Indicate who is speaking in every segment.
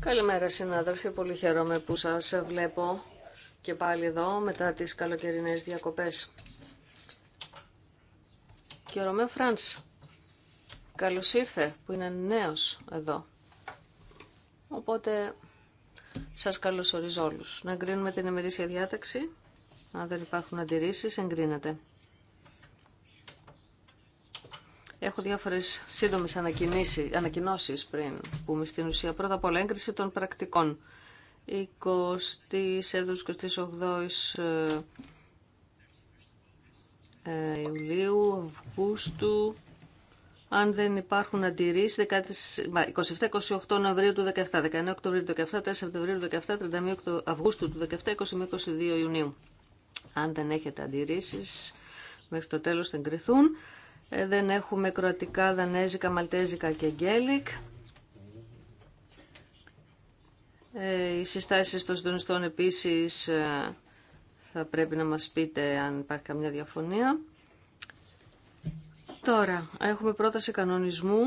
Speaker 1: Καλημέρα συνάδελφοι, πολύ χαίρομαι που σας βλέπω και πάλι εδώ μετά τις καλοκαιρινές διακοπές. Και ο Ρωμαίο Φράνς, καλώς ήρθε που είναι νέος εδώ. Οπότε σας καλωσορίζω όλους. Να εγκρίνουμε την ημερήσια διάταξη. Αν δεν υπάρχουν αντιρρήσεις, εγκρίνεται. Έχω διάφορε σύντομε ανακοινώσει πριν πούμε στην ουσία. Πρώτα απ' όλα έγκριση των πρακτικών. 27-28 ε, ε, Ιουλίου, Αυγούστου. Αν δεν υπαρχουν αντιρρησει αντιρρήσεις, 27-28 Νοεμβρίου του 17, 19 Οκτωβρίου του 17, 4 Σεπτεμβρίου του 17, 31 Αυγούστου του 17, 20 22 Ιουνίου. Αν δεν έχετε αντιρρήσει μέχρι το τέλο θα εγκριθούν. Ε, δεν έχουμε κροατικά, δανέζικα, μαλτέζικα και γκέλικ. Ε, οι συστάσεις των συντονιστών επίσης ε, θα πρέπει να μας πείτε αν υπάρχει καμιά διαφωνία. Τώρα, έχουμε πρόταση κανονισμού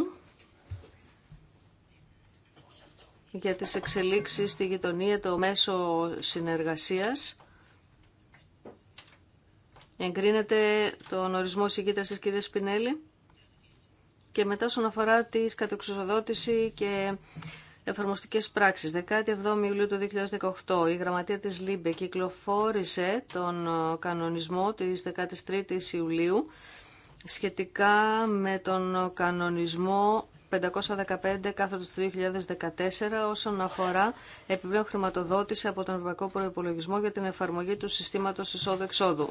Speaker 1: για τις εξελίξεις στη γειτονία, το μέσο συνεργασίας. Εγκρίνεται τον ορισμό συγκίτρας της κυρίας Σπινέλη και μετά όσον αφορά της κατεξοδότηση και εφαρμοστικές πράξεις. 17 Ιουλίου του 2018 η Γραμματεία της ΛΥΜΠΕ κυκλοφόρησε τον κανονισμό της 13ης Ιουλίου σχετικά με τον κανονισμό 515 κάθετος του 2014 όσον αφορά επιπλέον χρηματοδότηση από τον Ευρωπαϊκό Προϋπολογισμό για την εφαρμογή του συστήματος εισόδου-εξόδου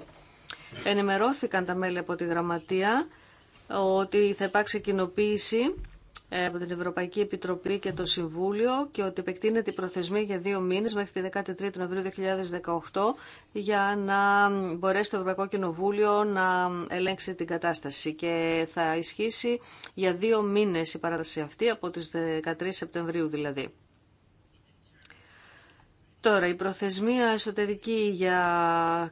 Speaker 1: ενημερώθηκαν τα μέλη από τη Γραμματεία ότι θα υπάρξει κοινοποίηση ε, από την Ευρωπαϊκή Επιτροπή και το Συμβούλιο και ότι επεκτείνεται η προθεσμία για δύο μήνες μέχρι τη 13η Νοεμβρίου 2018 για να μπορέσει το Ευρωπαϊκό Κοινοβούλιο να ελέγξει την κατάσταση και θα ισχύσει για δύο μήνες η παράταση αυτή από τις 13 Σεπτεμβρίου δηλαδή. Τώρα, η προθεσμία εσωτερική για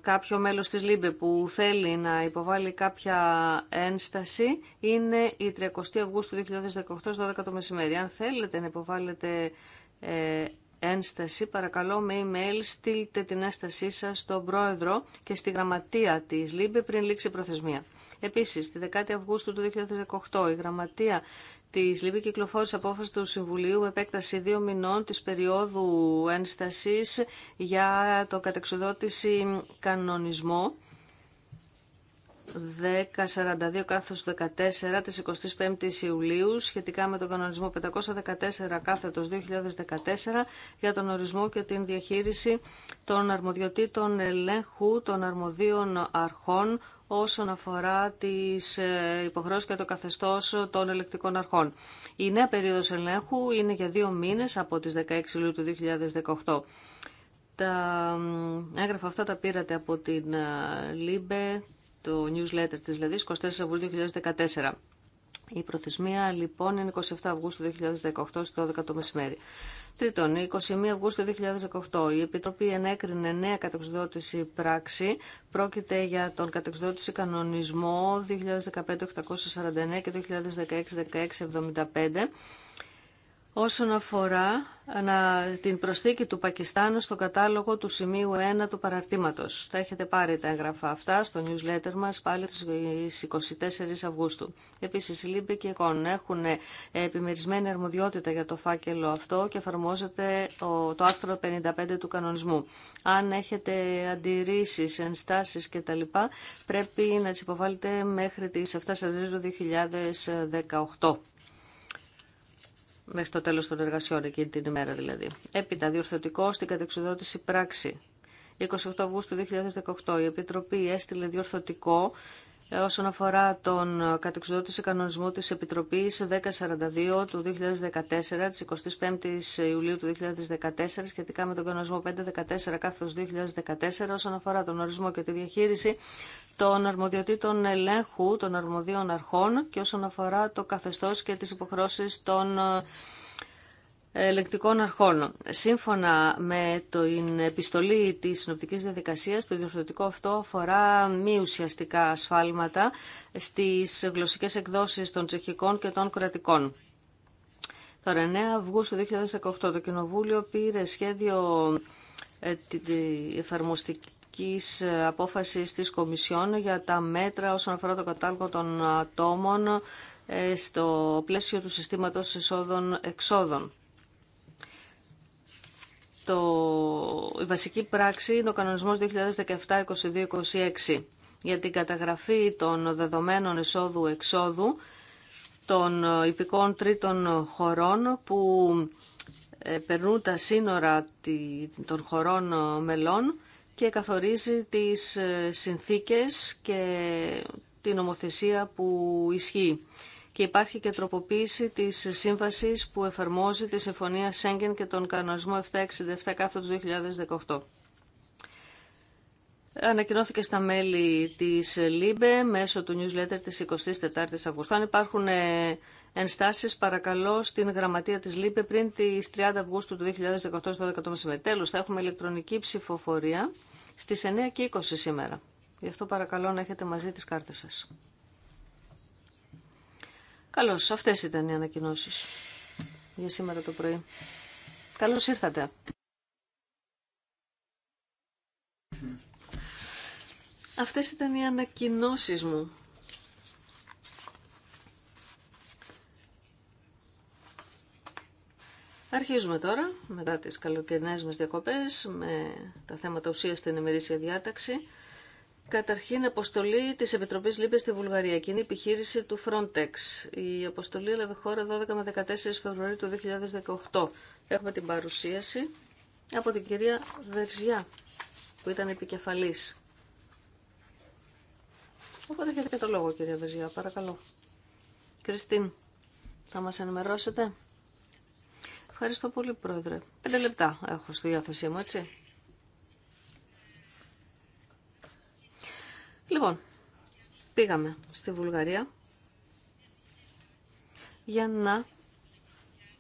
Speaker 1: κάποιο μέλος της ΛΥΜΠΕ που θέλει να υποβάλει κάποια ένσταση είναι η 30 Αυγούστου 2018, 12 το μεσημέρι. Αν θέλετε να υποβάλλετε ε, ένσταση, παρακαλώ με email στείλτε την ένστασή σας στον πρόεδρο και στη γραμματεία της ΛΥΜΠΕ πριν λήξει η προθεσμία. Επίσης, τη 10 Αυγούστου του 2018 η γραμματεία Τη Λύπη Κυκλοφόρηση απόφαση του Συμβουλίου με επέκταση δύο μηνών της περίοδου ένστασης για το κατεξοδότηση κανονισμό 1042 κάθετος 14 της 25ης Ιουλίου σχετικά με τον κανονισμό 514 κάθετος 2014 για τον ορισμό και την διαχείριση των αρμοδιοτήτων ελέγχου των αρμοδίων αρχών όσον αφορά τις ε, υποχρεώσεις και το καθεστώς των ελεκτικών αρχών. Η νέα περίοδος ελέγχου είναι για δύο μήνες από τις 16 Ιουλίου του 2018. Τα έγγραφα αυτά τα πήρατε από την ε, ΛΥΜΠΕ το newsletter της δηλαδή 24 Αυγούστου 2014. Η προθεσμία λοιπόν είναι 27 Αυγούστου 2018 στο 12 το μεσημέρι. Τρίτον, 21 Αυγούστου 2018 η Επιτροπή ενέκρινε νέα κατεξοδότηση πράξη. Πρόκειται για τον κατεξοδότηση κανονισμό 2015-849 και 2016-1675 όσον αφορά την προσθήκη του Πακιστάνου στο κατάλογο του σημείου 1 του παραρτήματος. Θα έχετε πάρει τα έγγραφα αυτά στο newsletter μας πάλι στις 24 Αυγούστου. Επίσης, οι Λίμπη και οι ΕΚΟΝ έχουν ε, επιμερισμένη αρμοδιότητα για το φάκελο αυτό και εφαρμόζεται το άρθρο 55 του κανονισμού. Αν έχετε αντιρρήσεις, ενστάσεις κτλ. πρέπει να τις υποβάλλετε μέχρι τις 7 Σεπτεμβρίου 2018 μέχρι το τέλος των εργασιών εκείνη την ημέρα δηλαδή. Έπειτα διορθωτικό στην κατεξοδότηση πράξη. 28 Αυγούστου 2018 η Επιτροπή έστειλε διορθωτικό ε, όσον αφορά τον ε, κατεξουδότηση κανονισμό της Επιτροπής 1042 του 2014, της 25ης Ιουλίου του 2014, σχετικά με τον κανονισμό 514 κάθος 2014, όσον αφορά τον ορισμό και τη διαχείριση των αρμοδιοτήτων ελέγχου των αρμοδίων αρχών και όσον αφορά το καθεστώς και τις υποχρώσεις των ε, Ελεκτικών αρχών. Σύμφωνα με την επιστολή της συνοπτικής διαδικασίας, το διορθωτικό αυτό αφορά μη ουσιαστικά ασφάλματα στις γλωσσικές εκδόσεις των τσεχικών και των κρατικών. Τώρα, 9 Αυγούστου 2018, το Κοινοβούλιο πήρε σχέδιο ε, εφαρμοστικής ε, απόφαση της Κομισιόν για τα μέτρα όσον αφορά το κατάλογο των ατόμων ε, στο πλαίσιο του συστήματος εισόδων-εξόδων το, η βασική πράξη είναι ο κανονισμός 2017-2226 για την καταγραφή των δεδομένων εισόδου-εξόδου των υπηκών τρίτων χωρών που ε, περνούν τα σύνορα των χωρών μελών και καθορίζει τις ε, συνθήκες και την νομοθεσία που ισχύει και υπάρχει και τροποποίηση τη σύμβαση που εφαρμόζει τη Συμφωνία Σέγγεν και τον κανονισμό 767 κάθε 2018. Ανακοινώθηκε στα μέλη της ΛΥΜΠΕ μέσω του newsletter της 24ης Αυγούστου. Αν υπάρχουν ε, ενστάσεις, παρακαλώ στην γραμματεία της ΛΥΜΠΕ πριν τις 30 Αυγούστου του 2018 στο 12 μεσημέρι. Τέλος, θα έχουμε ηλεκτρονική ψηφοφορία στις 9 και 20 σήμερα. Γι' αυτό παρακαλώ να έχετε μαζί τις κάρτες σας. Καλώς, αυτέ ήταν οι ανακοινώσει για σήμερα το πρωί. Καλώς ήρθατε. Αυτέ ήταν οι ανακοινώσει μου. Αρχίζουμε τώρα, μετά τις καλοκαιρινές μας διακοπές, με τα θέματα ουσία στην ημερήσια διάταξη. Καταρχήν, αποστολή τη Επιτροπή Λίμπε στη Βουλγαρία. Κοινή επιχείρηση του Frontex. Η αποστολή έλαβε χώρα 12 με 14 Φεβρουαρίου του 2018. Έχουμε την παρουσίαση από την κυρία Βερζιά, που ήταν επικεφαλή. Οπότε έχετε και το λόγο, κυρία Βερζιά, παρακαλώ. Κριστίν, θα μας ενημερώσετε. Ευχαριστώ πολύ, Πρόεδρε. Πέντε λεπτά έχω στη διάθεσή μου, έτσι. Λοιπόν, πήγαμε στη Βουλγαρία για να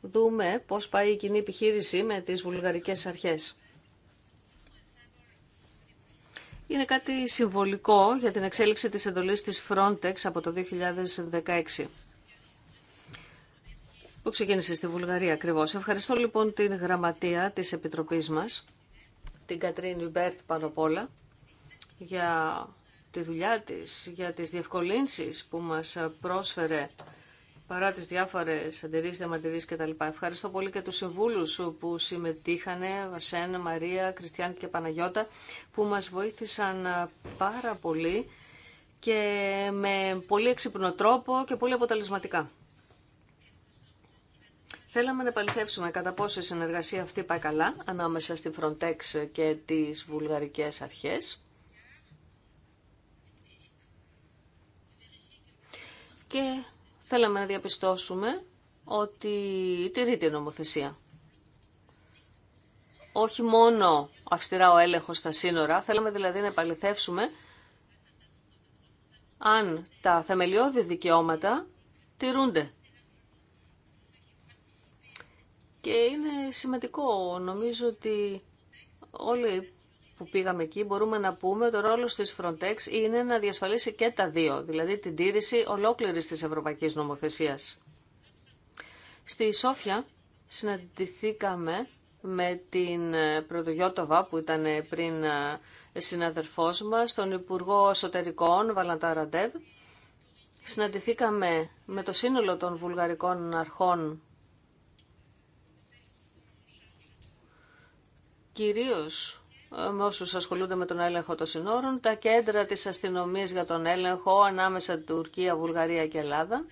Speaker 1: δούμε πώς πάει η κοινή επιχείρηση με τις βουλγαρικές αρχές. Είναι κάτι συμβολικό για την εξέλιξη της εντολής της Frontex από το 2016 που ξεκίνησε στη Βουλγαρία ακριβώ. Ευχαριστώ λοιπόν την γραμματεία της Επιτροπής μας, την Κατρίνη Μπέρτ πάνω απ' όλα, για τη δουλειά της, για τις διευκολύνσεις που μας πρόσφερε παρά τις διάφορες αντιρρήσεις, τα κτλ. Ευχαριστώ πολύ και τους συμβούλους που συμμετείχανε, Βασέν, Μαρία, Κριστιαν και Παναγιώτα, που μας βοήθησαν πάρα πολύ και με πολύ εξυπνό τρόπο και πολύ αποτελεσματικά. Θέλαμε να επαληθεύσουμε κατά πόσο η συνεργασία αυτή πάει καλά ανάμεσα στη Frontex και τις βουλγαρικές αρχές. και θέλαμε να διαπιστώσουμε ότι τηρείται η νομοθεσία. Όχι μόνο αυστηρά ο έλεγχος στα σύνορα, θέλαμε δηλαδή να επαληθεύσουμε αν τα θεμελιώδη δικαιώματα τηρούνται. Και είναι σημαντικό, νομίζω ότι όλοι που πήγαμε εκεί μπορούμε να πούμε ότι ο ρόλος της Frontex είναι να διασφαλίσει και τα δύο, δηλαδή την τήρηση ολόκληρης της ευρωπαϊκής νομοθεσίας. Στη Σόφια συναντηθήκαμε με την ε, Πρωτογιώτοβα που ήταν ε, πριν ε, συναδερφός μας, τον Υπουργό Εσωτερικών Ραντεύ. Συναντηθήκαμε με το σύνολο των βουλγαρικών αρχών κυρίως ε, με όσου ασχολούνται με τον έλεγχο των συνόρων, τα κέντρα της αστυνομίας για τον έλεγχο ανάμεσα Τουρκία, Βουλγαρία και Ελλάδα.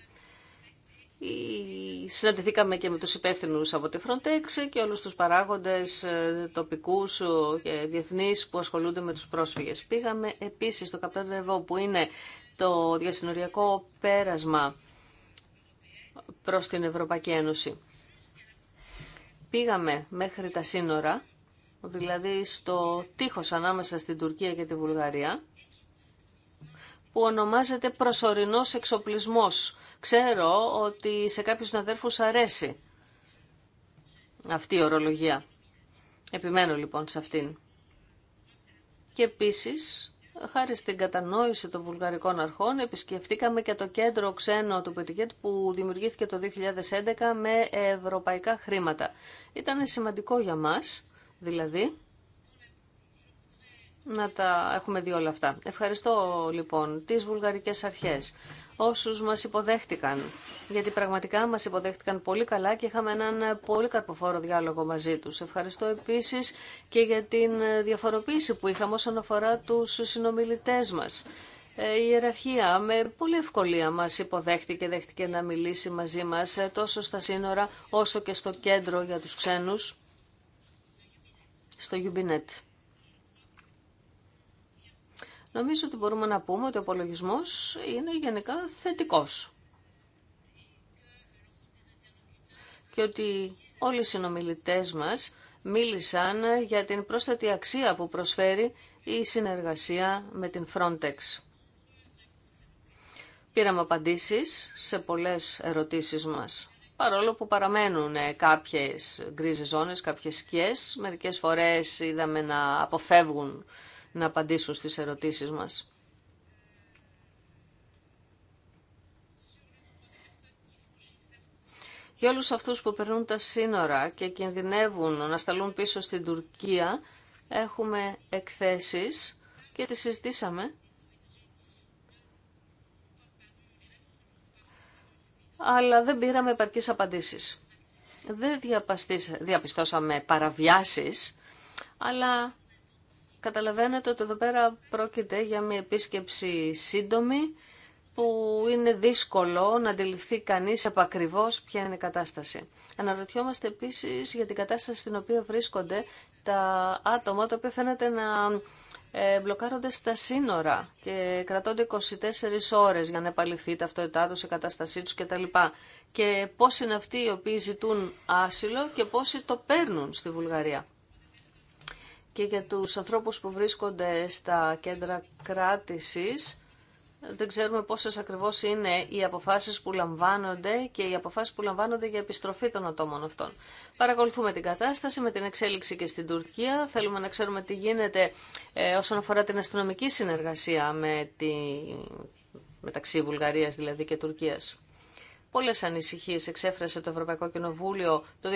Speaker 1: Συναντηθήκαμε και με τους υπεύθυνους από τη Frontex και όλους τους παράγοντες ε, τοπικούς και διεθνείς που ασχολούνται με τους πρόσφυγες. Πήγαμε επίσης στο Καπτέντρεβο που είναι το διασυνοριακό πέρασμα προς την Ευρωπαϊκή Ένωση. Πήγαμε μέχρι τα σύνορα δηλαδή στο τείχος ανάμεσα στην Τουρκία και τη Βουλγαρία, που ονομάζεται προσωρινός εξοπλισμός. Ξέρω ότι σε κάποιους αδέρφους αρέσει αυτή η ορολογία. Επιμένω λοιπόν σε αυτήν. Και επίσης, χάρη στην κατανόηση των βουλγαρικών αρχών, επισκεφτήκαμε και το κέντρο ξένο του Πετικέτ που δημιουργήθηκε το 2011 με ευρωπαϊκά χρήματα. Ήταν σημαντικό για μας δηλαδή να τα έχουμε δει όλα αυτά. Ευχαριστώ λοιπόν τις βουλγαρικές αρχές, όσους μας υποδέχτηκαν, γιατί πραγματικά μας υποδέχτηκαν πολύ καλά και είχαμε έναν πολύ καρποφόρο διάλογο μαζί τους. Ευχαριστώ επίσης και για την διαφοροποίηση που είχαμε όσον αφορά τους συνομιλητές μας. Ε, η ιεραρχία με πολύ ευκολία μας υποδέχτηκε, δέχτηκε να μιλήσει μαζί μας τόσο στα σύνορα όσο και στο κέντρο για τους ξένους στο Ubinet. Νομίζω ότι μπορούμε να πούμε ότι ο απολογισμός είναι γενικά θετικός. Και ότι όλοι οι συνομιλητές μας μίλησαν για την πρόσθετη αξία που προσφέρει η συνεργασία με την Frontex. Πήραμε απαντήσεις σε πολλές ερωτήσεις μας παρόλο που παραμένουν ε, κάποιες γκρίζες ζώνες, κάποιες σκιές. Μερικές φορές είδαμε να αποφεύγουν να απαντήσουν στις ερωτήσεις μας. Για όλους αυτούς που περνούν τα σύνορα και κινδυνεύουν να σταλούν πίσω στην Τουρκία, έχουμε εκθέσεις και τις συζητήσαμε αλλά δεν πήραμε επαρκείς απαντήσεις. Δεν διαπιστώσαμε παραβιάσεις, αλλά καταλαβαίνετε ότι εδώ πέρα πρόκειται για μια επίσκεψη σύντομη που είναι δύσκολο να αντιληφθεί κανείς επακριβώς ποια είναι η κατάσταση. Αναρωτιόμαστε επίσης για την κατάσταση στην οποία βρίσκονται τα άτομα τα οποία φαίνεται να ε, μπλοκάρονται στα σύνορα και κρατώνται 24 ώρες για να επαληφθεί ταυτότητά τους, η κατάστασή τους κτλ. Και πώς είναι αυτοί οι οποίοι ζητούν άσυλο και πόσοι το παίρνουν στη Βουλγαρία. Και για τους ανθρώπους που βρίσκονται στα κέντρα κράτησης, δεν ξέρουμε πόσες ακριβώς είναι οι αποφάσεις που λαμβάνονται και οι αποφάσεις που λαμβάνονται για επιστροφή των ατόμων αυτών. Παρακολουθούμε την κατάσταση με την εξέλιξη και στην Τουρκία. Θέλουμε να ξέρουμε τι γίνεται ε, όσον αφορά την αστυνομική συνεργασία με τη... μεταξύ Βουλγαρίας δηλαδή και Τουρκίας. Πολλέ ανησυχίε εξέφρασε το Ευρωπαϊκό Κοινοβούλιο το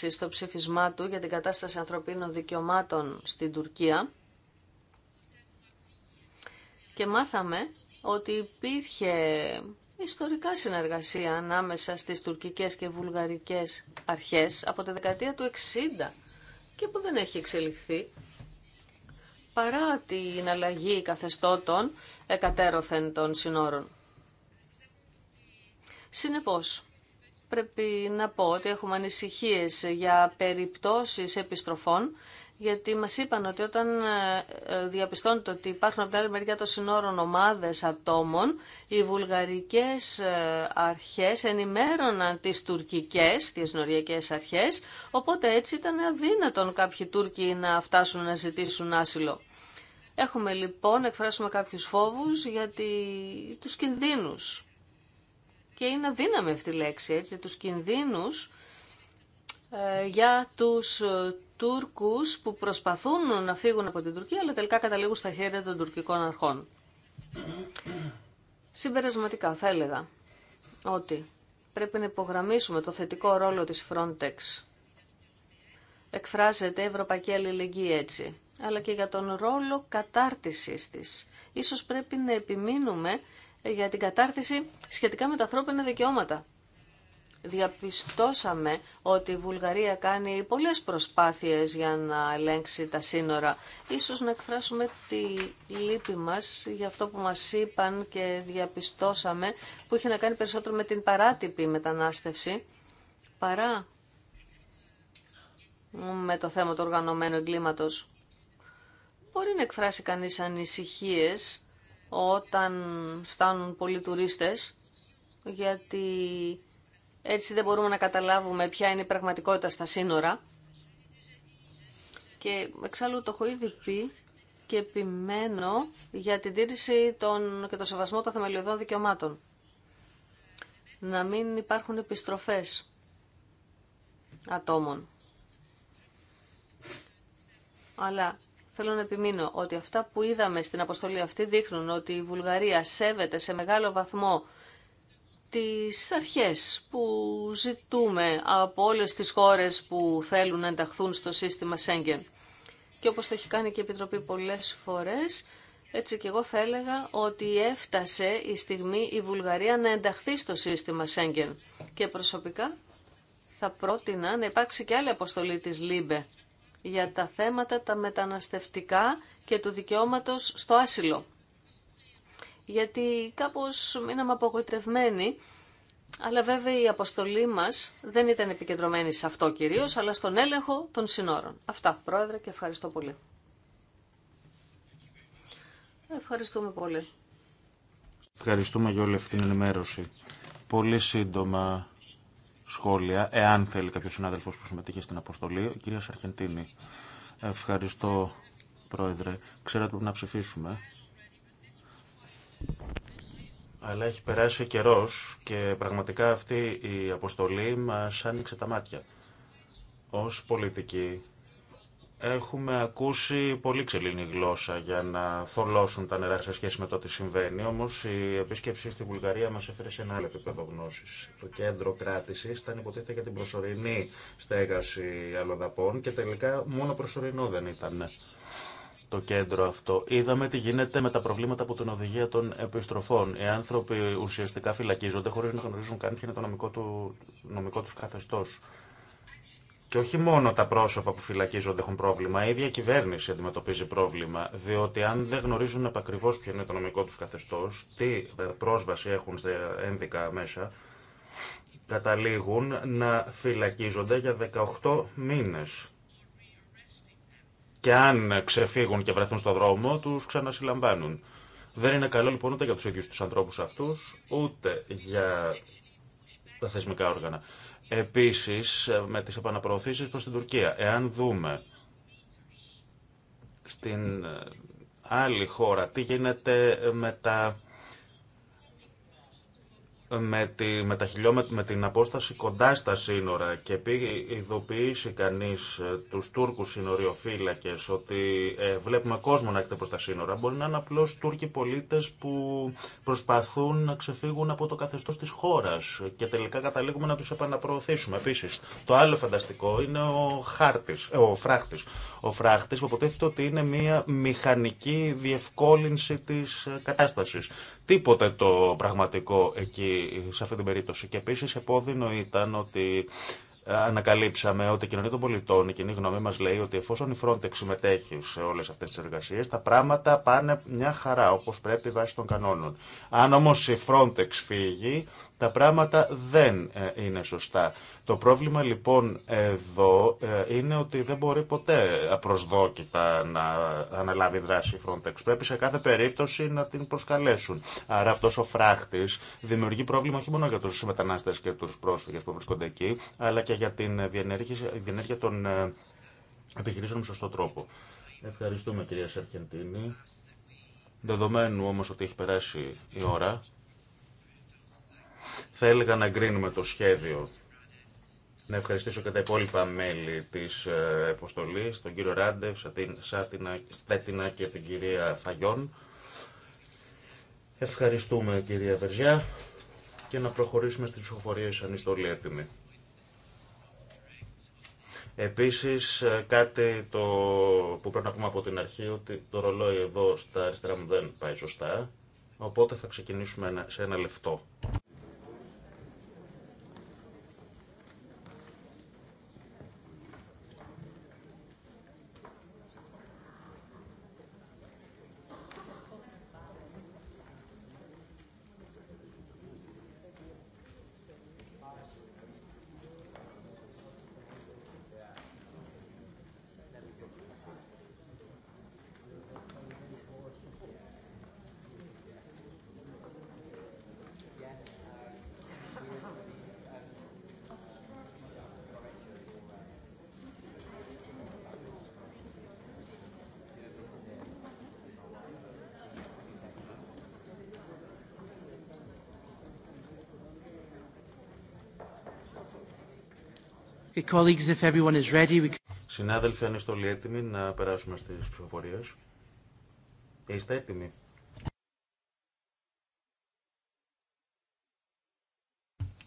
Speaker 1: 2016 στο ψήφισμά του για την κατάσταση ανθρωπίνων δικαιωμάτων στην Τουρκία και μάθαμε ότι υπήρχε ιστορικά συνεργασία ανάμεσα στις τουρκικές και βουλγαρικές αρχές από τη δεκαετία του 60 και που δεν έχει εξελιχθεί παρά την αλλαγή καθεστώτων εκατέρωθεν των συνόρων. Συνεπώς, πρέπει να πω ότι έχουμε ανησυχίες για περιπτώσεις επιστροφών γιατί μας είπαν ότι όταν ε, ε, διαπιστώνεται ότι υπάρχουν από την άλλη μεριά των συνόρων ομάδες ατόμων, οι βουλγαρικές ε, αρχές ενημέρωναν τις τουρκικές, τις νοριακές αρχές, οπότε έτσι ήταν αδύνατον κάποιοι Τούρκοι να φτάσουν να ζητήσουν άσυλο. Έχουμε λοιπόν, εκφράσουμε κάποιους φόβους για τους κινδύνους. Και είναι αδύναμη αυτή η λέξη, έτσι, τους κινδύνους για τους Τούρκους που προσπαθούν να φύγουν από την Τουρκία, αλλά τελικά καταλήγουν στα χέρια των τουρκικών αρχών. Συμπερασματικά θα έλεγα ότι πρέπει να υπογραμμίσουμε το θετικό ρόλο της Frontex. Εκφράζεται ευρωπαϊκή αλληλεγγύη έτσι, αλλά και για τον ρόλο κατάρτισης της. Ίσως πρέπει να επιμείνουμε για την κατάρτιση σχετικά με τα ανθρώπινα δικαιώματα διαπιστώσαμε ότι η Βουλγαρία κάνει πολλές προσπάθειες για να ελέγξει τα σύνορα. Ίσως να εκφράσουμε τη λύπη μας για αυτό που μας είπαν και διαπιστώσαμε που είχε να κάνει περισσότερο με την παράτυπη μετανάστευση παρά με το θέμα του οργανωμένου εγκλήματος. Μπορεί να εκφράσει κανείς ανησυχίες όταν φτάνουν πολλοί τουρίστες γιατί έτσι δεν μπορούμε να καταλάβουμε ποια είναι η πραγματικότητα στα σύνορα. Και εξάλλου το έχω ήδη πει και επιμένω για την τήρηση των, και το σεβασμό των θεμελιωδών δικαιωμάτων. Να μην υπάρχουν επιστροφές ατόμων. Αλλά θέλω να επιμείνω ότι αυτά που είδαμε στην αποστολή αυτή δείχνουν ότι η Βουλγαρία σέβεται σε μεγάλο βαθμό τις αρχές που ζητούμε από όλες τις χώρες που θέλουν να ενταχθούν στο σύστημα Σέγγεν. Και όπως το έχει κάνει και η Επιτροπή πολλές φορές, έτσι και εγώ θα έλεγα ότι έφτασε η στιγμή η Βουλγαρία να ενταχθεί στο σύστημα Σέγγεν. Και προσωπικά θα πρότεινα να υπάρξει και άλλη αποστολή της ΛΥΜΠΕ για τα θέματα τα μεταναστευτικά και του δικαιώματος στο άσυλο γιατί κάπως μείναμε απογοητευμένοι, αλλά βέβαια η αποστολή μας δεν ήταν επικεντρωμένη σε αυτό κυρίως, αλλά στον έλεγχο των συνόρων. Αυτά, Πρόεδρε, και ευχαριστώ πολύ. Ευχαριστούμε πολύ.
Speaker 2: Ευχαριστούμε για όλη αυτή την ενημέρωση. Πολύ σύντομα σχόλια, εάν θέλει κάποιος συνάδελφος που συμμετείχε στην αποστολή, Ο κυρία Ευχαριστώ, Πρόεδρε. Ξέρετε που να ψηφίσουμε. Αλλά έχει περάσει καιρό και πραγματικά αυτή η αποστολή μας άνοιξε τα μάτια. Ως πολιτικοί έχουμε ακούσει πολύ ξελίνη γλώσσα για να θολώσουν τα νερά σε σχέση με το τι συμβαίνει. Όμως η επίσκεψη στη Βουλγαρία μας έφερε σε ένα άλλο επίπεδο γνώση. Το κέντρο κράτηση ήταν υποτίθεται για την προσωρινή στέγαση αλλοδαπών και τελικά μόνο προσωρινό δεν ήταν το κέντρο αυτό. Είδαμε τι γίνεται με τα προβλήματα από την οδηγία των επιστροφών. Οι άνθρωποι ουσιαστικά φυλακίζονται χωρί να γνωρίζουν καν ποιο είναι το νομικό, του, νομικό τους καθεστώς. Και όχι μόνο τα πρόσωπα που φυλακίζονται έχουν πρόβλημα, η ίδια κυβέρνηση αντιμετωπίζει πρόβλημα. Διότι αν δεν γνωρίζουν επακριβώ ποιο είναι το νομικό του καθεστώ, τι πρόσβαση έχουν στα ένδικα μέσα, καταλήγουν να φυλακίζονται για 18 μήνες. Και αν ξεφύγουν και βρεθούν στο δρόμο, τους ξανασυλλαμβάνουν. Δεν είναι καλό λοιπόν ούτε για τους ίδιου τους ανθρώπους αυτούς, ούτε για τα θεσμικά όργανα. Επίσης, με τις επαναπροωθήσει προ την Τουρκία, εάν δούμε στην άλλη χώρα τι γίνεται με τα με, τη, με, τα χιλιόμετρα, με την απόσταση κοντά στα σύνορα και ειδοποιήσει κανείς ε, τους Τούρκους συνοριοφύλακες ότι ε, βλέπουμε κόσμο να έρχεται προς τα σύνορα, μπορεί να είναι απλώς Τούρκοι πολίτες που προσπαθούν να ξεφύγουν από το καθεστώς της χώρας και τελικά καταλήγουμε να τους επαναπροωθήσουμε. Επίσης, το άλλο φανταστικό είναι ο, χάρτης, ε, ο φράχτης. Ο φράχτης που αποτίθεται ότι είναι μια μηχανική διευκόλυνση της κατάστασης. Τίποτε το πραγματικό εκεί σε αυτή την περίπτωση. Και επίσης επώδυνο ήταν ότι ανακαλύψαμε ότι η κοινωνία των πολιτών, η κοινή γνώμη μα λέει ότι εφόσον η Frontex συμμετέχει σε όλε αυτέ τι εργασίε, τα πράγματα πάνε μια χαρά όπω πρέπει βάσει των κανόνων. Αν όμω η Frontex φύγει, τα πράγματα δεν ε, είναι σωστά. Το πρόβλημα λοιπόν εδώ ε, είναι ότι δεν μπορεί ποτέ απροσδόκητα να αναλάβει δράση η Frontex. Πρέπει σε κάθε περίπτωση να την προσκαλέσουν. Άρα αυτός ο φράχτης δημιουργεί πρόβλημα όχι μόνο για τους μετανάστες και τους πρόσφυγες που βρίσκονται εκεί, αλλά και για την διενέργεια των ε, επιχειρήσεων με σωστό τρόπο. Ευχαριστούμε κυρία Σαρχεντίνη. Δεδομένου όμως ότι έχει περάσει η ώρα, θα έλεγα να εγκρίνουμε το σχέδιο. Να ευχαριστήσω και τα υπόλοιπα μέλη τη ε, αποστολή, τον κύριο Ράντεβ, Σάτινα, Στέτινα και την κυρία Φαγιόν. Ευχαριστούμε κυρία Βερζιά και να προχωρήσουμε στις ψηφοφορίες αν είστε όλοι έτοιμοι. Επίσης ε, κάτι το που πρέπει να πούμε από την αρχή ότι το ρολόι εδώ στα αριστερά μου δεν πάει σωστά, οπότε θα ξεκινήσουμε σε ένα λεφτό. Συνάδελφοι, αν είστε όλοι έτοιμοι να περάσουμε στις ψηφοφορίες. Είστε έτοιμοι.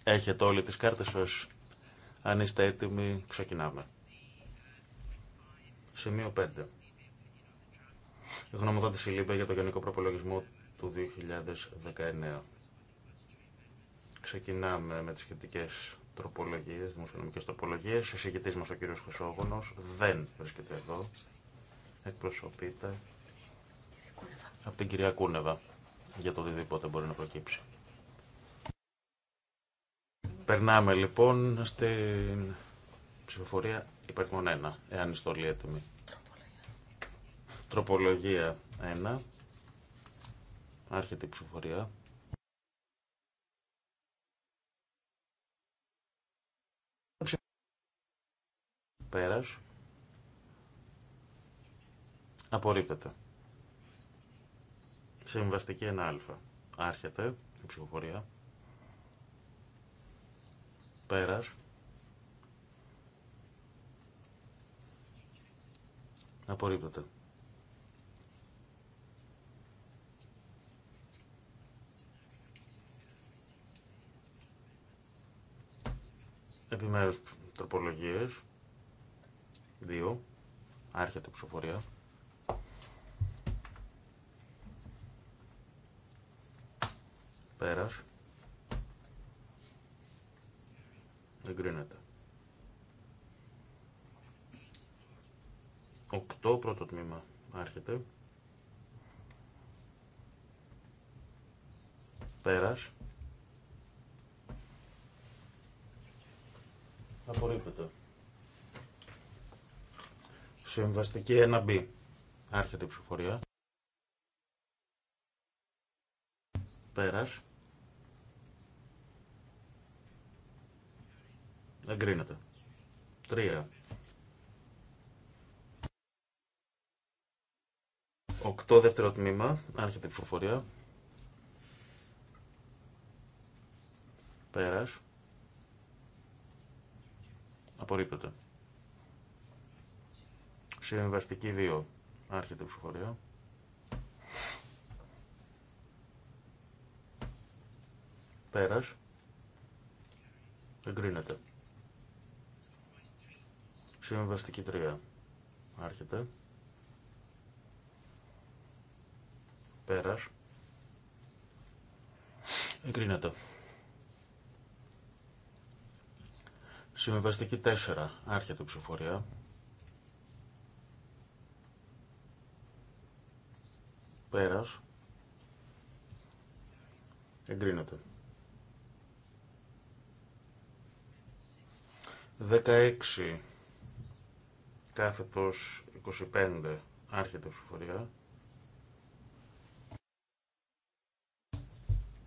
Speaker 2: Έχετε όλοι τις κάρτες σας. Αν είστε έτοιμοι, ξεκινάμε. Σημείο 5. Γνωμοδότηση Λίμπε για το Γενικό Προπολογισμό του 2019. Ξεκινάμε με τις σχετικές τροπολογίες, τροπολογίε. τροπολογίες. Εισηγητής μα ο κύριος Χρυσόγονο δεν βρίσκεται εδώ. Εκπροσωπείται από την κυρία Κούνεβα για το οτιδήποτε μπορεί να προκύψει. Περνάμε λοιπόν στην ψηφοφορία υπαριθμών 1, εάν η στολή έτοιμη. Τροπολογία. Τροπολογία 1. Άρχεται η ψηφοφορία. Πέρας. Απορρίπτεται. Συμβαστική 1α. Άρχεται η ψηφοφορία. Πέρας. Απορρίπτεται. Επιμέρους τροπολογίες δύο. Άρχεται η ψηφοφορία. Πέρας. Εγκρίνεται. Οκτώ πρώτο τμήμα. Άρχεται. Πέρας. Απορρίπτεται. Συμβαστική 1B. Άρχεται η ψηφοφορία. Πέρας. Εγκρίνεται. Τρία. Οκτώ δεύτερο τμήμα. Άρχεται η ψηφοφορία. Πέρας. Απορρίπτεται. Συμβαστική 2. Άρχεται η ψηφοφορία. Πέρα. Εγκρίνεται. Συμβαστική 3. Άρχεται. Πέρα. Εγκρίνεται. Συμβαστική 4. Άρχεται η ψηφοφορία. Πέρας. Εγκρίνεται. 16 κάθετος 25 άρχεται η ψηφορία.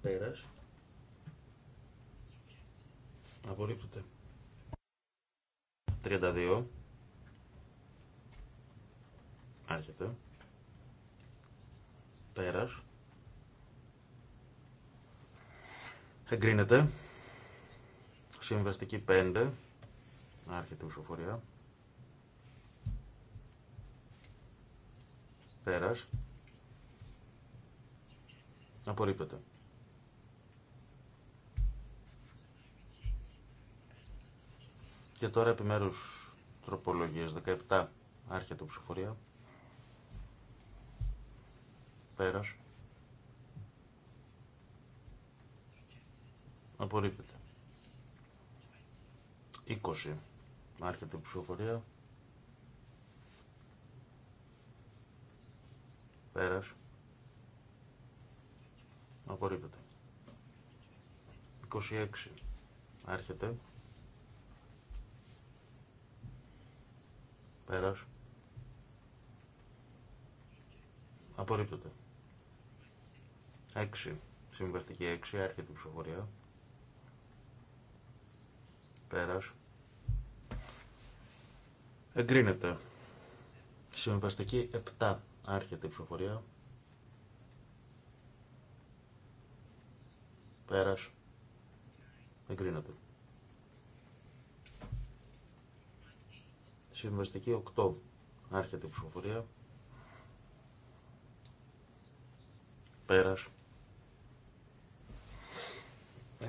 Speaker 2: Πέρας. Απορρίπτεται. 32. Άρχεται. Πέρας. Εγκρίνεται. Συμβαστική 5. Άρχεται η ψηφοφορία. Πέρας. Απορρίπτεται. Και τώρα επιμέρους τροπολογία 17 άρχεται η ψηφοφορία. Πέρας. Απορρίπτεται. 20. Άρχεται η ψηφοφορία. Πέρας. Απορρίπτεται. 26. Άρχεται. Πέρας. Απορρίπτεται. 6. Συμβαστική 6. Άρχεται η ψηφοφορία. Πέρας. Εγκρίνεται. Συμβαστική 7. Άρχεται η ψηφοφορία. Πέρας. Εγκρίνεται. Συμβαστική 8. Άρχεται η ψηφοφορία. Πέρας.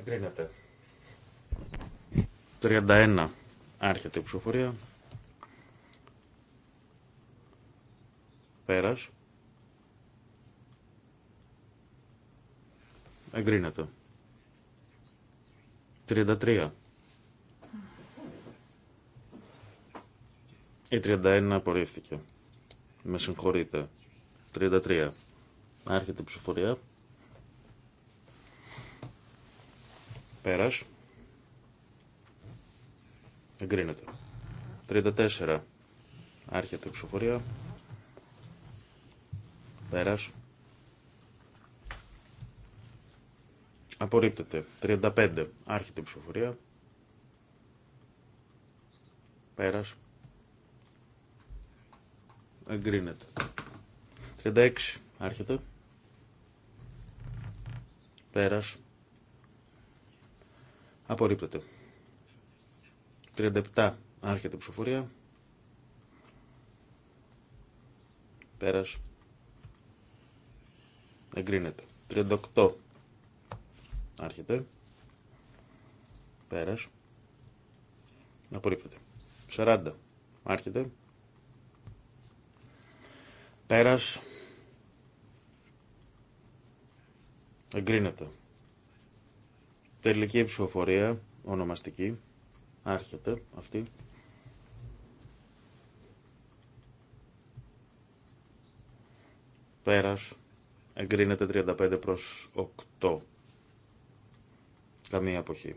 Speaker 2: Εγκρίνεται. 31. Άρχεται η ψηφοφορία. Πέρας. Εγκρίνεται. 33. Η 31 απορρίφθηκε. Με συγχωρείτε. 33. Άρχεται η ψηφοφορία. Πέρας. Εγκρίνεται. 34. Άρχεται η ψηφοφορία. Πέρας. Απορρίπτεται. 35. Άρχεται η ψηφοφορία. Πέρας. Εγκρίνεται. 36. Άρχεται. Πέρας. Απορρίπτεται. 37. Άρχεται η ψηφοφορία. Πέρας. Εγκρίνεται. 38. Άρχεται. Πέρας. Απορρίπτεται. 40. Άρχεται. Πέρας. Εγκρίνεται. Τελική ψηφοφορία, ονομαστική, άρχεται αυτή. Πέρας, εγκρίνεται 35 προς 8. Καμία αποχή.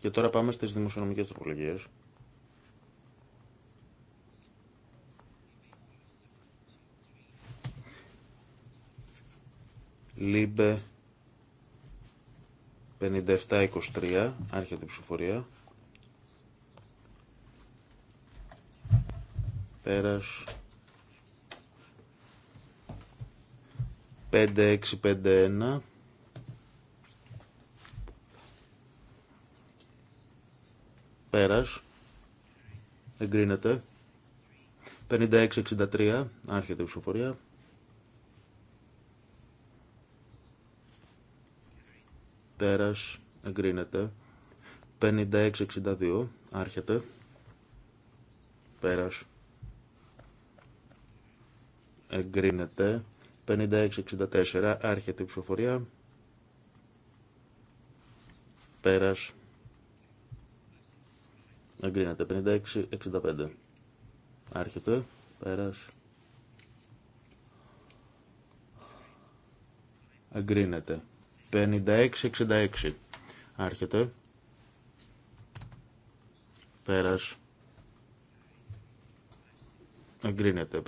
Speaker 2: Και τώρα πάμε στις δημοσιονομικές τροπολογίες. Λίμπε 57-23, άρχεται η ψηφορία. Πέρας. 5-6-5-1. Πέρας. Εγκρίνεται. 56-63, άρχεται η ψηφοφορία. Πέρας. 5662. Άρχεται. Πέρας. 5664. Άρχεται η ψηφοφορία. Πέρας. 5665. 56-65. Άρχεται. Πέρας. Εγκρίνεται. 56-66. Άρχεται. Πέρας. Εγκρίνεται.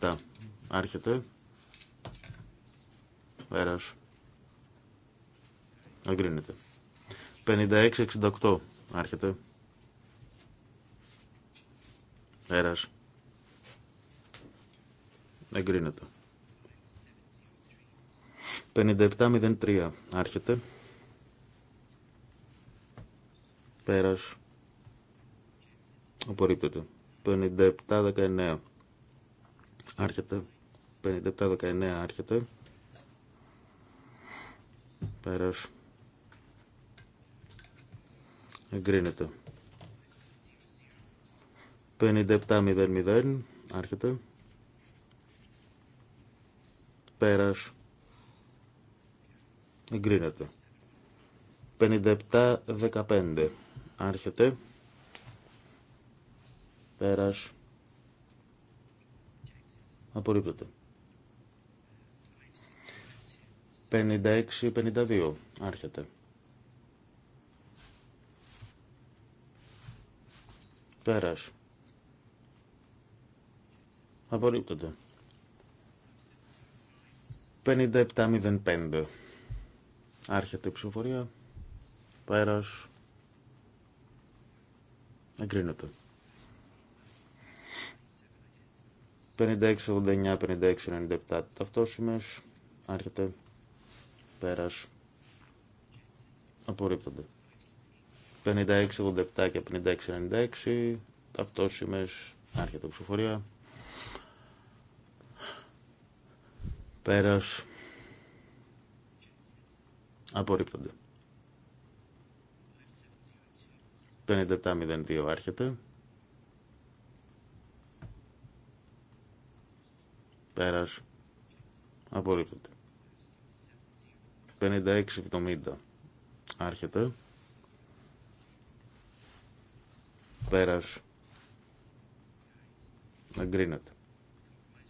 Speaker 2: 56-67. Άρχεται. Πέρας. Εγκρίνεται. 56-68. Άρχεται. Πέρας. Εγκρίνεται. 5703 άρχεται. Πέρας. Απορρίπτεται. 5719 άρχεται. 5719 άρχεται. Πέρας. Εγκρίνεται. 5700 άρχεται. Πέρας Εγκρίνεται. 57-15. Άρχεται. Πέρας. Απορρίπτεται. 56-52. Άρχεται. Πέρας. Απορρίπτεται. 57-05. Άρχεται η ψηφοφορία. Πέρας. Εγκρίνεται. 56-89-56-97 ταυτόσημες. Άρχεται. Πέρας. Απορρίπτονται. 56-87 και 56-96 ταυτόσημες. Άρχεται η ψηφοφορία. Πέρας. Απορρίπτονται. 5702 άρχεται. Πέρας. Απορρίπτονται. 5670 άρχεται. Πέρας. Εγκρίνεται.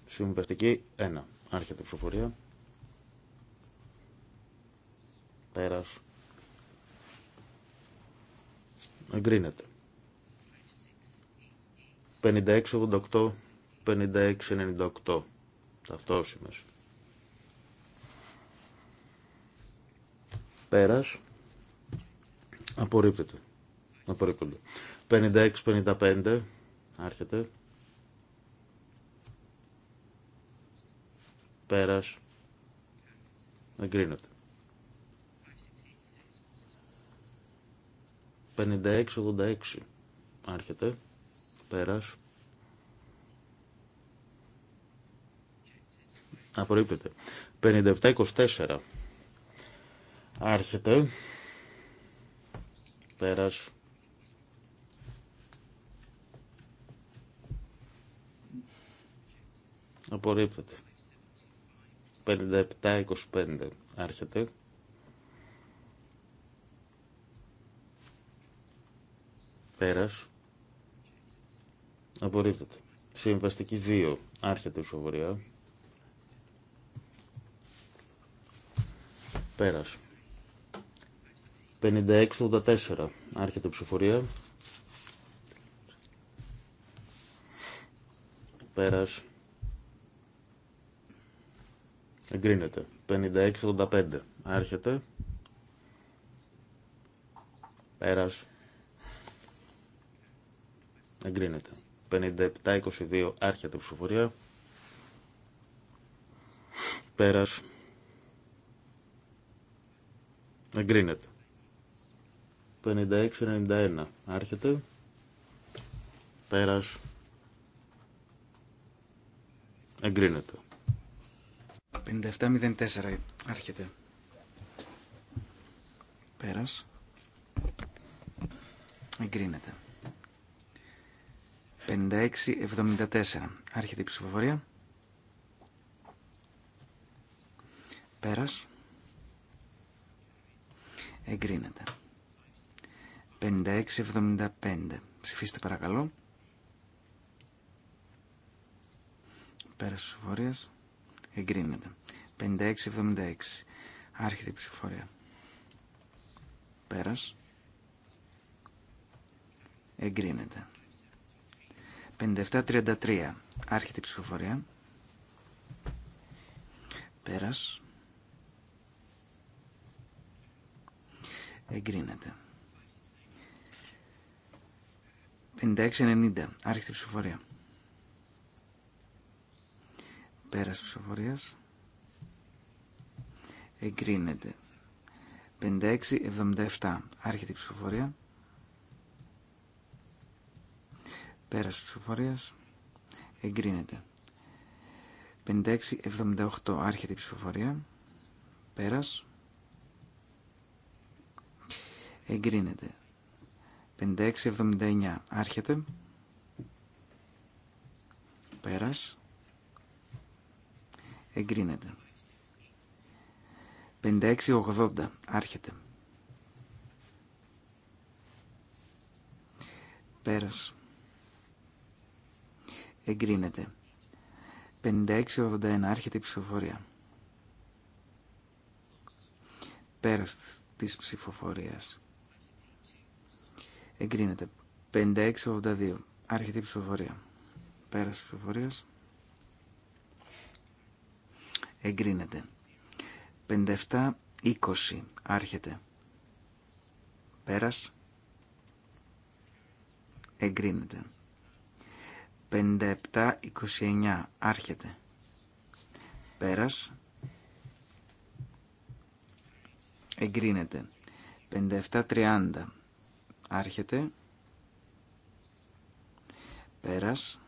Speaker 2: Συμβαστική 1. Άρχεται η ψηφοφορία. Πέρας. Εγκρίνεται. 56-88, 56-98. Ταυτόσιμες. Πέρας. Απορρίπτεται. Απορρίπτονται. 56-55. Άρχεται. Πέρας. Εγκρίνεται. 56-86 άρχεται, πέρας. Απορρίπτεται. 57-24 άρχεται, πέρας. Απορρίπτεται. 57-25 άρχεται, Πέρας. Απορρίπτεται. Συμβαστική 2. Άρχεται η ψηφοφορία. Πέρας. 56-84. Άρχεται η ψηφοφορία. Πέρας. Εγκρίνεται. 56-85. Άρχεται. Πέρας. Εγκρίνεται. 57-22 άρχεται η ψηφοφορία. Πέρας. Εγκρίνεται. 56-91 άρχεται. Πέρας. Εγκρίνεται. 57-04
Speaker 3: άρχεται. Πέρας. Εγκρίνεται. 5674. Άρχεται η ψηφοφορία. Πέρας. Εγκρίνεται. 5675. Ψηφίστε παρακαλώ. Πέρας ψηφοφορίας. Εγκρίνεται. 5676. Άρχεται η ψηφοφορία. Πέρας. Εγκρίνεται. 57-33. Άρχεται η ψηφοφορία. Πέρας. Εγκρίνεται. 56-90. Άρχεται η ψηφοφορία. Πέρας ψηφοφορίας. Εγκρίνεται. 56-77. Άρχεται η ψηφοφορία. Πέρας ψηφοφορίας. Εγκρίνεται. 56-78 άρχεται η ψηφοφορία. Πέρας. 5679. 56-79 άρχεται. Πέρας. Εγκρίνεται. 56-80 άρχεται. Πέρας εγκρίνεται. 56-81 άρχεται η ψηφοφορία. Πέρας της ψηφοφορίας. Εγκρίνεται. 56-82 άρχεται η ψηφοφορία. Πέρας της ψηφοφορίας. Εγκρίνεται. άρχεται. Πέρας. Εγκρίνεται. 57-29. Άρχεται. Πέρας. Εγκρίνεται. 57-30. Άρχεται. Πέρας.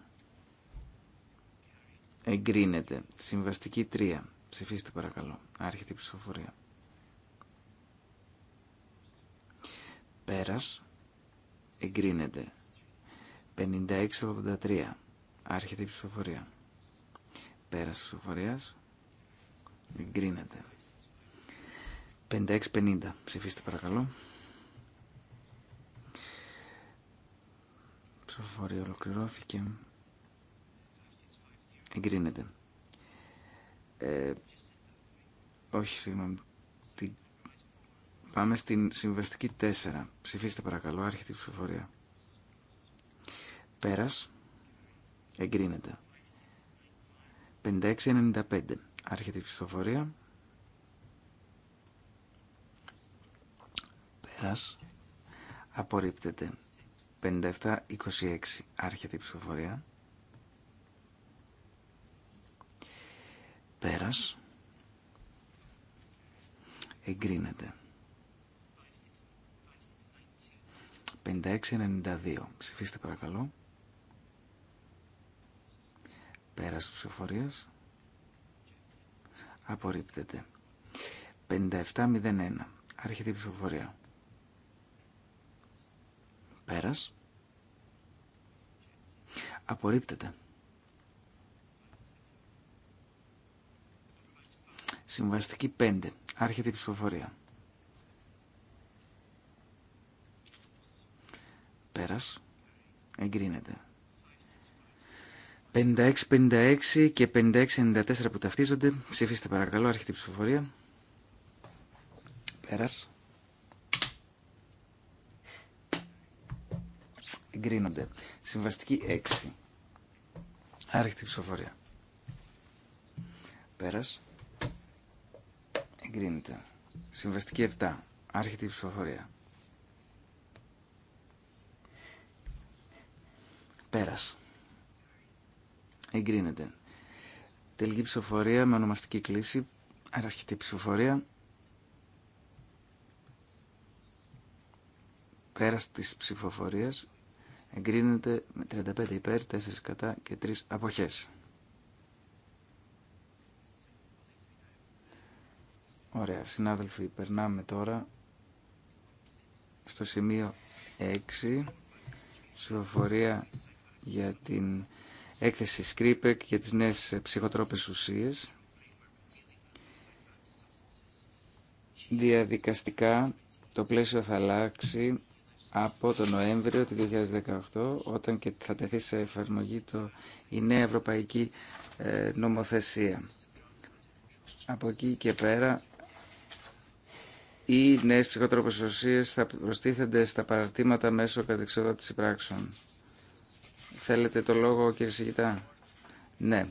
Speaker 3: Εγκρίνεται. Συμβαστική 3. Ψηφίστε παρακαλώ. Άρχεται η ψηφοφορία. Πέρας. Εγκρίνεται. 5683. Άρχεται η ψηφοφορία. Πέρας ψηφοφορίας. Εγκρίνεται. 5650. Ψηφίστε παρακαλώ. Ψηφοφορία ολοκληρώθηκε. Εγκρίνεται. Ε, όχι, συγγνώμη. Πάμε στην συμβαστική 4. Ψηφίστε παρακαλώ. Άρχεται η ψηφοφορία. Πέρας. Εγκρίνεται. 56-95. Άρχεται η ψηφοφορία. Πέρας. Απορρίπτεται. 57-26. Άρχεται η ψηφοφορία. Πέρας. Εγκρίνεται. 56-92. Ψηφίστε παρακαλώ. Πέρας ψηφοφορίας. Απορρίπτεται. 5701. Άρχεται η ψηφοφορία. Πέρας. Απορρίπτεται. Συμβαστική 5. Άρχεται η ψηφοφορία. Πέρας. Εγκρίνεται. 56-56 και 5694 που ταυτίζονται. Ψηφίστε παρακαλώ, αρχιτή ψηφοφορία. Πέρας. Εγκρίνονται. Συμβαστική 6. Άρχιτη ψηφοφορία. Πέρας. Εγκρίνεται. Συμβαστική 7. Άρχιτη ψηφοφορία. Πέρας. Εγκρίνεται. Τελική ψηφοφορία με ονομαστική κλίση. Αρασχητή ψηφοφορία. Πέρας της ψηφοφορίας εγκρίνεται με 35 υπέρ, 4 κατά και 3 αποχές. Ωραία, συνάδελφοι, περνάμε τώρα στο σημείο 6, ψηφοφορία για την έκθεση Σκρίπεκ για τις νέες ψυχοτρόπες ουσίες. Διαδικαστικά το πλαίσιο θα αλλάξει από τον Νοέμβριο του 2018 όταν και θα τεθεί σε εφαρμογή το, η νέα ευρωπαϊκή ε, νομοθεσία. Από εκεί και πέρα οι νέες ψυχοτρόπες ουσίες θα προστίθενται στα παραρτήματα μέσω κατεξοδότηση πράξεων. Θέλετε το λόγο κύριε Σιγητά. Ναι,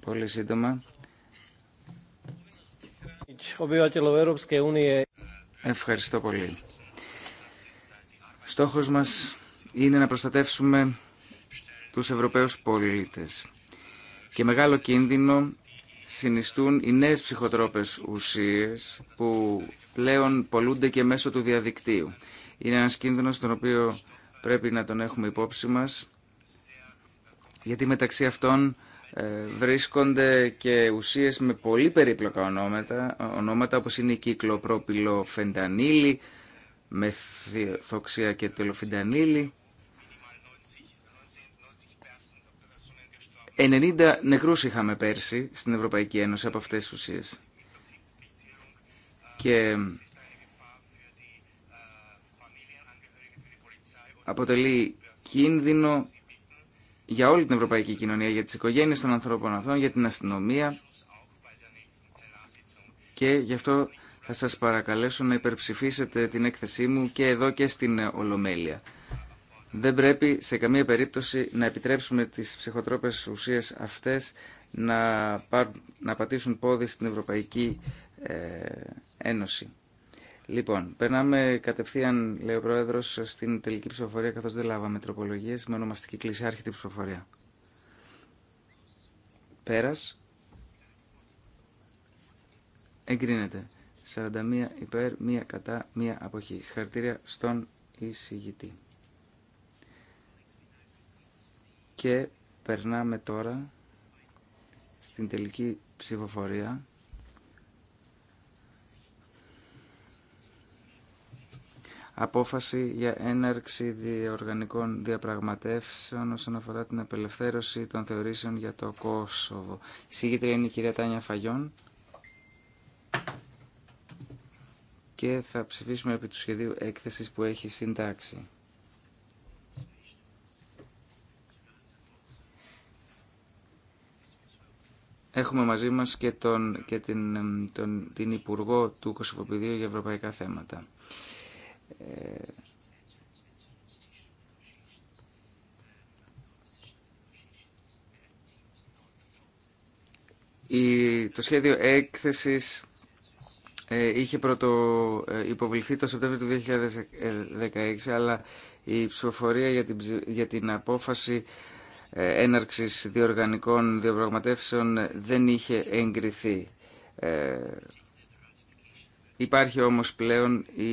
Speaker 3: πολύ σύντομα. Ευχαριστώ πολύ. Στόχος μας είναι να προστατεύσουμε τους Ευρωπαίους πολίτες. Και μεγάλο κίνδυνο συνιστούν οι νέες ψυχοτρόπες ουσίες που πλέον πολλούνται και μέσω του διαδικτύου. Είναι ένας κίνδυνος τον οποίο πρέπει να τον έχουμε υπόψη μας γιατί μεταξύ αυτών ε, βρίσκονται και ουσίες με πολύ περίπλοκα ονόματα, ονόματα όπως είναι η πρόπυλο φεντανίλη, μεθοξία και τελοφεντανίλη. 90 νεκρούς είχαμε πέρσι στην Ευρωπαϊκή Ένωση από αυτές τις ουσίες. Και αποτελεί κίνδυνο για όλη την ευρωπαϊκή κοινωνία, για τις οικογένειες των ανθρώπων αυτών, για την αστυνομία και γι' αυτό θα σας παρακαλέσω να υπερψηφίσετε την έκθεσή μου και εδώ και στην Ολομέλεια. Δεν πρέπει σε καμία περίπτωση να επιτρέψουμε τις ψυχοτρόπες ουσίες αυτές να, να πατήσουν πόδι στην Ευρωπαϊκή ε, Ένωση. Λοιπόν, περνάμε κατευθείαν, λέει ο Πρόεδρο, στην τελική ψηφοφορία, καθώ δεν λάβαμε τροπολογίε. Με ονομαστική κλίση «Άρχιτη ψηφοφορία. Πέρα. Εγκρίνεται. 41 υπέρ, 1 κατά, 1 αποχή. Συγχαρητήρια στον εισηγητή. Και περνάμε τώρα στην τελική ψηφοφορία απόφαση για έναρξη διοργανικών διαπραγματεύσεων όσον αφορά την απελευθέρωση των θεωρήσεων για το Κόσοβο. Η είναι η κυρία Τάνια Φαγιόν και θα ψηφίσουμε επί του σχεδίου έκθεσης που έχει συντάξει. Έχουμε μαζί μας και, τον, και την, τον, την Υπουργό του Κωσυφοπηδίου για Ευρωπαϊκά Θέματα. Ε, το σχέδιο έκθεσης ε, είχε πρώτο ε, υποβληθεί το Σεπτέμβριο του 2016 αλλά η ψηφοφορία για την, για την απόφαση έναρξης διοργανικών διαπραγματεύσεων δεν είχε εγκριθεί. Υπάρχει όμως πλέον η,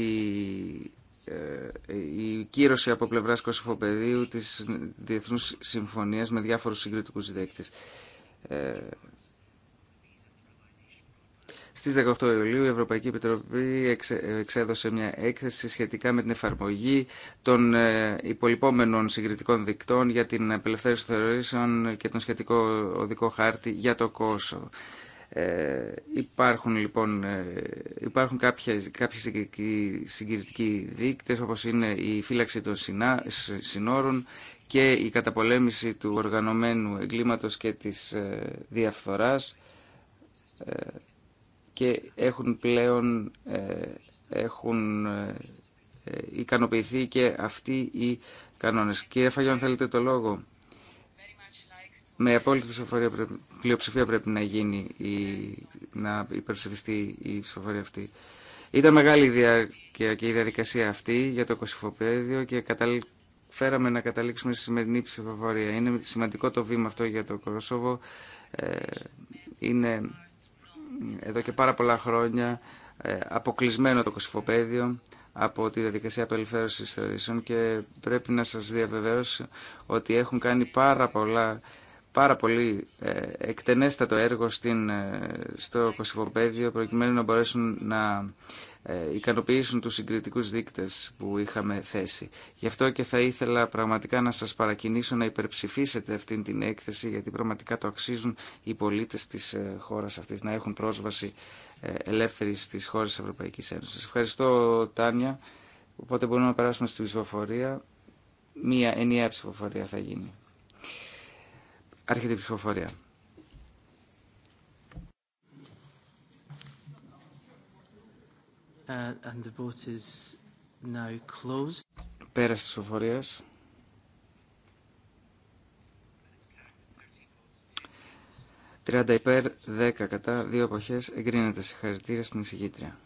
Speaker 3: ε, η κύρωση από πλευράς Κωσοφοπεδίου της Διεθνούς Συμφωνίας με διάφορους συγκριτικούς δέκτες. Ε, στις 18 Ιουλίου η Ευρωπαϊκή Επιτροπή εξέδωσε μια έκθεση σχετικά με την εφαρμογή των ε, υπολοιπόμενων συγκριτικών δικτών για την απελευθέρωση των θεωρήσεων και τον σχετικό οδικό χάρτη για το Κόσο. Ε, υπάρχουν λοιπόν ε, υπάρχουν κάποιες, κάποιες συγκριτικοί δείκτες όπως είναι η φύλαξη των συνόρων και η καταπολέμηση του οργανωμένου εγκλήματος και της ε, διαφθοράς ε, και έχουν πλέον έχουν ικανοποιηθεί και αυτοί οι κανόνες. Κύριε Φαγιόν θέλετε το λόγο με απόλυτη ψηφοφορία πλειοψηφία πρέπει να γίνει η, να υπερψηφιστεί η ψηφοφορία αυτή. Ήταν μεγάλη η διάρκεια και η διαδικασία αυτή για το κοσυφοπαίδιο και φέραμε να καταλήξουμε στη σημερινή ψηφοφορία. Είναι σημαντικό το βήμα αυτό για το Κωσόβο. Ε, είναι εδώ και πάρα πολλά χρόνια ε, αποκλεισμένο το κοσυφοπαίδιο από τη διαδικασία απελευθέρωσης θεωρήσεων και πρέπει να σας διαβεβαίωσω ότι έχουν κάνει πάρα πολλά πάρα πολύ ε, εκτενέστατο έργο στην, ε, στο Κωσυφοπέδιο προκειμένου να μπορέσουν να ε, ικανοποιήσουν τους συγκριτικούς δείκτες που είχαμε θέσει. Γι' αυτό και θα ήθελα πραγματικά να σας παρακινήσω να υπερψηφίσετε αυτή την έκθεση γιατί πραγματικά το αξίζουν οι πολίτες της χώρας αυτής να έχουν πρόσβαση ελεύθερη στις χώρες της Ευρωπαϊκής Ένωσης. Ευχαριστώ Τάνια. Οπότε μπορούμε να περάσουμε στη ψηφοφορία. Μία ενιαία ψηφοφορία θα γίνει. Άρχεται η ψηφοφορία.
Speaker 4: Uh, and the is now closed.
Speaker 3: 30 υπέρ, 10 κατά, 2 εποχές. Εγκρίνεται
Speaker 4: συγχαρητήρια στην εισηγήτρια.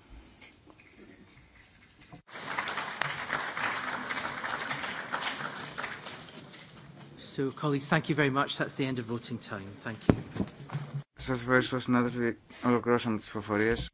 Speaker 4: So, colleagues, thank you very much. That's the end of voting time. Thank you.
Speaker 3: Σας ευχαριστώ συνάδελφοι. Ολοκληρώσαμε τις προφορίες.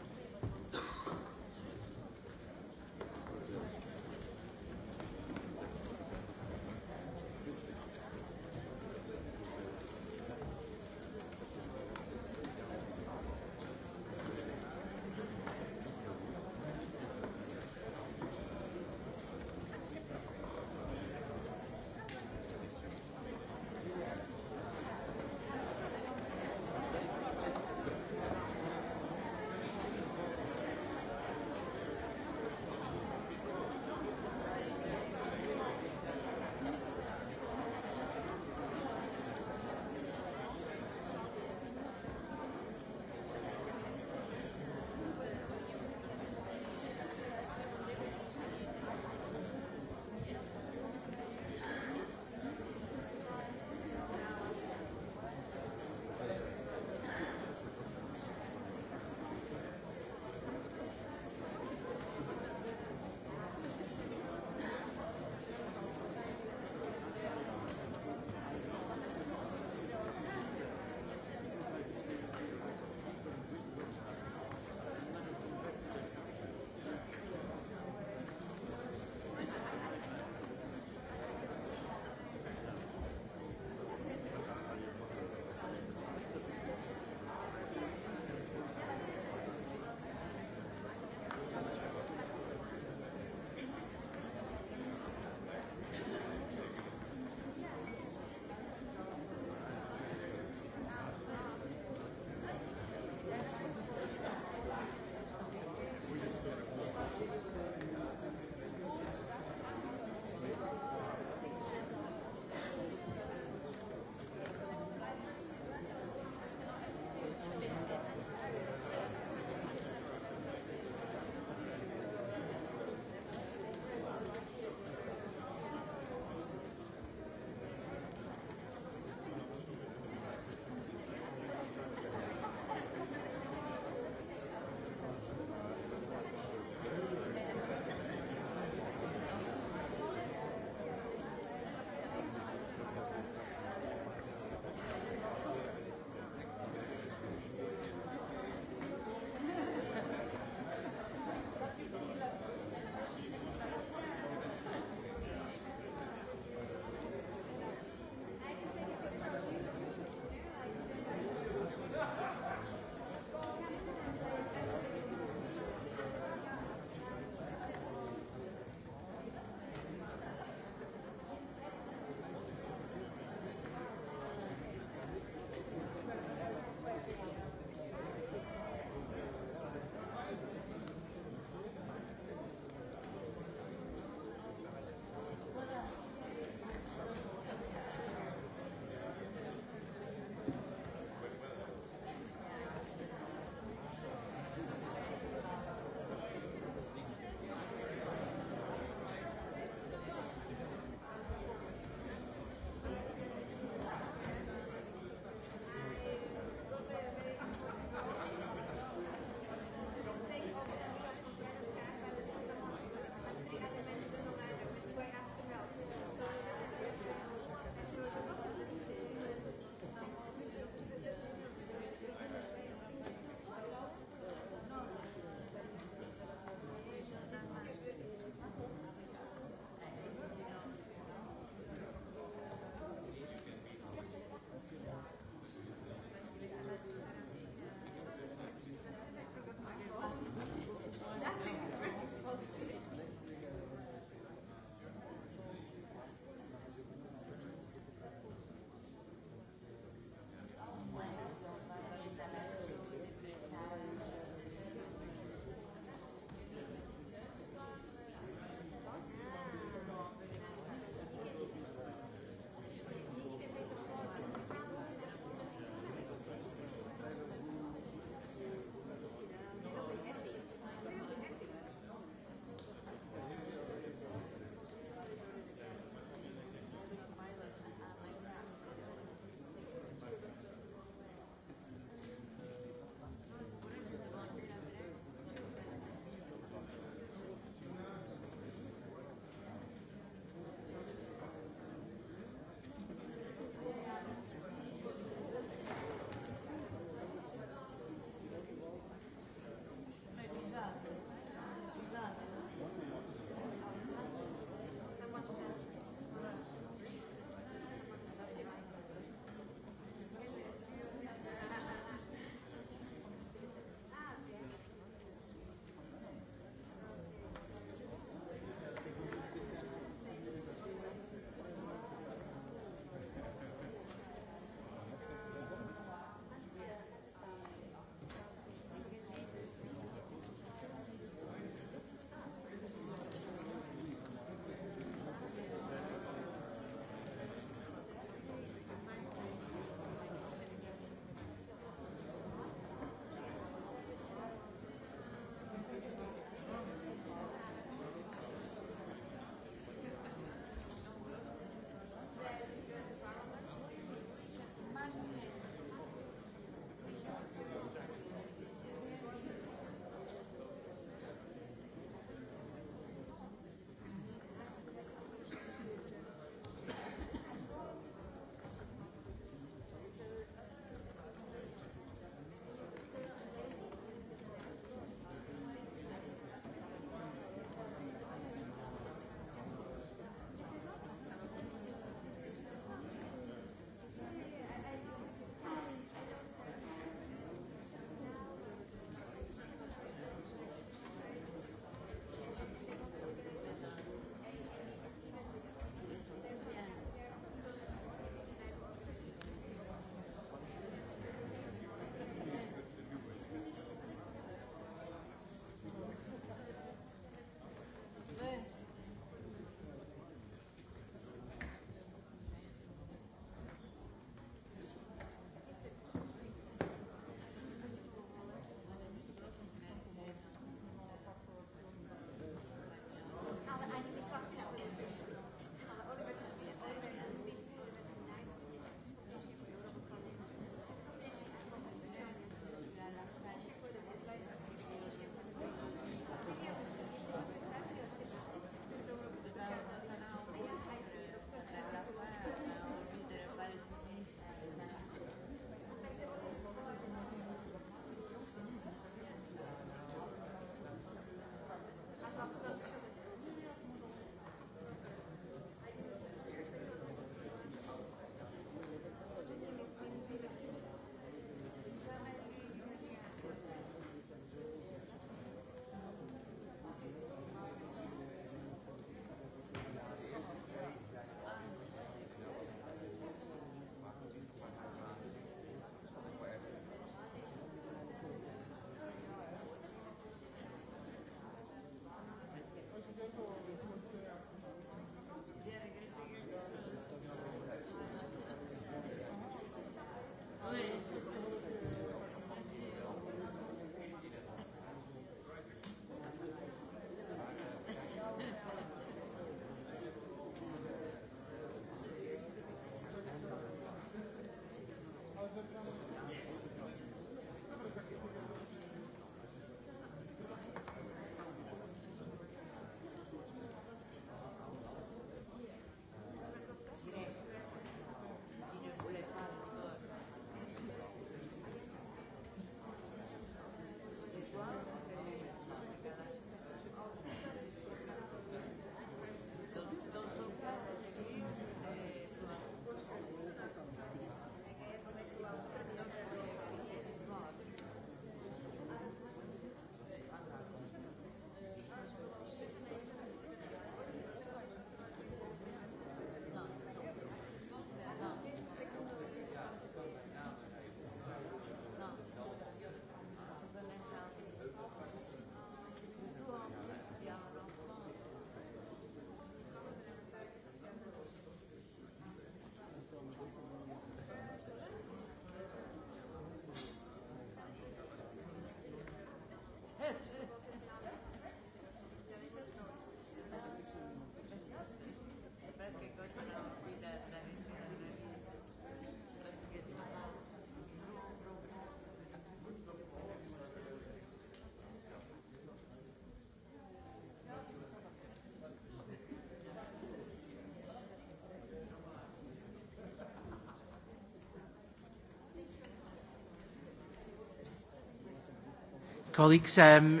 Speaker 4: Ωραία.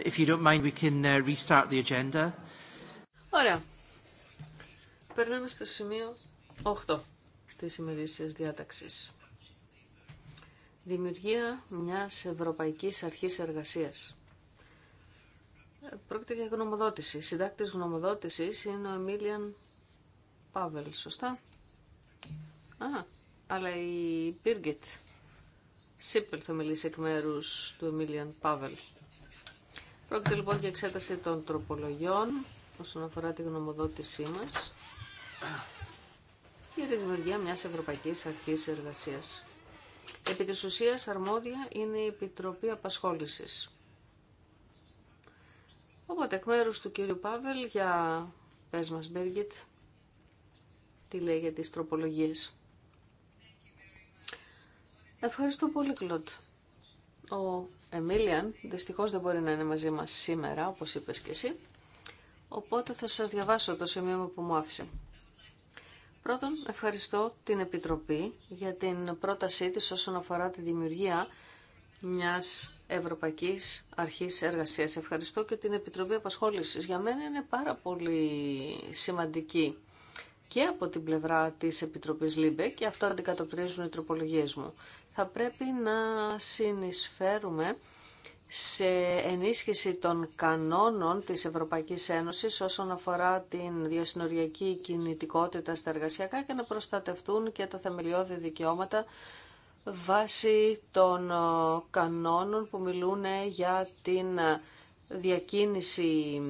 Speaker 1: Περνάμε στο σημείο 8 της ημερήσιας διάταξης. Δημιουργία μιας Ευρωπαϊκής Αρχής Εργασίας. Πρόκειται για γνωμοδότηση. Συντάκτης γνωμοδότησης είναι ο Εμίλιαν Πάβελ, σωστά. Α, αλλά η Πίργκετ Σίπελ θα μιλήσει εκ μέρους του Εμίλιαν Πάβελ. Πρόκειται λοιπόν για εξέταση των τροπολογιών όσον αφορά τη γνωμοδότησή μας για τη δημιουργία μιας Ευρωπαϊκής Αρχής Εργασίας. Επί της ουσίας αρμόδια είναι η Επιτροπή Απασχόλησης. Οπότε εκ μέρους του κύριου Πάβελ για πες μας Μπέργκετ τι λέει για τις τροπολογίες. Ευχαριστώ πολύ Κλοντ. Ο Εμίλιαν δυστυχώς δεν μπορεί να είναι μαζί μας σήμερα, όπως είπες και εσύ, οπότε θα σας διαβάσω το σημείο που μου άφησε. Πρώτον, ευχαριστώ την Επιτροπή για την πρότασή της όσον αφορά τη δημιουργία μιας Ευρωπαϊκής Αρχής Εργασίας. Ευχαριστώ και την Επιτροπή Απασχόλησης. Για μένα είναι πάρα πολύ σημαντική και από την πλευρά της Επιτροπής ΛΥΜΠΕ και αυτό αντικατοπτρίζουν οι τροπολογίες μου. Θα πρέπει να συνεισφέρουμε σε ενίσχυση των κανόνων της Ευρωπαϊκής Ένωσης όσον αφορά την διασυνοριακή κινητικότητα στα εργασιακά και να προστατευτούν και τα θεμελιώδη δικαιώματα βάσει των ε, κανόνων που μιλούν για την ε, διακίνηση,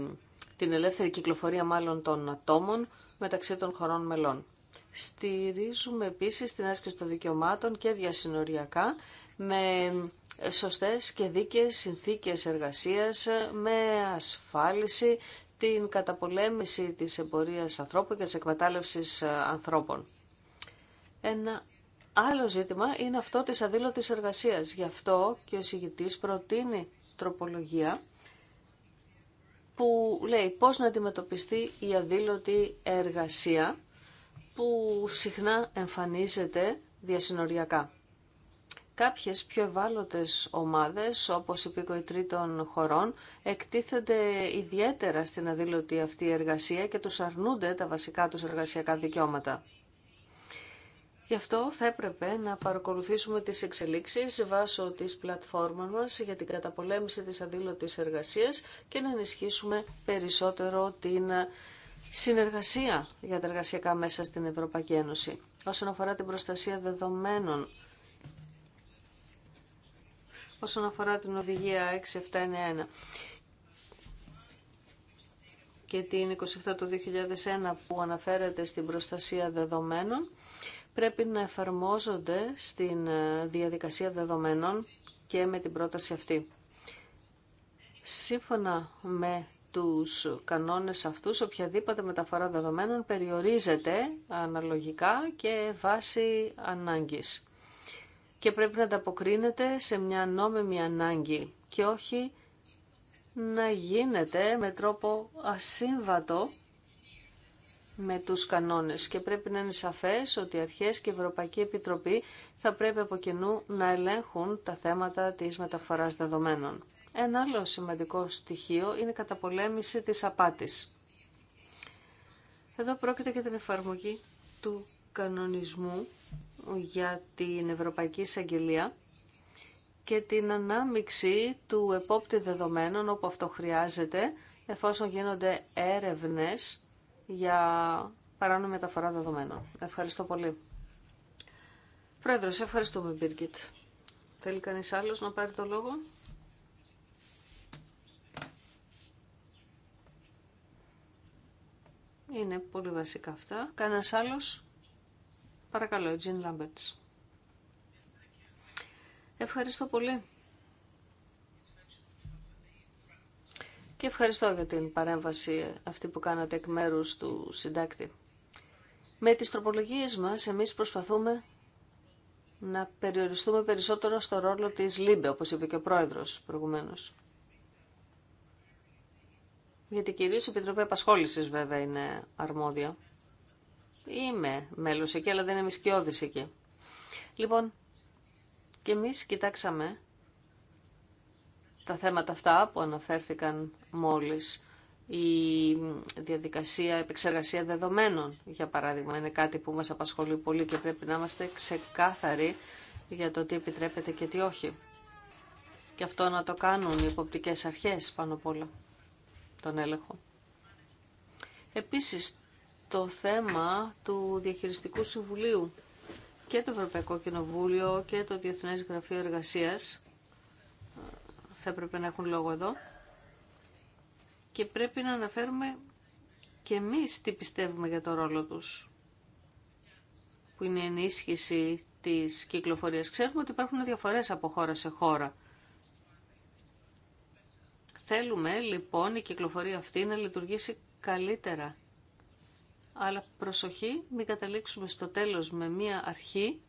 Speaker 1: την ελεύθερη κυκλοφορία μάλλον των ατόμων μεταξύ των χωρών μελών. Στηρίζουμε επίσης την άσκηση των δικαιωμάτων και διασυνοριακά με σωστές και δίκαιες συνθήκες εργασίας, με ασφάλιση, την καταπολέμηση της εμπορίας ανθρώπων και της εκμετάλλευσης ε, ανθρώπων. Ένα άλλο ζήτημα είναι αυτό της αδήλωτης εργασίας. Γι' αυτό και ο συγητής προτείνει τροπολογία που λέει πώς να αντιμετωπιστεί η αδήλωτη εργασία που συχνά εμφανίζεται διασυνοριακά. Κάποιες πιο ευάλωτες ομάδες, όπως οι πήκοοι τρίτων χωρών, εκτίθενται ιδιαίτερα στην αδήλωτη αυτή εργασία και τους αρνούνται τα βασικά τους εργασιακά δικαιώματα. Γι' αυτό θα έπρεπε να παρακολουθήσουμε τις εξελίξεις βάσω της πλατφόρμα μας για την καταπολέμηση της αδήλωτης εργασίας και να ενισχύσουμε περισσότερο την συνεργασία για τα εργασιακά μέσα στην Ευρωπαϊκή Ένωση. Όσον αφορά την προστασία δεδομένων, όσον αφορά την οδηγία 6791, και την 27 του 2001 που αναφέρεται στην προστασία δεδομένων, πρέπει να εφαρμόζονται στην ε, διαδικασία δεδομένων και με την πρόταση αυτή. Σύμφωνα με τους κανόνες αυτούς, οποιαδήποτε μεταφορά δεδομένων περιορίζεται αναλογικά και βάσει ανάγκης και πρέπει να ανταποκρίνεται σε μια νόμιμη ανάγκη και όχι να γίνεται με τρόπο ασύμβατο με τους κανόνες και πρέπει να είναι σαφές ότι οι αρχές και η Ευρωπαϊκή Επιτροπή θα πρέπει από κοινού να ελέγχουν τα θέματα της μεταφοράς δεδομένων. Ένα άλλο σημαντικό στοιχείο είναι η καταπολέμηση της απάτης. Εδώ πρόκειται για την εφαρμογή του κανονισμού για την Ευρωπαϊκή Εισαγγελία και την ανάμιξη του επόπτη δεδομένων όπου αυτό χρειάζεται εφόσον γίνονται έρευνες για παράνομη μεταφορά δεδομένων. Ευχαριστώ πολύ. Πρόεδρο, ευχαριστούμε, Μπίρκιτ. Θέλει κανείς άλλος να πάρει το λόγο. Είναι πολύ βασικά αυτά. Κανένας άλλος. Παρακαλώ, Τζιν Λάμπερτς. Ευχαριστώ πολύ. και ευχαριστώ για την παρέμβαση αυτή που κάνατε εκ μέρους του συντάκτη. Με τις τροπολογίες μας εμείς προσπαθούμε να περιοριστούμε περισσότερο στο ρόλο της ΛΥΜΠΕ, όπως είπε και ο πρόεδρος προηγουμένως. Γιατί κυρίως η Επιτροπή Απασχόληση βέβαια είναι αρμόδια. Είμαι μέλος εκεί, αλλά δεν είμαι σκιώδης εκεί. Λοιπόν, και εμείς κοιτάξαμε τα θέματα αυτά που αναφέρθηκαν μόλις. Η διαδικασία επεξεργασία δεδομένων, για παράδειγμα, είναι κάτι που μας απασχολεί πολύ και πρέπει να είμαστε ξεκάθαροι για το τι επιτρέπεται και τι όχι. Και αυτό να το κάνουν οι υποπτικές αρχές πάνω απ' όλα, τον έλεγχο. Επίσης, το θέμα του Διαχειριστικού Συμβουλίου και το Ευρωπαϊκό Κοινοβούλιο και το Διεθνές Γραφείο Εργασίας ε, θα έπρεπε να έχουν λόγο εδώ και πρέπει να αναφέρουμε και εμείς τι πιστεύουμε για το ρόλο τους, που είναι η ενίσχυση της κυκλοφορίας. Ξέρουμε ότι υπάρχουν διαφορές από χώρα σε χώρα. Θέλουμε λοιπόν η κυκλοφορία αυτή να λειτουργήσει καλύτερα. Αλλά προσοχή, μην καταλήξουμε στο τέλος με μία αρχή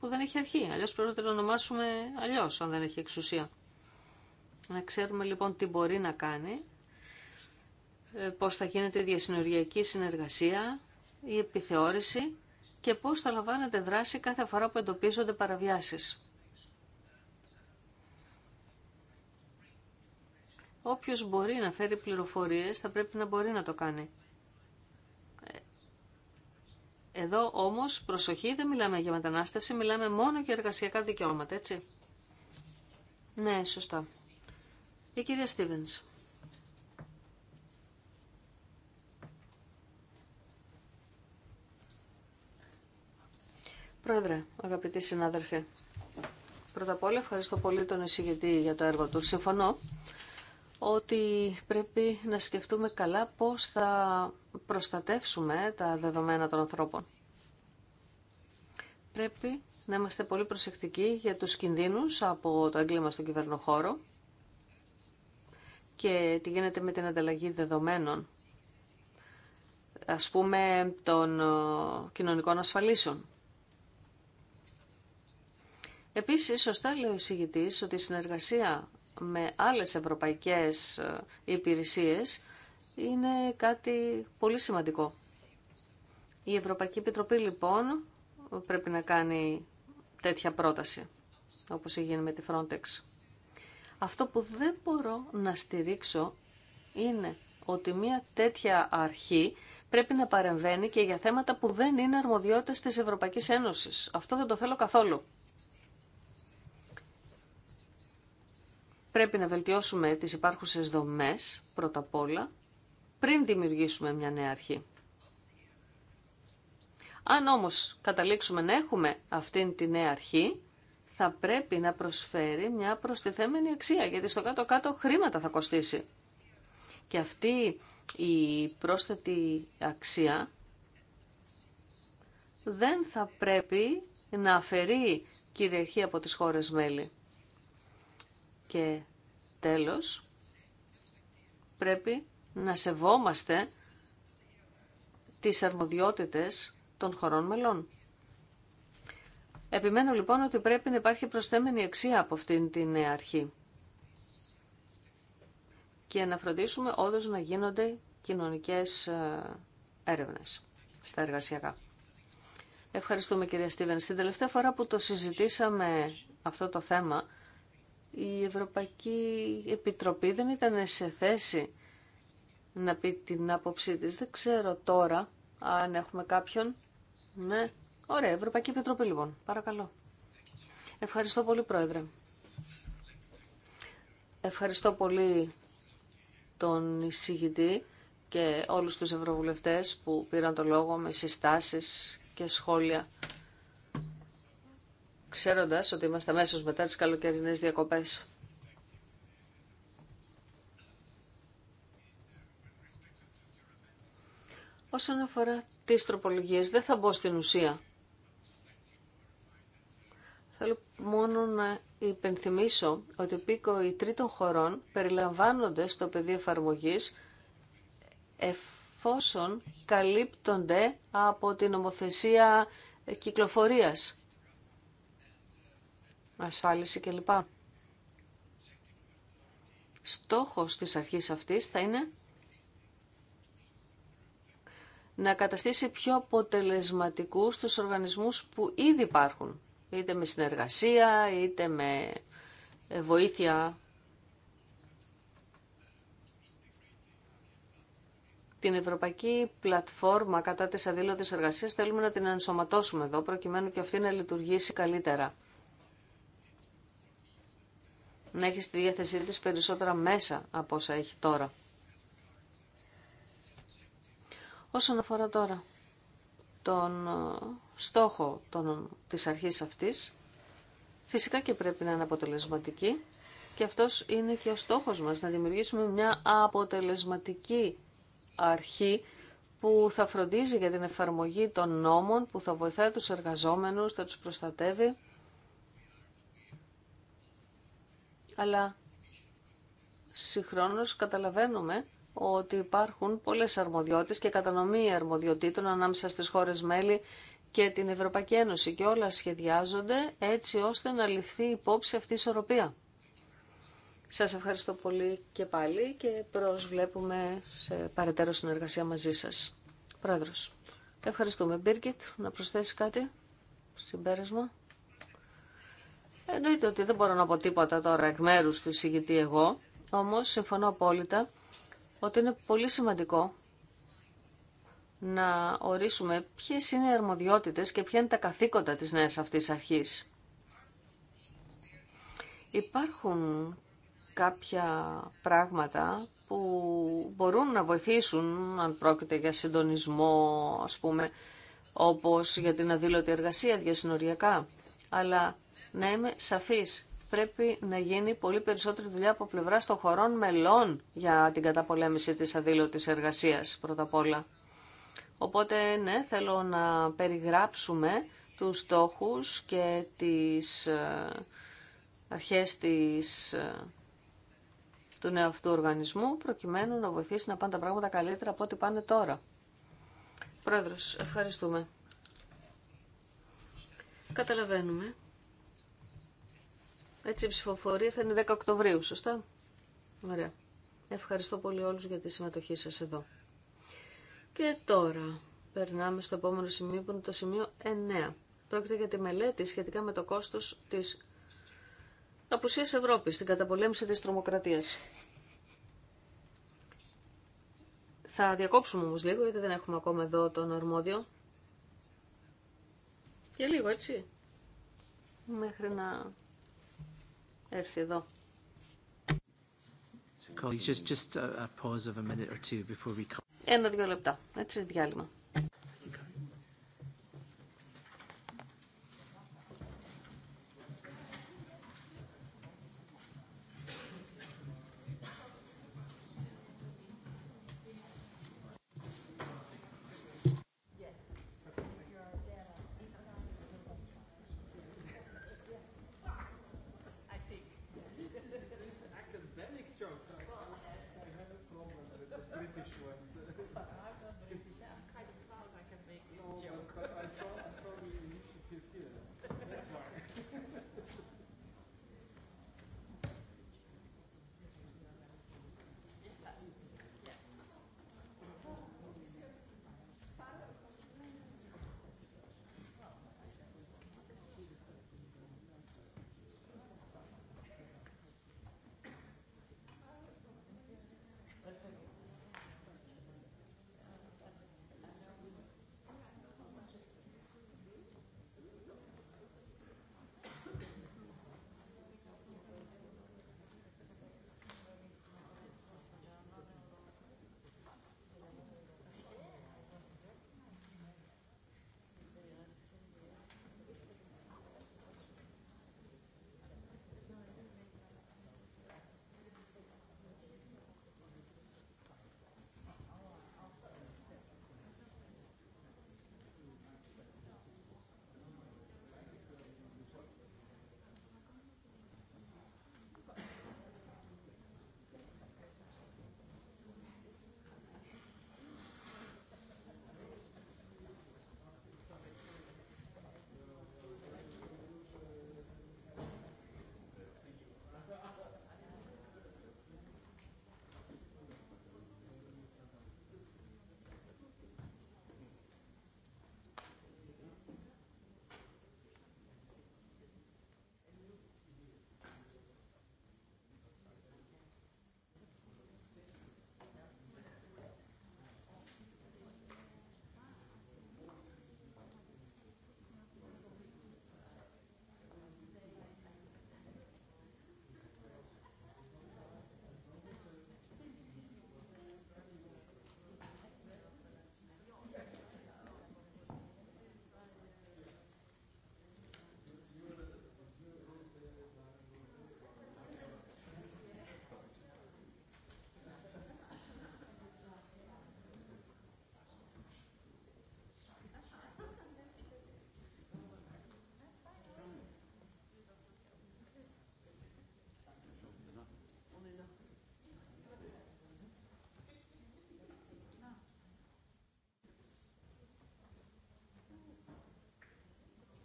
Speaker 1: που δεν έχει αρχή. Αλλιώς πρέπει να την ονομάσουμε αλλιώς, αν δεν έχει εξουσία. Να ξέρουμε λοιπόν τι μπορεί να κάνει, ε, πώς θα γίνεται η διασυνοριακή συνεργασία, η επιθεώρηση και πώς θα λαμβάνεται δράση κάθε φορά που εντοπίζονται παραβιάσεις. Όποιος μπορεί να φέρει πληροφορίες θα πρέπει να μπορεί να το κάνει. Ε, εδώ όμως προσοχή δεν μιλάμε για μετανάστευση, μιλάμε μόνο για εργασιακά δικαιώματα, έτσι. Ναι, σωστά. Η κυρία Στίβενς. Πρόεδρε, αγαπητοί συνάδελφοι, πρώτα απ' όλα ευχαριστώ πολύ τον εισηγητή για το έργο του. Συμφωνώ ότι πρέπει να σκεφτούμε καλά πώς θα προστατεύσουμε τα δεδομένα των ανθρώπων. Πρέπει να είμαστε πολύ προσεκτικοί για τους κινδύνους από το έγκλημα στον κυβερνοχώρο και τι γίνεται με την ανταλλαγή δεδομένων, ας πούμε των ε, κοινωνικών ασφαλίσεων. Επίσης, σωστά λέει ο εισηγητής ότι η συνεργασία με άλλες ευρωπαϊκές ε, υπηρεσίες είναι κάτι πολύ σημαντικό. Η Ευρωπαϊκή Επιτροπή λοιπόν πρέπει να κάνει τέτοια πρόταση, όπως έγινε με τη Frontex. Αυτό που δεν μπορώ να στηρίξω είναι ότι μια τέτοια αρχή πρέπει να παρεμβαίνει και για θέματα που δεν είναι αρμοδιότητες της Ευρωπαϊκής Ένωσης. Αυτό δεν το θέλω καθόλου. πρέπει να βελτιώσουμε τις υπάρχουσες δομές πρώτα απ' όλα πριν δημιουργήσουμε μια νέα αρχή. Αν όμως καταλήξουμε να έχουμε αυτήν τη νέα αρχή, θα πρέπει να προσφέρει μια προστιθέμενη αξία, γιατί στο κάτω-κάτω χρήματα θα κοστίσει. Και αυτή η πρόσθετη αξία δεν θα πρέπει να αφαιρεί κυριαρχία από τις χώρες μέλη. Και τέλος, πρέπει να σεβόμαστε τις αρμοδιότητες των χωρών μελών. Επιμένω λοιπόν ότι πρέπει να υπάρχει προσθέμενη αξία από αυτήν την αρχή και να φροντίσουμε όντω να γίνονται κοινωνικές ε, έρευνες στα εργασιακά. Ευχαριστούμε κυρία Στίβεν. Στην τελευταία φορά που το συζητήσαμε αυτό το θέμα, η Ευρωπαϊκή Επιτροπή δεν ήταν σε θέση να πει την άποψή της. Δεν ξέρω τώρα αν έχουμε κάποιον. Ναι. Ωραία, Ευρωπαϊκή Επιτροπή λοιπόν. Παρακαλώ. Ευχαριστώ πολύ, Πρόεδρε. Ευχαριστώ πολύ τον εισηγητή και όλους τους ευρωβουλευτές που πήραν το λόγο με συστάσεις και σχόλια ξέροντας ότι είμαστε αμέσω μετά τις καλοκαιρινές διακοπές. Όσον αφορά τις τροπολογίες, δεν θα μπω στην ουσία. Θέλω μόνο να υπενθυμίσω ότι πίκο οι τρίτων χωρών περιλαμβάνονται στο πεδίο εφαρμογή εφόσον καλύπτονται από την ομοθεσία κυκλοφορίας ασφάλιση κλπ. Στόχος της αρχής αυτής θα είναι να καταστήσει πιο αποτελεσματικούς τους οργανισμούς που ήδη υπάρχουν, είτε με συνεργασία, είτε με ε, βοήθεια την ευρωπαϊκή πλατφόρμα κατά της αδήλωτης εργασίας θέλουμε να την ενσωματώσουμε εδώ προκειμένου και αυτή να λειτουργήσει καλύτερα να έχει στη διάθεσή της περισσότερα μέσα από όσα έχει τώρα. Όσον αφορά τώρα τον ε, στόχο των, της αρχής αυτής, φυσικά και πρέπει να είναι αποτελεσματική και αυτός είναι και ο στόχος μας, να δημιουργήσουμε μια αποτελεσματική αρχή που θα φροντίζει για την εφαρμογή των νόμων, που θα βοηθάει τους εργαζόμενους, θα τους προστατεύει αλλά συγχρόνως καταλαβαίνουμε ότι υπάρχουν πολλές αρμοδιότητες και κατανομή αρμοδιοτήτων ανάμεσα στις χώρες μέλη και την Ευρωπαϊκή Ένωση και όλα σχεδιάζονται έτσι ώστε να ληφθεί υπόψη αυτή η ισορροπία. Σας ευχαριστώ πολύ και πάλι και προσβλέπουμε σε παρετέρω συνεργασία μαζί σας. Πρόεδρος, ευχαριστούμε. Μπίρκιτ, να προσθέσει κάτι, συμπέρασμα. Εννοείται ότι δεν μπορώ να πω τίποτα τώρα εκ μέρους του εισηγητή εγώ, όμως συμφωνώ απόλυτα ότι είναι πολύ σημαντικό να ορίσουμε ποιες είναι οι αρμοδιότητες και ποια είναι τα καθήκοντα της νέας αυτής αρχής. Υπάρχουν κάποια πράγματα που μπορούν να βοηθήσουν, αν πρόκειται για συντονισμό, ας πούμε, όπως για την αδήλωτη εργασία διασυνοριακά, αλλά να είμαι σαφής. Πρέπει να γίνει πολύ περισσότερη δουλειά από πλευρά των χωρών μελών για την καταπολέμηση της αδήλωτης εργασίας, πρώτα απ' όλα. Οπότε, ναι, θέλω να περιγράψουμε τους στόχους και τις ε, αρχές της, ε, του νέου αυτού οργανισμού, προκειμένου να βοηθήσει να πάνε τα πράγματα καλύτερα από ό,τι πάνε τώρα. Πρόεδρος, ευχαριστούμε. Καταλαβαίνουμε έτσι η ψηφοφορία θα είναι 10 Οκτωβρίου, σωστά. Ωραία. Ευχαριστώ πολύ όλους για τη συμμετοχή σας εδώ. Και τώρα περνάμε στο επόμενο σημείο που είναι το σημείο 9. Πρόκειται για τη μελέτη σχετικά με το κόστος της απουσίας Ευρώπης στην καταπολέμηση της τρομοκρατίας. Θα διακόψουμε όμως λίγο γιατί δεν έχουμε ακόμα εδώ τον αρμόδιο. Για λίγο έτσι. Μέχρι να έρθει εδώ. Ένα-δύο λεπτά, έτσι διάλειμμα.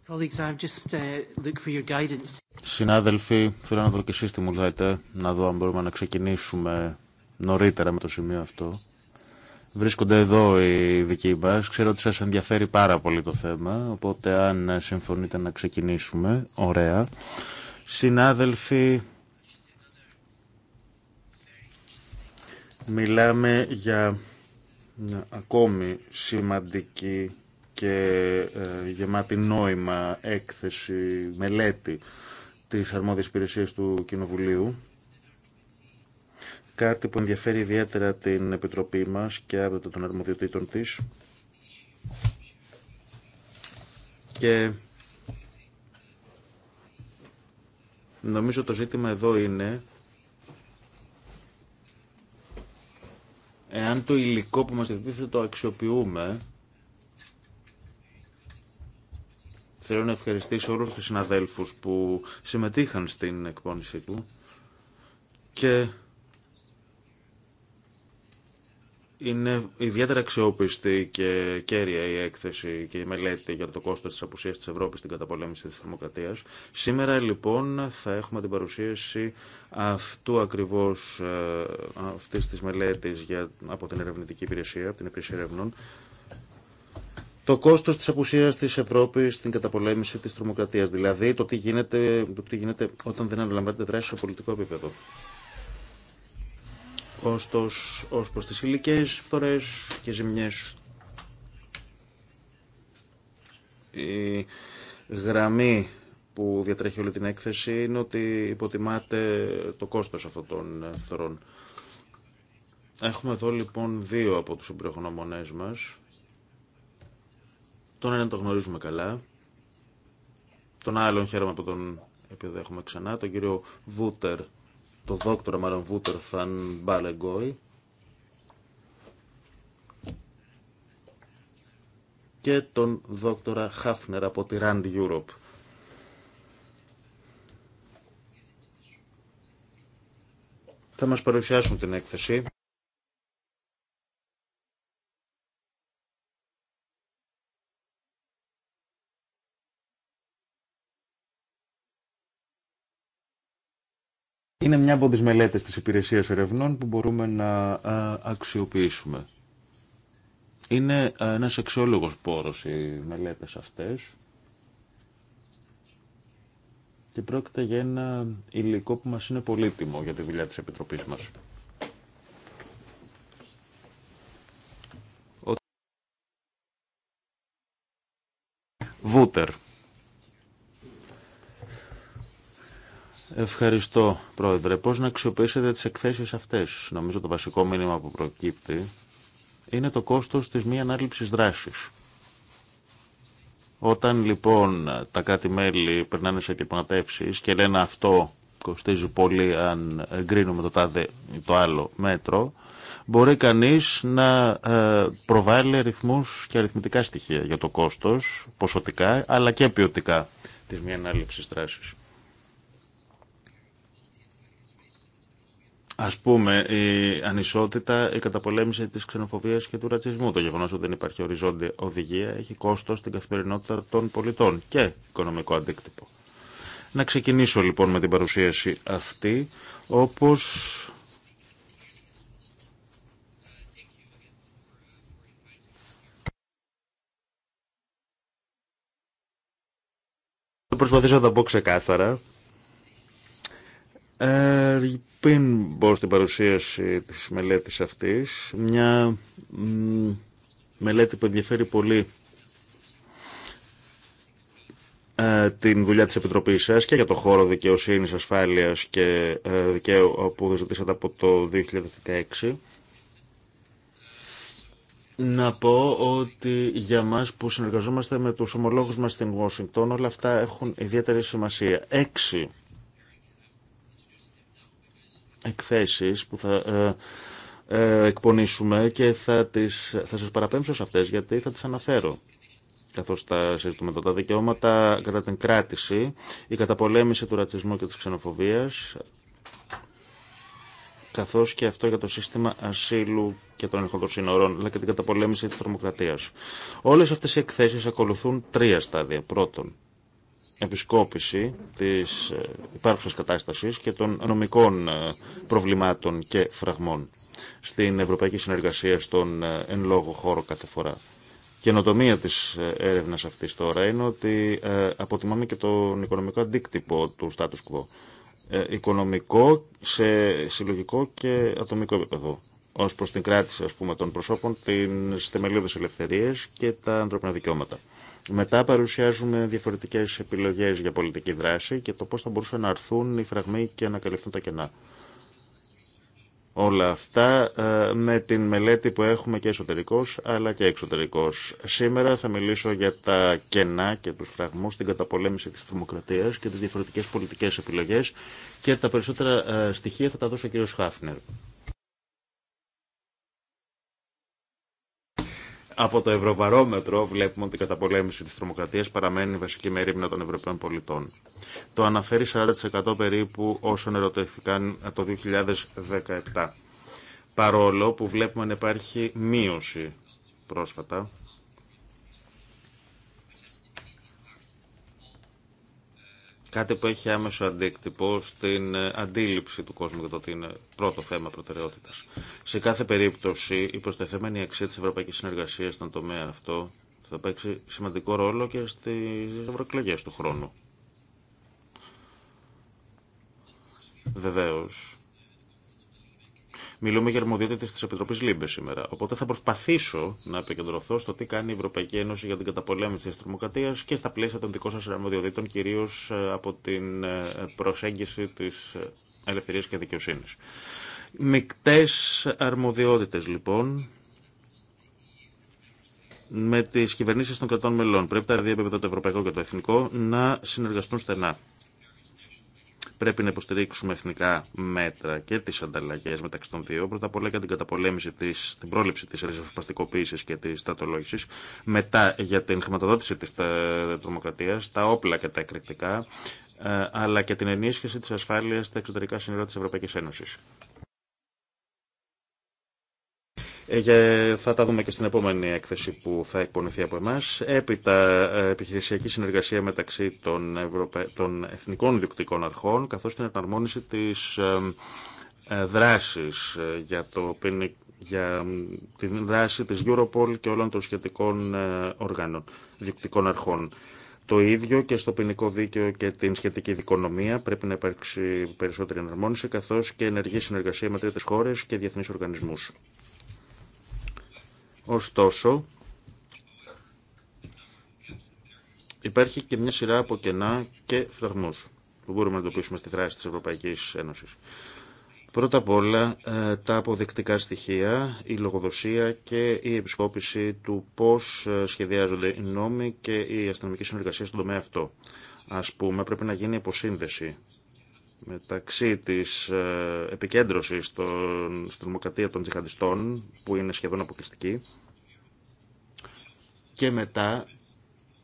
Speaker 4: Uh,
Speaker 2: Συνάδελφοι, θέλω να δω και εσείς τι μου λέτε, να δω αν μπορούμε να ξεκινήσουμε νωρίτερα με το σημείο αυτό. Βρίσκονται εδώ οι δικοί μα. Ξέρω ότι σας ενδιαφέρει πάρα πολύ το θέμα, οπότε αν συμφωνείτε να ξεκινήσουμε, ωραία. Συνάδελφοι, μιλάμε για ακόμη σημαντική και ε, γεμάτη νόημα έκθεση, μελέτη της αρμόδιας Υπηρεσία του Κοινοβουλίου. Κάτι που ενδιαφέρει ιδιαίτερα την Επιτροπή μας και άπτωτα των αρμοδιοτήτων της. Και νομίζω το ζήτημα εδώ είναι εάν το υλικό που μας διδίθεται το αξιοποιούμε Θέλω να ευχαριστήσω όλους τους συναδέλφους που συμμετείχαν στην εκπόνησή του και είναι ιδιαίτερα αξιόπιστη και κέρια η έκθεση και η μελέτη για το κόστος της απουσίας της Ευρώπης στην καταπολέμηση της θερμοκρατίας. Σήμερα λοιπόν θα έχουμε την παρουσίαση αυτού ακριβώς ε, αυτής της μελέτης για, από την ερευνητική υπηρεσία, από την υπηρεσία ερευνών το κόστος της απουσίας της Ευρώπης στην καταπολέμηση της τρομοκρατίας, δηλαδή το τι γίνεται, το τι όταν δεν αναλαμβάνεται δράση σε πολιτικό επίπεδο. Κόστος ως προς τις υλικές φθορές και ζημιές. Η γραμμή που διατρέχει όλη την έκθεση είναι ότι υποτιμάται το κόστος αυτών των φθορών. Έχουμε εδώ λοιπόν δύο από τους συμπρογνωμονές μας τον έναν τον γνωρίζουμε καλά. Τον άλλον χαίρομαι που τον έχουμε ξανά. Τον κύριο Βούτερ, τον δόκτωρα μάλλον Βούτερ Φαν Μπάλεγκόι. Και τον δόκτωρα Χάφνερ από τη Rand Europe. Θα μας παρουσιάσουν την έκθεση. μια από τις μελέτες της υπηρεσίας ερευνών που μπορούμε να ε, αξιοποιήσουμε. Είναι ε, ένας αξιόλογος πόρος οι μελέτες αυτές και πρόκειται για ένα υλικό που μας είναι πολύτιμο για τη δουλειά της Επιτροπής μας. Βούτερ. Ευχαριστώ, Πρόεδρε. Πώ να αξιοποιήσετε τις εκθέσεις αυτές. Νομίζω το βασικό μήνυμα που προκύπτει είναι το κόστος της μη αναληψη δράσης. Όταν λοιπόν τα κράτη-μέλη περνάνε σε επιπλανατεύσεις και λένε αυτό κοστίζει πολύ αν εγκρίνουμε το τάδε το άλλο μέτρο, μπορεί κανείς να ε, προβάλλει αριθμούς και αριθμητικά στοιχεία για το κόστος, ποσοτικά αλλά και ποιοτικά της μη ανάληψης δράσης. Ας πούμε, η ανισότητα, η καταπολέμηση της ξενοφοβίας και του ρατσισμού. Το γεγονός ότι δεν υπάρχει οριζόντια οδηγία έχει κόστος στην καθημερινότητα των πολιτών και οικονομικό αντίκτυπο. Να ξεκινήσω λοιπόν με την παρουσίαση αυτή, όπως προσπαθήσω να τα πω ξεκάθαρα πριν μπω στην παρουσίαση της μελέτης αυτής, μια μελέτη που ενδιαφέρει πολύ ε, την δουλειά της Επιτροπής σας και για το χώρο δικαιοσύνης, ασφάλειας και ε, δικαίου που ζητήσατε από το 2016. Να πω ότι για μας που συνεργαζόμαστε με τους ομολόγους μας στην Washington όλα αυτά έχουν ιδιαίτερη σημασία. Έξι εκθέσεις που θα ε, ε, εκπονήσουμε και θα, τις, θα σας παραπέμψω σε αυτές γιατί θα τις αναφέρω καθώς τα συζητούμε εδώ. Τα δικαιώματα κατά την κράτηση, η καταπολέμηση του ρατσισμού και της ξενοφοβίας, καθώς και αυτό για το σύστημα ασύλου και των ελεγχών σύνορων, αλλά και την καταπολέμηση της τρομοκρατίας. Όλες αυτές οι εκθέσεις ακολουθούν τρία στάδια. Πρώτον, επισκόπηση της ε, υπάρχουσας κατάστασης και των νομικών ε, προβλημάτων και φραγμών στην ευρωπαϊκή συνεργασία στον ε, εν λόγω χώρο κάθε φορά. Καινοτομία της έρευνας αυτής τώρα είναι ότι αποτιμάμε και τον οικονομικό αντίκτυπο του status quo. Οικονομικό, σε συλλογικό και ατομικό επίπεδο Ως προ την κράτηση ας πούμε, των προσώπων, τι θεμελιώδει ελευθερίες και τα ανθρώπινα δικαιώματα. Μετά παρουσιάζουμε διαφορετικές επιλογές για πολιτική δράση και το πώ θα μπορούσαν να αρθούν οι φραγμοί και να καλυφθούν τα κενά. Όλα αυτά ε, με την μελέτη που έχουμε και εσωτερικός αλλά και εξωτερικός. Σήμερα θα μιλήσω για τα κενά και τους φραγμούς στην καταπολέμηση της δημοκρατίας και τις διαφορετικές πολιτικές επιλογές και τα περισσότερα ε, στοιχεία θα τα δώσω ο κ. Χάφνερ. Από το Ευρωβαρόμετρο βλέπουμε ότι η καταπολέμηση της τρομοκρατίας παραμένει βασική μερίμνα των Ευρωπαίων πολιτών. Το αναφέρει 40% περίπου όσων ερωτηθήκαν το 2017. Παρόλο που βλέπουμε να υπάρχει μείωση πρόσφατα Κάτι που έχει άμεσο αντίκτυπο στην ε, αντίληψη του κόσμου για το ότι είναι πρώτο θέμα προτεραιότητα. Σε κάθε περίπτωση, η προστεθέμενη αξία τη ευρωπαϊκή συνεργασία στον τομέα αυτό θα παίξει σημαντικό ρόλο και στι ευρωεκλογέ του χρόνου. Βεβαίω, Μιλούμε για αρμοδιότητε τη Επιτροπή Λίμπε σήμερα. Οπότε θα προσπαθήσω να επικεντρωθώ στο τι κάνει η Ευρωπαϊκή Ένωση για την καταπολέμηση τη τρομοκρατία και στα πλαίσια των δικών σα αρμοδιοτήτων, κυρίω ε, από την ε, προσέγγιση τη ε, ελευθερία και δικαιοσύνη. Μικτέ αρμοδιότητε λοιπόν με τι κυβερνήσει των κρατών μελών. Πρέπει τα δύο επίπεδα, το ευρωπαϊκό και το εθνικό, να συνεργαστούν στενά. Πρέπει να υποστηρίξουμε εθνικά μέτρα και τι ανταλλαγέ μεταξύ των δύο. Πρώτα απ' όλα για την καταπολέμηση τη, την πρόληψη τη ριζοσπαστικοποίηση και τη στρατολόγηση. Μετά για την χρηματοδότηση τη ε, τρομοκρατία, τα όπλα και τα εκρηκτικά ε, αλλά και την ενίσχυση της ασφάλειας στα εξωτερικά σύνορα τη Ευρωπαϊκή Ένωση. Ε, θα τα δούμε και στην επόμενη έκθεση που θα εκπονηθεί από εμά. Έπειτα, ε, επιχειρησιακή συνεργασία μεταξύ των, Ευρωπα... εθνικών διοκτικών αρχών, καθώ την εναρμόνιση τη ε, δράση για το για την δράση της Europol και όλων των σχετικών οργάνων, διοικητικών αρχών. Το ίδιο και στο ποινικό δίκαιο και την σχετική δικονομία πρέπει να υπάρξει περισσότερη εναρμόνιση καθώς και ενεργή συνεργασία με τρίτες χώρες και διεθνείς οργανισμούς. Ωστόσο, υπάρχει και μια σειρά από κενά και φραγμούς που μπορούμε να εντοπίσουμε στη δράση της Ευρωπαϊκής Ένωσης. Πρώτα απ' όλα ε, τα αποδεικτικά στοιχεία, η λογοδοσία και η επισκόπηση του πώς ε, σχεδιάζονται οι νόμοι και η αστυνομική συνεργασία στον τομέα αυτό. Ας πούμε πρέπει να γίνει υποσύνδεση μεταξύ της ε, επικέντρωσης στον, στην δημοκρατία των τζιχαντιστών, που είναι σχεδόν αποκλειστική, και μετά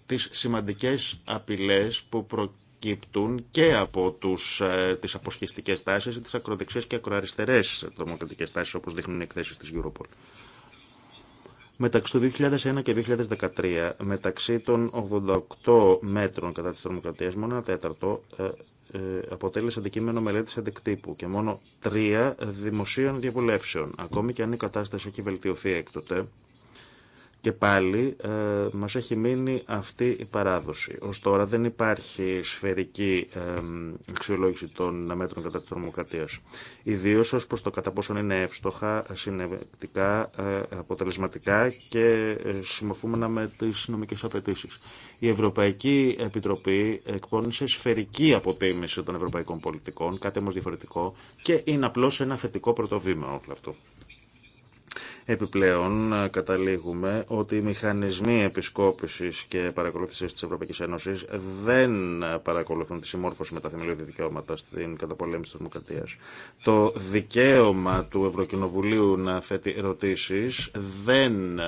Speaker 2: τις σημαντικές απειλές που προκύπτουν και από τους, ε, τις αποσχιστικές τάσεις τις ακροδεξιές και ακροαριστερές δημοκρατικές τάσεις, όπως δείχνουν οι εκθέσεις της Europol. Μεταξύ του 2001 και 2013, μεταξύ των 88 μέτρων κατά της τρομοκρατίας, μόνο ένα τέταρτο ε, ε, αποτέλεσε αντικείμενο μελέτη αντικτύπου και μόνο τρία δημοσίων διαβουλεύσεων. Ακόμη και αν η κατάσταση έχει βελτιωθεί έκτοτε, και πάλι ε, μας έχει μείνει αυτή η παράδοση. Ως τώρα δεν υπάρχει σφαιρική ε, αξιολόγηση των μέτρων κατά της τρομοκρατίας. Ιδίως ως προς το κατά πόσον είναι εύστοχα, συνεπτικά, ε, αποτελεσματικά και ε, συμμορφούμενα με τις νομικές απαιτήσει. Η Ευρωπαϊκή Επιτροπή εκπώνησε σφαιρική αποτίμηση των ευρωπαϊκών πολιτικών, κάτι όμως διαφορετικό και είναι απλώς ένα θετικό πρωτοβήμα όλο αυτό. Επιπλέον, καταλήγουμε ότι οι μηχανισμοί επισκόπησης και παρακολούθησης της Ευρωπαϊκή Ένωση δεν παρακολουθούν τη συμμόρφωση με τα θεμελιώδη δικαιώματα στην καταπολέμηση τη Δημοκρατία. Το δικαίωμα του Ευρωκοινοβουλίου να θέτει ερωτήσεις δεν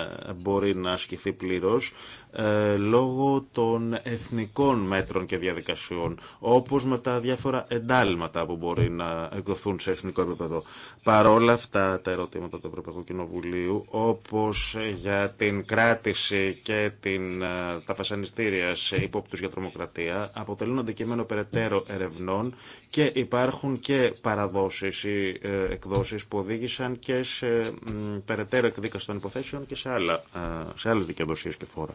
Speaker 2: μπορεί να ασκηθεί πλήρως ε, λόγω των εθνικών μέτρων και διαδικασιών, όπως με τα διάφορα εντάλματα που μπορεί να εκδοθούν σε εθνικό επίπεδο. Παρόλα αυτά τα ερωτήματα του Ευρωπαϊκού Κοινοβουλίου, όπως για την κράτηση και την, ε, τα φασανιστήρια σε υπόπτους για τρομοκρατία, αποτελούν αντικείμενο περαιτέρω ερευνών και υπάρχουν και παραδόσεις ή ε, εκδόσεις που οδήγησαν και σε περαιτέρω εκδίκαση των υποθέσεων και σε, άλλα, σε άλλες δικαιοδοσίες και φόρα.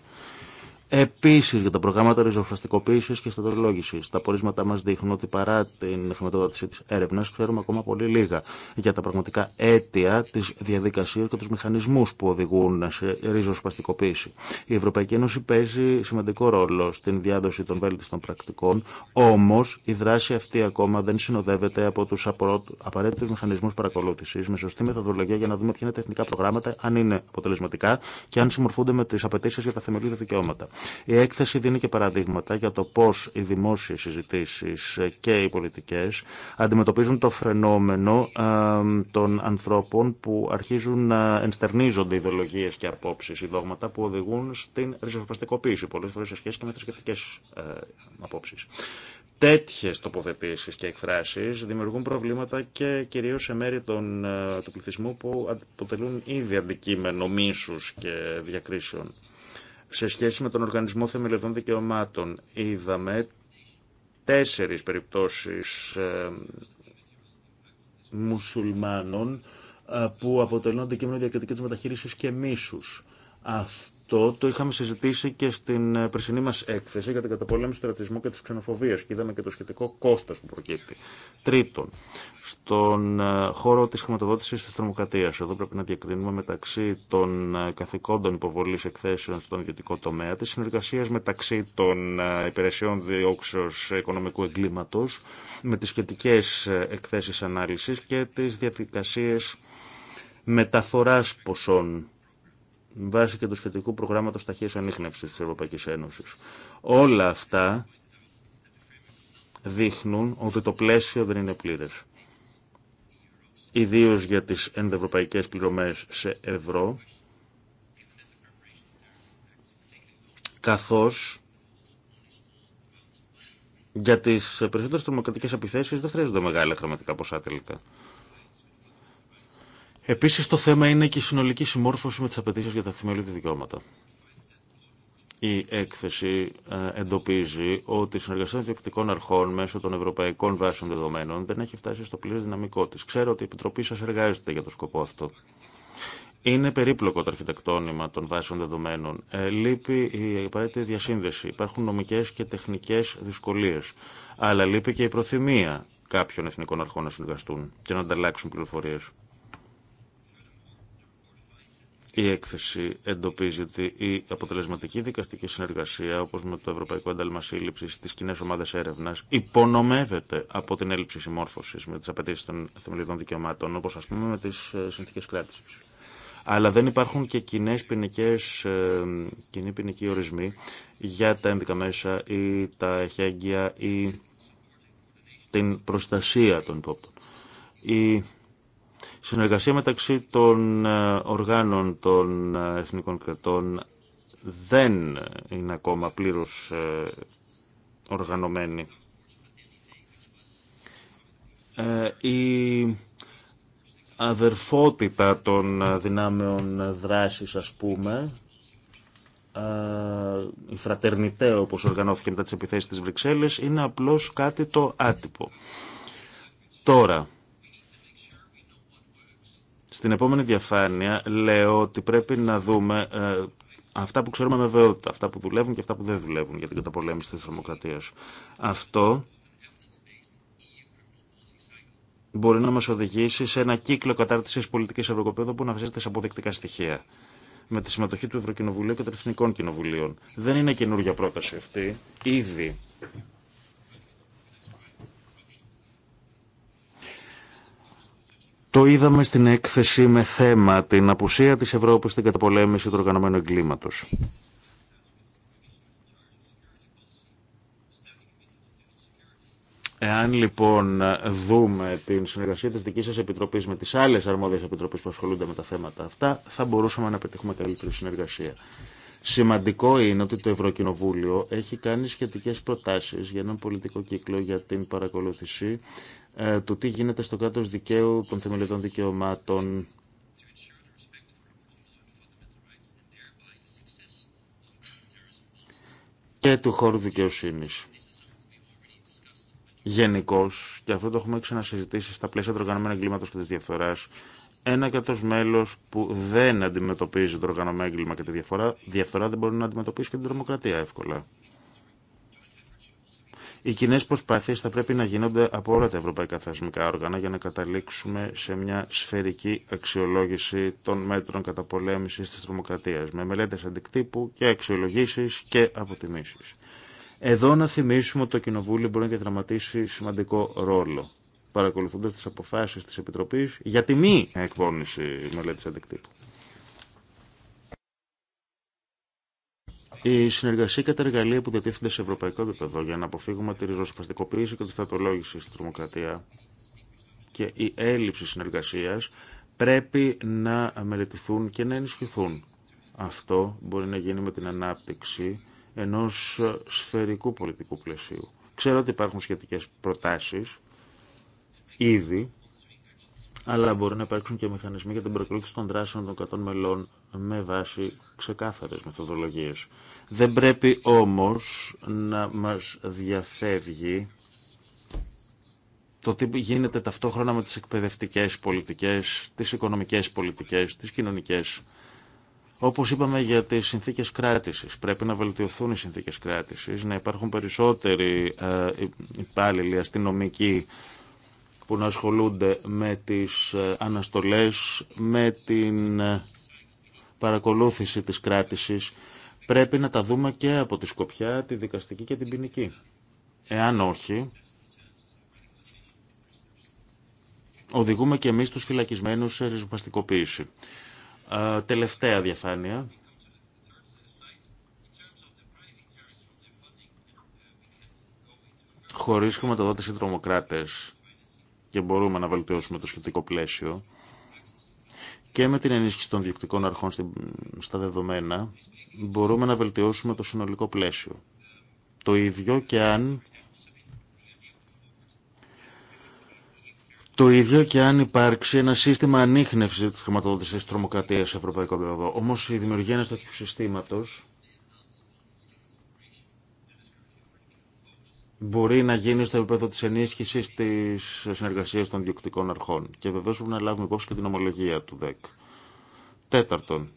Speaker 2: Επίση, για τα προγράμματα ριζοσπαστικοποίηση και στατολόγηση. Τα πορίσματα μα δείχνουν ότι παρά την χρηματοδότηση τη έρευνα, ξέρουμε ακόμα πολύ λίγα για τα πραγματικά αίτια τη διαδικασία και του μηχανισμού που οδηγούν σε ριζοσπαστικοποίηση. Η Ευρωπαϊκή Ένωση παίζει σημαντικό ρόλο στην διάδοση των βέλτιστων πρακτικών, όμω η δράση αυτή ακόμα δεν συνοδεύεται από του απαραίτητου μηχανισμού παρακολούθηση με σωστή μεθοδολογία για να δούμε ποια είναι τα εθνικά προγράμματα, αν είναι αποτελεσματικά και αν συμμορφούνται με τι απαιτήσει για τα θεμελιώδη δικαιώματα. Η έκθεση δίνει και παραδείγματα για το πώ οι δημόσιε συζητήσει και οι πολιτικέ αντιμετωπίζουν το φαινόμενο ε, των ανθρώπων που αρχίζουν να ενστερνίζονται ιδεολογίε και απόψει, ή δόγματα που οδηγούν στην ριζοσπαστικοποίηση πολλέ φορέ σε σχέση και με θρησκευτικέ ε, απόψει Τέτοιε τοποθετήσει και εκφράσει δημιουργούν προβλήματα και κυρίω σε μέρη των, ε, του πληθυσμού που αποτελούν ήδη αντικείμενο μίσου και διακρίσεων. Σε σχέση με τον Οργανισμό Θεμελιωδών Δικαιωμάτων είδαμε τέσσερις περιπτώσεις ε, μουσουλμάνων ε, που αποτελούν αντικείμενο διακριτικής μεταχείρισης και μίσους αυτό το είχαμε συζητήσει και στην ε, περσινή μα έκθεση για την καταπολέμηση του ρατσισμού και της ξενοφοβία και είδαμε και το σχετικό κόστο που προκύπτει. Τρίτον, στον ε, χώρο τη χρηματοδότηση τη τρομοκρατία, Εδώ πρέπει να διακρίνουμε μεταξύ των ε, καθηκόντων υποβολή εκθέσεων στον ιδιωτικό τομέα, τη συνεργασία μεταξύ των υπηρεσιών διώξεω οικονομικού εγκλήματο, με τι σχετικέ εκθέσει ανάλυση και τι διαδικασίε μεταφοράς ποσών βάσει και του σχετικού προγράμματος ταχείας ανείχνευση τη Ευρωπαϊκή Ένωση. Όλα αυτά δείχνουν ότι το πλαίσιο δεν είναι πλήρε. Ιδίω για τις ενδευρωπαϊκέ πληρωμέ σε ευρώ, καθώς για τις περισσότερες τρομοκρατικές επιθέσεις δεν χρειάζονται μεγάλα χρηματικά ποσά τελικά. Επίσης το θέμα είναι και η συνολική συμμόρφωση με τις απαιτήσει για τα θεμελιώδη δικαιώματα. Η έκθεση ε, εντοπίζει ότι η συνεργασία των διοικητικών αρχών μέσω των ευρωπαϊκών βάσεων δεδομένων δεν έχει φτάσει στο πλήρες δυναμικό της. Ξέρω ότι η Επιτροπή σας εργάζεται για το σκοπό αυτό. Είναι περίπλοκο το αρχιτεκτόνημα των βάσεων δεδομένων. Ε, λείπει η απαραίτητη διασύνδεση. Υπάρχουν νομικέ και τεχνικέ δυσκολίε. Αλλά λείπει και η προθυμία κάποιων εθνικών αρχών να συνεργαστούν και να ανταλλάξουν πληροφορίε. Η έκθεση εντοπίζει ότι η αποτελεσματική δικαστική συνεργασία, όπω με το Ευρωπαϊκό Ένταλμα Σύλληψη, τι κοινέ ομάδε έρευνα, υπονομεύεται από την έλλειψη συμμόρφωση με τι απαιτήσει των θεμελιωδών δικαιωμάτων, όπω α πούμε με τι ε, συνθήκε κράτηση. Αλλά δεν υπάρχουν και κοινέ ε, κοινοί ποινικοί ορισμοί για τα ένδικα μέσα ή τα εχέγγυα ή την προστασία των υπόπτων. Η Συνεργασία μεταξύ των ε, οργάνων των ε, εθνικών κρατών δεν είναι ακόμα πλήρως ε, οργανωμένη. Η αδερφότητα των δυνάμεων δράσης, ας πούμε, η φρατερνητέ όπως οργανώθηκε μετά τις επιθέσεις της Βρυξέλλες, είναι απλώς κάτι το άτυπο. Τώρα, στην επόμενη διαφάνεια λέω ότι πρέπει να δούμε ε, αυτά που ξέρουμε με βεβαιότητα, αυτά που δουλεύουν και αυτά που δεν δουλεύουν για την καταπολέμηση της δημοκρατίας. Αυτό μπορεί να μας οδηγήσει σε ένα κύκλο κατάρτισης πολιτικής ευρωκοπέδου που να βασίζεται σε αποδεικτικά στοιχεία με τη συμμετοχή του Ευρωκοινοβουλίου και των Εθνικών Κοινοβουλίων. Δεν είναι καινούργια πρόταση αυτή. Ήδη Το είδαμε στην έκθεση με θέμα την απουσία της Ευρώπης στην καταπολέμηση του οργανωμένου εγκλήματος. Εάν λοιπόν δούμε την συνεργασία της δικής σας επιτροπής με τις άλλες αρμόδιες επιτροπές που ασχολούνται με τα θέματα αυτά, θα μπορούσαμε να πετύχουμε καλύτερη συνεργασία. Σημαντικό είναι ότι το Ευρωκοινοβούλιο έχει κάνει σχετικές προτάσεις για έναν πολιτικό κύκλο για την παρακολούθηση ε, του τι γίνεται στο κράτος δικαίου των θεμελιωτών δικαιωμάτων και του χώρου δικαιοσύνη. Γενικώ, και αυτό το έχουμε ξανασυζητήσει στα πλαίσια του οργανωμένου εγκλήματο και τη διαφθορά, ένα κράτο μέλο που δεν αντιμετωπίζει το οργανωμένο έγκλημα και τη διαφθορά, διαφθορά δεν μπορεί να αντιμετωπίσει και την τρομοκρατία εύκολα. Οι κοινέ προσπάθειε θα πρέπει να γίνονται από όλα τα ευρωπαϊκά θεσμικά όργανα για να καταλήξουμε σε μια σφαιρική αξιολόγηση των μέτρων καταπολέμηση τη τρομοκρατία με μελέτε αντικτύπου και αξιολογήσει και αποτιμήσει. Εδώ να θυμίσουμε ότι το Κοινοβούλιο μπορεί να διαδραματίσει σημαντικό ρόλο παρακολουθώντα τι αποφάσει τη Επιτροπή για τη μη εκπόνηση μελέτη αντικτύπου. Η συνεργασία και τα εργαλεία που διατίθενται σε ευρωπαϊκό επίπεδο για να αποφύγουμε τη ριζοσπαστικοποίηση και τη στρατολόγηση στη τρομοκρατία και η έλλειψη συνεργασία πρέπει να μελετηθούν και να ενισχυθούν. Αυτό μπορεί να γίνει με την ανάπτυξη ενό σφαιρικού πολιτικού πλαισίου. Ξέρω ότι υπάρχουν σχετικέ προτάσει, ήδη, αλλά μπορεί να υπάρξουν και μηχανισμοί για την προκλήθηση των δράσεων των 100 μελών με βάση ξεκάθαρες μεθοδολογίες. Δεν πρέπει όμως να μας διαφεύγει το τι γίνεται ταυτόχρονα με τις εκπαιδευτικές πολιτικές, τις οικονομικές πολιτικές, τις κοινωνικές. Όπως είπαμε για τις συνθήκες κράτησης, πρέπει να βελτιωθούν οι συνθήκες κράτησης, να υπάρχουν περισσότεροι ε, υπάλληλοι αστυνομικοί που να ασχολούνται με τις ε, αναστολές, με την ε, παρακολούθηση της κράτησης πρέπει να τα δούμε και από τη σκοπιά, τη δικαστική και την ποινική. Εάν όχι, οδηγούμε και εμείς τους φυλακισμένους σε ριζοπαστικοποίηση. τελευταία διαφάνεια. Χωρίς χρηματοδότηση τρομοκράτες και μπορούμε να βελτιώσουμε το σχετικό πλαίσιο, και με την ενίσχυση των διοικητικών αρχών στα δεδομένα μπορούμε να βελτιώσουμε το συνολικό πλαίσιο. Το ίδιο και αν Το ίδιο και αν υπάρξει ένα σύστημα ανείχνευση τη χρηματοδότηση τη τρομοκρατία σε ευρωπαϊκό επίπεδο. Όμω η δημιουργία ενό τέτοιου συστήματο μπορεί να γίνει στο επίπεδο τη ενίσχυση τη συνεργασία των διοκτικών αρχών. Και βεβαίω πρέπει να λάβουμε υπόψη και την ομολογία του ΔΕΚ. Τέταρτον,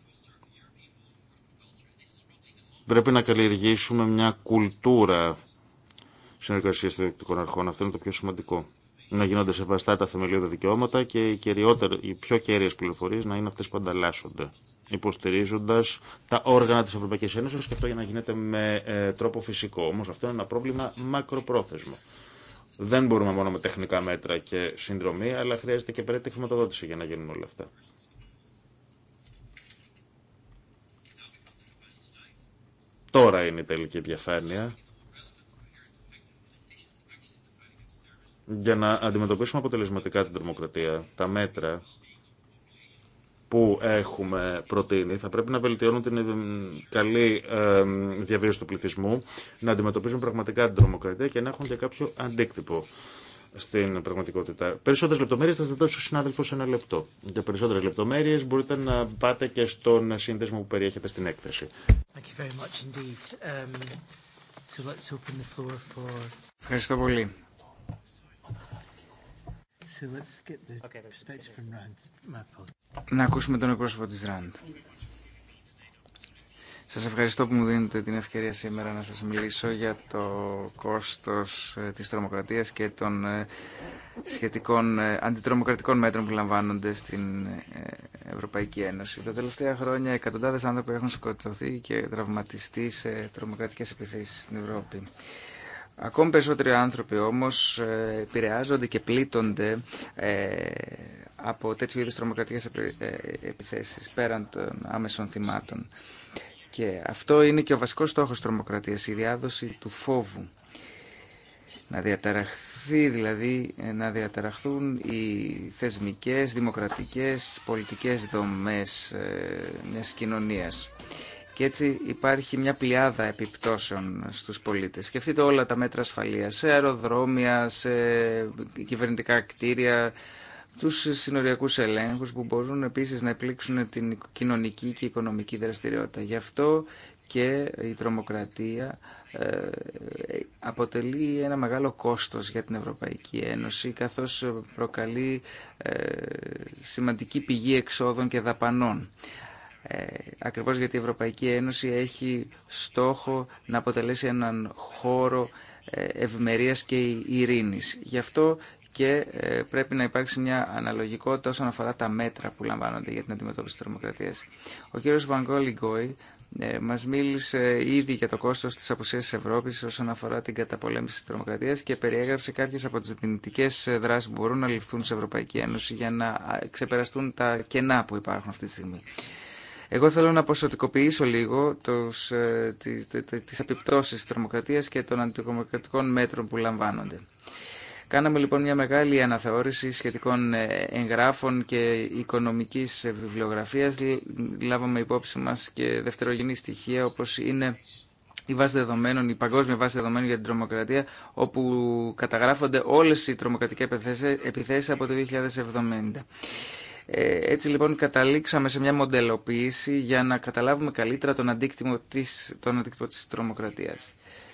Speaker 2: πρέπει να καλλιεργήσουμε μια κουλτούρα συνεργασία των διοκτικών αρχών. Αυτό είναι το πιο σημαντικό. Να γίνονται σεβαστά τα θεμελιώδη δικαιώματα και οι, πιο κέρδε πληροφορίε να είναι αυτέ που ανταλλάσσονται υποστηρίζοντας τα όργανα της Ευρωπαϊκής Ένωσης και αυτό για να γίνεται με ε, τρόπο φυσικό. Όμως αυτό είναι ένα πρόβλημα μακροπρόθεσμο. Δεν μπορούμε μόνο με τεχνικά μέτρα και συνδρομή, αλλά χρειάζεται και περαιτέρω χρηματοδότηση για να γίνουν όλα αυτά. Τώρα είναι η τελική διαφάνεια για να αντιμετωπίσουμε αποτελεσματικά την τρομοκρατία. Τα μέτρα που έχουμε προτείνει θα πρέπει να βελτιώνουν την ε, καλή ε, διαβίωση του πληθυσμού, να αντιμετωπίζουν πραγματικά την τρομοκρατία και να έχουν και κάποιο αντίκτυπο στην πραγματικότητα. Περισσότερε λεπτομέρειε θα σα δώσω συνάδελφο σε ένα λεπτό. Για περισσότερε λεπτομέρειε μπορείτε να πάτε και στον σύνδεσμο που περιέχεται στην έκθεση. Um, Ευχαριστώ πολύ.
Speaker 3: Να ακούσουμε τον εκπρόσωπο της Ραντ. Σας ευχαριστώ που μου δίνετε την ευκαιρία σήμερα να σας μιλήσω για το κόστος ε, της τρομοκρατίας και των ε, σχετικών ε, αντιτρομοκρατικών μέτρων που λαμβάνονται στην Ευρωπαϊκή Ένωση. Τα τελευταία χρόνια εκατοντάδες άνθρωποι έχουν σκοτωθεί και τραυματιστεί σε τρομοκρατικές επιθέσεις στην Ευρώπη. Ακόμη περισσότεροι άνθρωποι όμως ε, επηρεάζονται και πλήττονται ε, από τέτοιου είδους τρομοκρατικές ε, επιθέσεις πέραν των άμεσων θυμάτων. Και αυτό είναι και ο βασικός στόχος τρομοκρατίας, η διάδοση του φόβου. Να διαταραχθεί δηλαδή, να διαταραχθούν οι θεσμικές, δημοκρατικές, πολιτικές δομές μιας κοινωνίας. Και έτσι υπάρχει μια πλειάδα επιπτώσεων στους πολίτες. Σκεφτείτε όλα τα μέτρα ασφαλείας, σε αεροδρόμια, σε κυβερνητικά κτίρια, τους συνοριακούς ελέγχους που μπορούν επίσης να επλήξουν την κοινωνική και οικονομική δραστηριότητα. Γι' αυτό και η τρομοκρατία ε, αποτελεί ένα μεγάλο κόστος για την Ευρωπαϊκή Ένωση καθώς προκαλεί ε, σημαντική πηγή εξόδων και δαπανών. Ε, ακριβώς γιατί η Ευρωπαϊκή Ένωση έχει στόχο να αποτελέσει έναν χώρο ε, ευημερίας και ειρήνης. Γι' αυτό και ε, πρέπει να υπάρξει μια αναλογικότητα όσον αφορά τα μέτρα που λαμβάνονται για την αντιμετώπιση της τρομοκρατίας. Ο κύριος Βαγκόλη Γκόη μας μίλησε ήδη για το κόστος της απουσίας της Ευρώπης όσον αφορά την καταπολέμηση της τρομοκρατίας και περιέγραψε κάποιες από τις δυνητικές δράσεις που μπορούν να ληφθούν σε Ευρωπαϊκή Ένωση για να ξεπεραστούν τα κενά που υπάρχουν αυτή τη στιγμή. Εγώ θέλω να ποσοτικοποιήσω λίγο τους, ε, τις, τις επιπτώσεις της τρομοκρατίας και των αντιτρομοκρατικών μέτρων που λαμβάνονται. Κάναμε λοιπόν μια μεγάλη αναθεώρηση σχετικών ε, εγγράφων και οικονομικής βιβλιογραφίας. Λάβαμε υπόψη μας και δευτερογενή στοιχεία όπως είναι η, βάση δεδομένων, η παγκόσμια βάση δεδομένων για την τρομοκρατία, όπου καταγράφονται όλες οι τρομοκρατικές επιθέσεις από το 2070. Ε, έτσι λοιπόν καταλήξαμε σε μια μοντελοποίηση για να καταλάβουμε καλύτερα τον αντίκτυπο της, τον αντίκτυπο της τρομοκρατίας.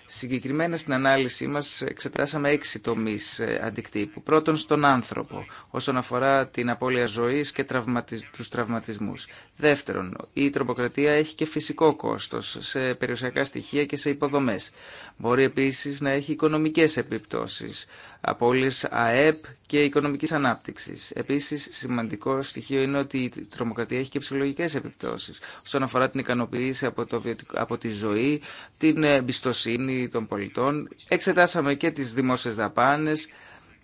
Speaker 3: Συγκεκριμένα στην ανάλυση μας εξετάσαμε έξι τομείς ε, αντικτύπου. Πρώτον στον άνθρωπο, όσον αφορά την απώλεια ζωής και τραυματισ... τους τραυματισμούς. Δεύτερον, η τρομοκρατία έχει και φυσικό κόστος σε περιουσιακά στοιχεία και σε υποδομές. Μπορεί επίσης να έχει οικονομικές επιπτώσεις απώλειες ΑΕΠ και οικονομικής ανάπτυξης. Επίσης, σημαντικό στοιχείο είναι ότι η τρομοκρατία έχει και ψυχολογικές επιπτώσεις όσον αφορά την ικανοποίηση από, το, από τη ζωή, την εμπιστοσύνη των πολιτών. Εξετάσαμε και τις δημόσιες δαπάνες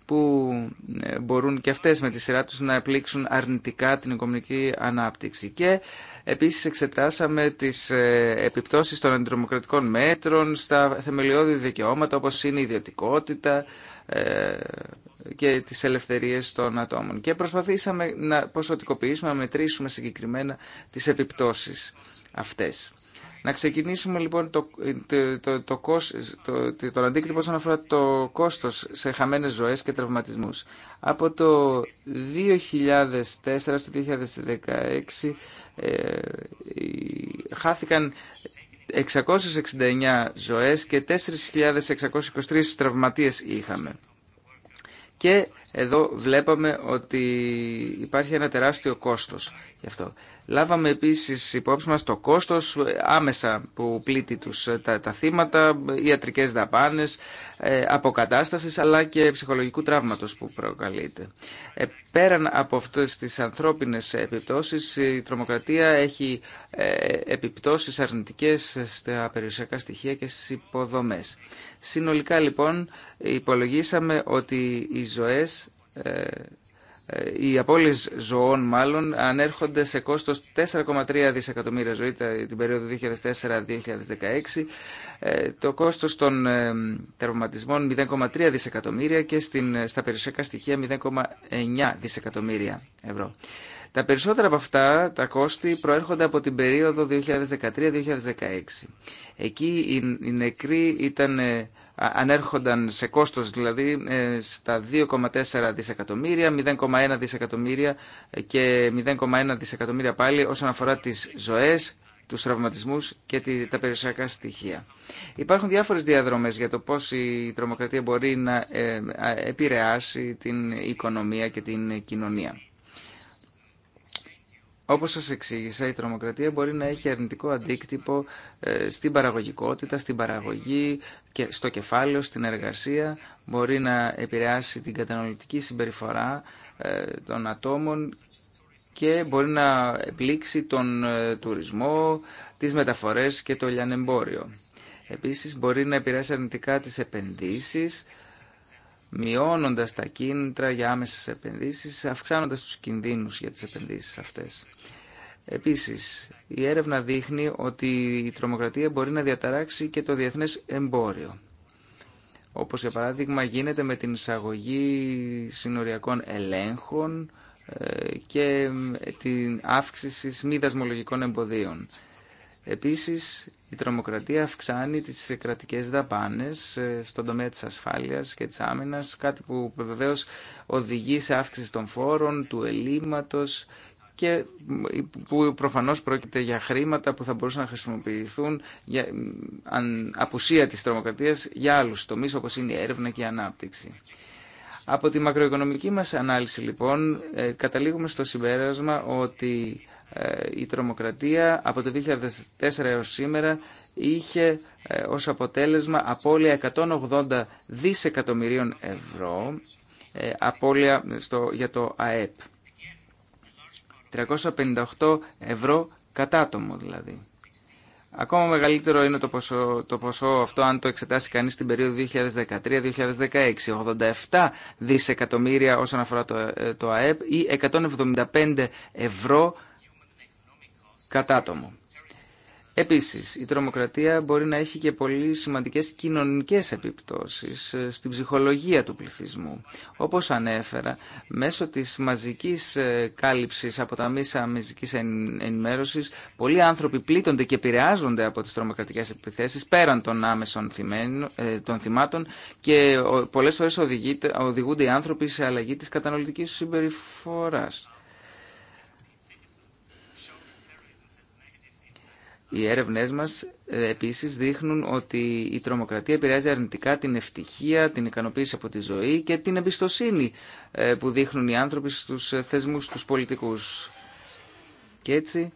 Speaker 3: που ε, μπορούν και αυτές με τη σειρά τους να επλήξουν αρνητικά την οικονομική ανάπτυξη. Και Επίσης εξετάσαμε τις ε, επιπτώσεις των αντιτρομοκρατικών μέτρων στα θεμελιώδη δικαιώματα όπως είναι η ιδιωτικότητα, ε, και τις ελευθερίες των ατόμων. Και προσπαθήσαμε να ποσοτικοποιήσουμε, να μετρήσουμε συγκεκριμένα τις επιπτώσεις αυτές. Να ξεκινήσουμε λοιπόν το, το, το, το, το, τον αντίκτυπο όσον αφορά το κόστος σε χαμένες ζωές και τραυματισμούς. Από το 2004 στο 2016 ε, χάθηκαν 669 ζωές και 4.623 τραυματίες είχαμε. Και εδώ βλέπαμε ότι υπάρχει ένα τεράστιο κόστος γι' αυτό. Λάβαμε επίσης υπόψη μας το κόστος ε, άμεσα που πλήττει τους, ε, τα, τα θύματα, ιατρικές δαπάνες, ε, αποκατάστασης αλλά και ψυχολογικού τραύματος που προκαλείται. Ε, πέραν από αυτές τις ανθρώπινες επιπτώσεις, η τρομοκρατία έχει ε, επιπτώσεις αρνητικές στα περιουσιακά στοιχεία και στις υποδομές. Συνολικά λοιπόν υπολογίσαμε ότι οι ζωές ε, οι απώλειες ζωών μάλλον ανέρχονται σε κόστος 4,3 δισεκατομμύρια ζωή την περίοδο 2004-2016 ε, το κόστος των ε, τερματισμών 0,3 δισεκατομμύρια και στην, στα περισσότερα στοιχεία 0,9 δισεκατομμύρια ευρώ. Τα περισσότερα από αυτά τα κόστη προέρχονται από την περίοδο 2013-2016. Εκεί οι νεκροί ήταν ανέρχονταν σε κόστος δηλαδή ε, στα 2,4 δισεκατομμύρια, 0,1 δισεκατομμύρια και 0,1 δισεκατομμύρια πάλι όσον αφορά τις ζωές, τους τραυματισμούς και τα περιουσιακά στοιχεία. Υπάρχουν διάφορες διαδρομές για το πώς η τρομοκρατία μπορεί να ε, ε, επηρεάσει την οικονομία και την κοινωνία. Όπως σας εξήγησα, η τρομοκρατία μπορεί να έχει αρνητικό αντίκτυπο ε, στην παραγωγικότητα, στην παραγωγή, και στο κεφάλαιο, στην εργασία. Μπορεί να επηρεάσει την κατανοητική συμπεριφορά ε, των ατόμων και μπορεί να επλήξει τον ε, τουρισμό, τις μεταφορές και το λιανεμπόριο. Επίσης μπορεί να επηρεάσει αρνητικά τις επενδύσεις μειώνοντας τα κίνητρα για άμεσες επενδύσεις, αυξάνοντας τους κινδύνους για τις επενδύσεις αυτές. Επίσης, η έρευνα δείχνει ότι η τρομοκρατία μπορεί να διαταράξει και το διεθνές εμπόριο. Όπως για παράδειγμα γίνεται με την εισαγωγή συνοριακών ελέγχων ε, και την αύξηση μη δασμολογικών εμποδίων. Επίσης, η τρομοκρατία αυξάνει τις κρατικές δαπάνες ε, στον τομέα της ασφάλειας και της άμυνας, κάτι που βεβαίω οδηγεί σε αύξηση των φόρων, του ελλείμματος και που προφανώς πρόκειται για χρήματα που θα μπορούσαν να χρησιμοποιηθούν για αν, απουσία της τρομοκρατίας για άλλους τομείς όπως είναι η έρευνα και η ανάπτυξη. Από τη μακροοικονομική μας ανάλυση λοιπόν ε, καταλήγουμε στο συμπέρασμα ότι ε, η τρομοκρατία από το 2004 έως σήμερα είχε ε, ως αποτέλεσμα απώλεια 180 δισεκατομμυρίων ευρώ ε, απώλεια στο, για το ΑΕΠ. 358 ευρώ κατά δηλαδή. Ακόμα μεγαλύτερο είναι το ποσό, το ποσό αυτό αν το εξετάσει κανείς την περίοδο 2013-2016. 87 δισεκατομμύρια όσον αφορά το, το ΑΕΠ ή 175 ευρώ κατάτομο. Επίσης, η τρομοκρατία μπορεί να έχει και πολύ σημαντικές κοινωνικές επιπτώσεις ε, στην ψυχολογία του πληθυσμού. Όπως ανέφερα, μέσω της μαζικής ε, κάλυψης από τα μίσα μαζικής ενημέρωσης, πολλοί άνθρωποι πλήττονται και επηρεάζονται από τις τρομοκρατικές επιθέσεις πέραν των άμεσων ε, των θυμάτων και πολλές φορές οδηγούνται οι άνθρωποι σε αλλαγή της καταναλωτικής συμπεριφοράς. Οι έρευνε μας ε, επίσης δείχνουν ότι η τρομοκρατία επηρεάζει αρνητικά την ευτυχία, την ικανοποίηση από τη ζωή και την εμπιστοσύνη ε, που δείχνουν οι άνθρωποι στους ε, θεσμούς του πολιτικούς. Και έτσι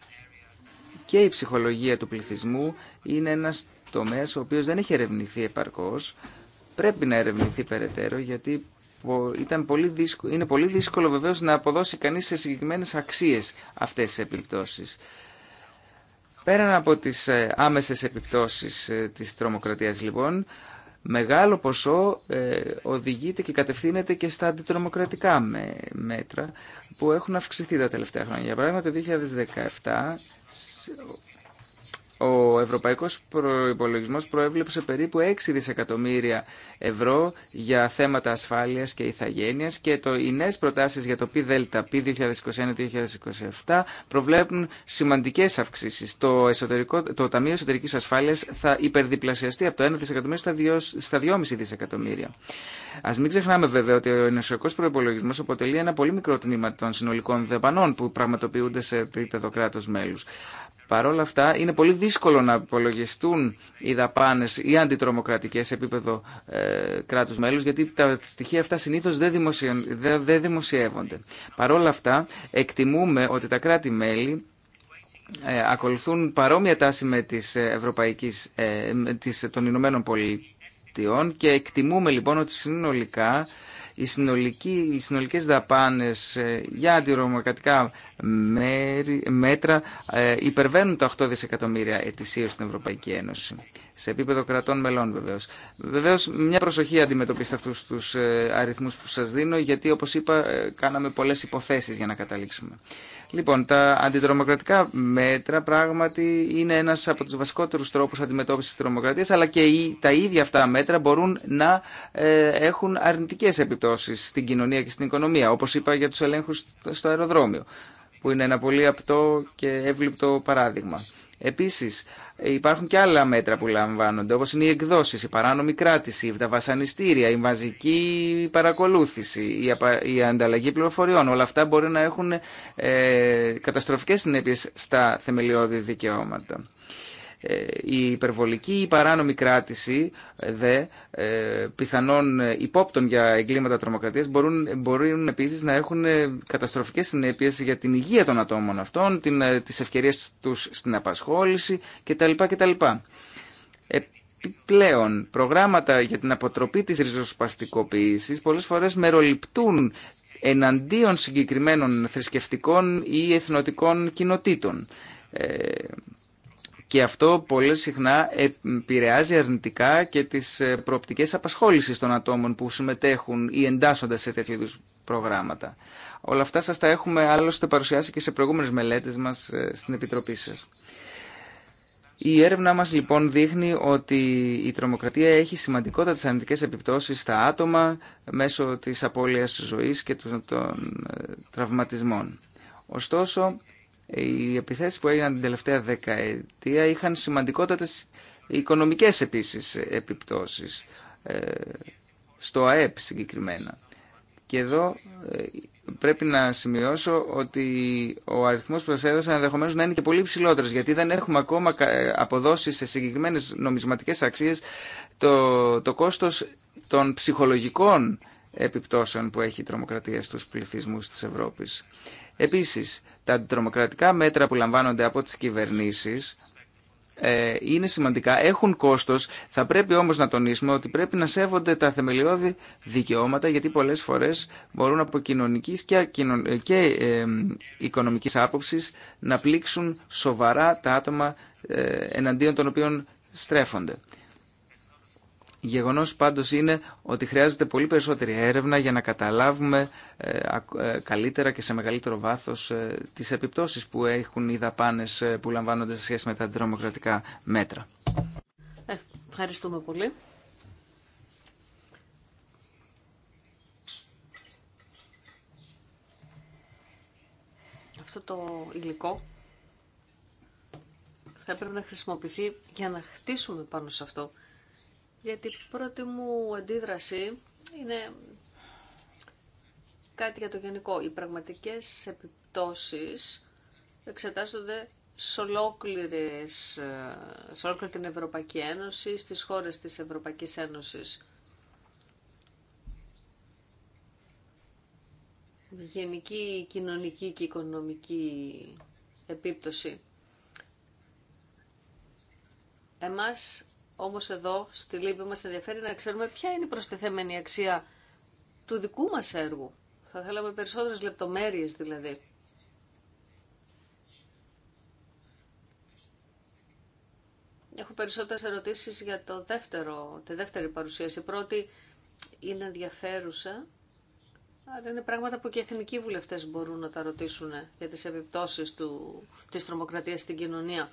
Speaker 3: και η ψυχολογία του πληθυσμού είναι ένα τομέα ο οποίο δεν έχει ερευνηθεί επαρκώς. Πρέπει να ερευνηθεί περαιτέρω γιατί ήταν πολύ δύσκολο, είναι πολύ δύσκολο βεβαίως να αποδώσει κανείς σε συγκεκριμένες αξίες αυτές τις επιπτώσεις. Πέραν από τις ε, άμεσες επιπτώσεις ε, της τρομοκρατίας λοιπόν, μεγάλο ποσό ε, οδηγείται και κατευθύνεται και στα αντιτρομοκρατικά μέτρα που έχουν αυξηθεί τα τελευταία χρόνια. Για παράδειγμα το 2017 ο ευρωπαϊκός προϋπολογισμός προέβλεψε περίπου 6 δισεκατομμύρια ευρώ για θέματα ασφάλειας και ηθαγένειας και το, οι νέες προτάσεις για το ΠΔΠ 2021-2027 προβλέπουν σημαντικές αυξήσεις. Το, το Ταμείο Εσωτερικής Ασφάλειας θα υπερδιπλασιαστεί από το 1 δισεκατομμύριο στα 2,5 δισεκατομμύρια. Ας μην ξεχνάμε βέβαια ότι ο ενωσιακός προϋπολογισμός αποτελεί ένα πολύ μικρό τμήμα των συνολικών δεπανών που πραγματοποιούνται σε επίπεδο κράτο μέλους. Παρ' αυτά είναι πολύ δύσκολο να απολογιστούν οι δαπάνες ή αντιτρομοκρατικέ σε επίπεδο ε, κράτους μέλους γιατί τα στοιχεία αυτά συνήθω δεν, δημοσιεύονται. Παρ' αυτά εκτιμούμε ότι τα κράτη-μέλη ε, ακολουθούν παρόμοια τάση με τις ε, Ευρωπαϊκής, ε, των Ηνωμένων Πολιτειών και εκτιμούμε λοιπόν ότι συνολικά οι, συνολικοί, οι συνολικές δαπάνες ε, για αντιρρομοκρατικά μέτρα ε, υπερβαίνουν τα 8 δισεκατομμύρια ετησίως στην Ευρωπαϊκή Ένωση. Σε επίπεδο κρατών μελών βεβαίως. Βεβαίως μια προσοχή αντιμετωπίστε αυτούς τους ε, αριθμούς που σας δίνω γιατί όπως είπα κάναμε πολλές υποθέσεις για να καταλήξουμε. Λοιπόν, τα αντιτρομοκρατικά μέτρα πράγματι είναι ένα από του βασικότερου τρόπου αντιμετώπιση τη τρομοκρατία, αλλά και τα ίδια αυτά μέτρα μπορούν να ε, έχουν αρνητικέ επιπτώσει στην κοινωνία και στην οικονομία, όπω είπα για του ελέγχου στο αεροδρόμιο, που είναι ένα πολύ απτό και εύληπτο παράδειγμα. Επίση, Υπάρχουν και άλλα μέτρα που λαμβάνονται, όπως είναι οι εκδόσει, η παράνομη κράτηση, τα βασανιστήρια, η μαζική παρακολούθηση, η, η ανταλλαγή πληροφοριών. Όλα αυτά μπορεί να έχουν ε, καταστροφικές συνέπειες στα θεμελιώδη δικαιώματα. Ε, η υπερβολική ή παράνομη κράτηση ε, δε ε, πιθανών υπόπτων για εγκλήματα τρομοκρατίας μπορούν, μπορούν επίσης να έχουν καταστροφικές συνέπειες για την υγεία των ατόμων αυτών, την, τις ευκαιρίες τους στην απασχόληση κτλ. κτλ. Επιπλέον, προγράμματα για την αποτροπή της ριζοσπαστικοποίησης πολλές φορές μεροληπτούν εναντίον συγκεκριμένων θρησκευτικών ή εθνοτικών κοινοτήτων. Και αυτό πολύ συχνά επηρεάζει αρνητικά και τις ε, προοπτικές απασχόλησης των ατόμων που συμμετέχουν ή εντάσσονται σε τέτοιου προγράμματα. Όλα αυτά σας τα έχουμε άλλωστε παρουσιάσει και σε προηγούμενες μελέτες μας ε, στην Επιτροπή σα. Η έρευνά μας λοιπόν δείχνει ότι η τρομοκρατία έχει σημαντικότατες αρνητικές επιπτώσεις στα άτομα μέσω της απώλειας ζωής και των ε, τραυματισμών. Ωστόσο, οι επιθέσεις που έγιναν την τελευταία δεκαετία είχαν σημαντικότατες οικονομικές επίσης επιπτώσεις ε, στο ΑΕΠ συγκεκριμένα. Και εδώ ε, πρέπει να σημειώσω ότι ο αριθμό που σα έδωσα ενδεχομένω να είναι και πολύ ψηλότερο, γιατί δεν έχουμε ακόμα ε, αποδώσει σε συγκεκριμένε νομισματικέ αξίε το, το κόστο των ψυχολογικών επιπτώσεων που έχει η τρομοκρατία στους πληθυσμούς της Ευρώπης. Επίσης, τα αντιτρομοκρατικά μέτρα που λαμβάνονται από τις κυβερνήσεις ε, είναι σημαντικά, έχουν κόστος, θα πρέπει όμως να τονίσουμε ότι πρέπει να σέβονται τα θεμελιώδη δικαιώματα γιατί πολλές φορές μπορούν από κοινωνική και, ε, και ε, οικονομικής άποψης να πλήξουν σοβαρά τα άτομα εναντίον των οποίων στρέφονται γεγονό πάντω είναι ότι χρειάζεται πολύ περισσότερη έρευνα για να καταλάβουμε ε, ε, καλύτερα και σε μεγαλύτερο βάθος ε, τις επιπτώσεις που έχουν οι δαπάνες που λαμβάνονται σε σχέση με τα αντιδρομοκρατικά μέτρα.
Speaker 1: ευχαριστούμε πολύ. Αυτό το υλικό θα πρέπει να χρησιμοποιηθεί για να χτίσουμε πάνω σε αυτό γιατί η πρώτη μου αντίδραση είναι κάτι για το γενικό. Οι πραγματικές επιπτώσεις εξετάζονται σε, ολόκληρη την Ευρωπαϊκή Ένωση, στις χώρες της Ευρωπαϊκής Ένωσης. Γενική κοινωνική και οικονομική επίπτωση. Εμάς Όμω εδώ στη Λίμπη μα ενδιαφέρει να ξέρουμε ποια είναι η προστιθέμενη αξία του δικού μας έργου. Θα θέλαμε περισσότερες λεπτομέρειες δηλαδή. Έχω περισσότερες ερωτήσεις για το δεύτερο, τη δεύτερη παρουσίαση. Η πρώτη είναι ενδιαφέρουσα, αλλά είναι πράγματα που και εθνικοί βουλευτές μπορούν να τα ρωτήσουν για τις επιπτώσεις του, της τρομοκρατίας στην κοινωνία.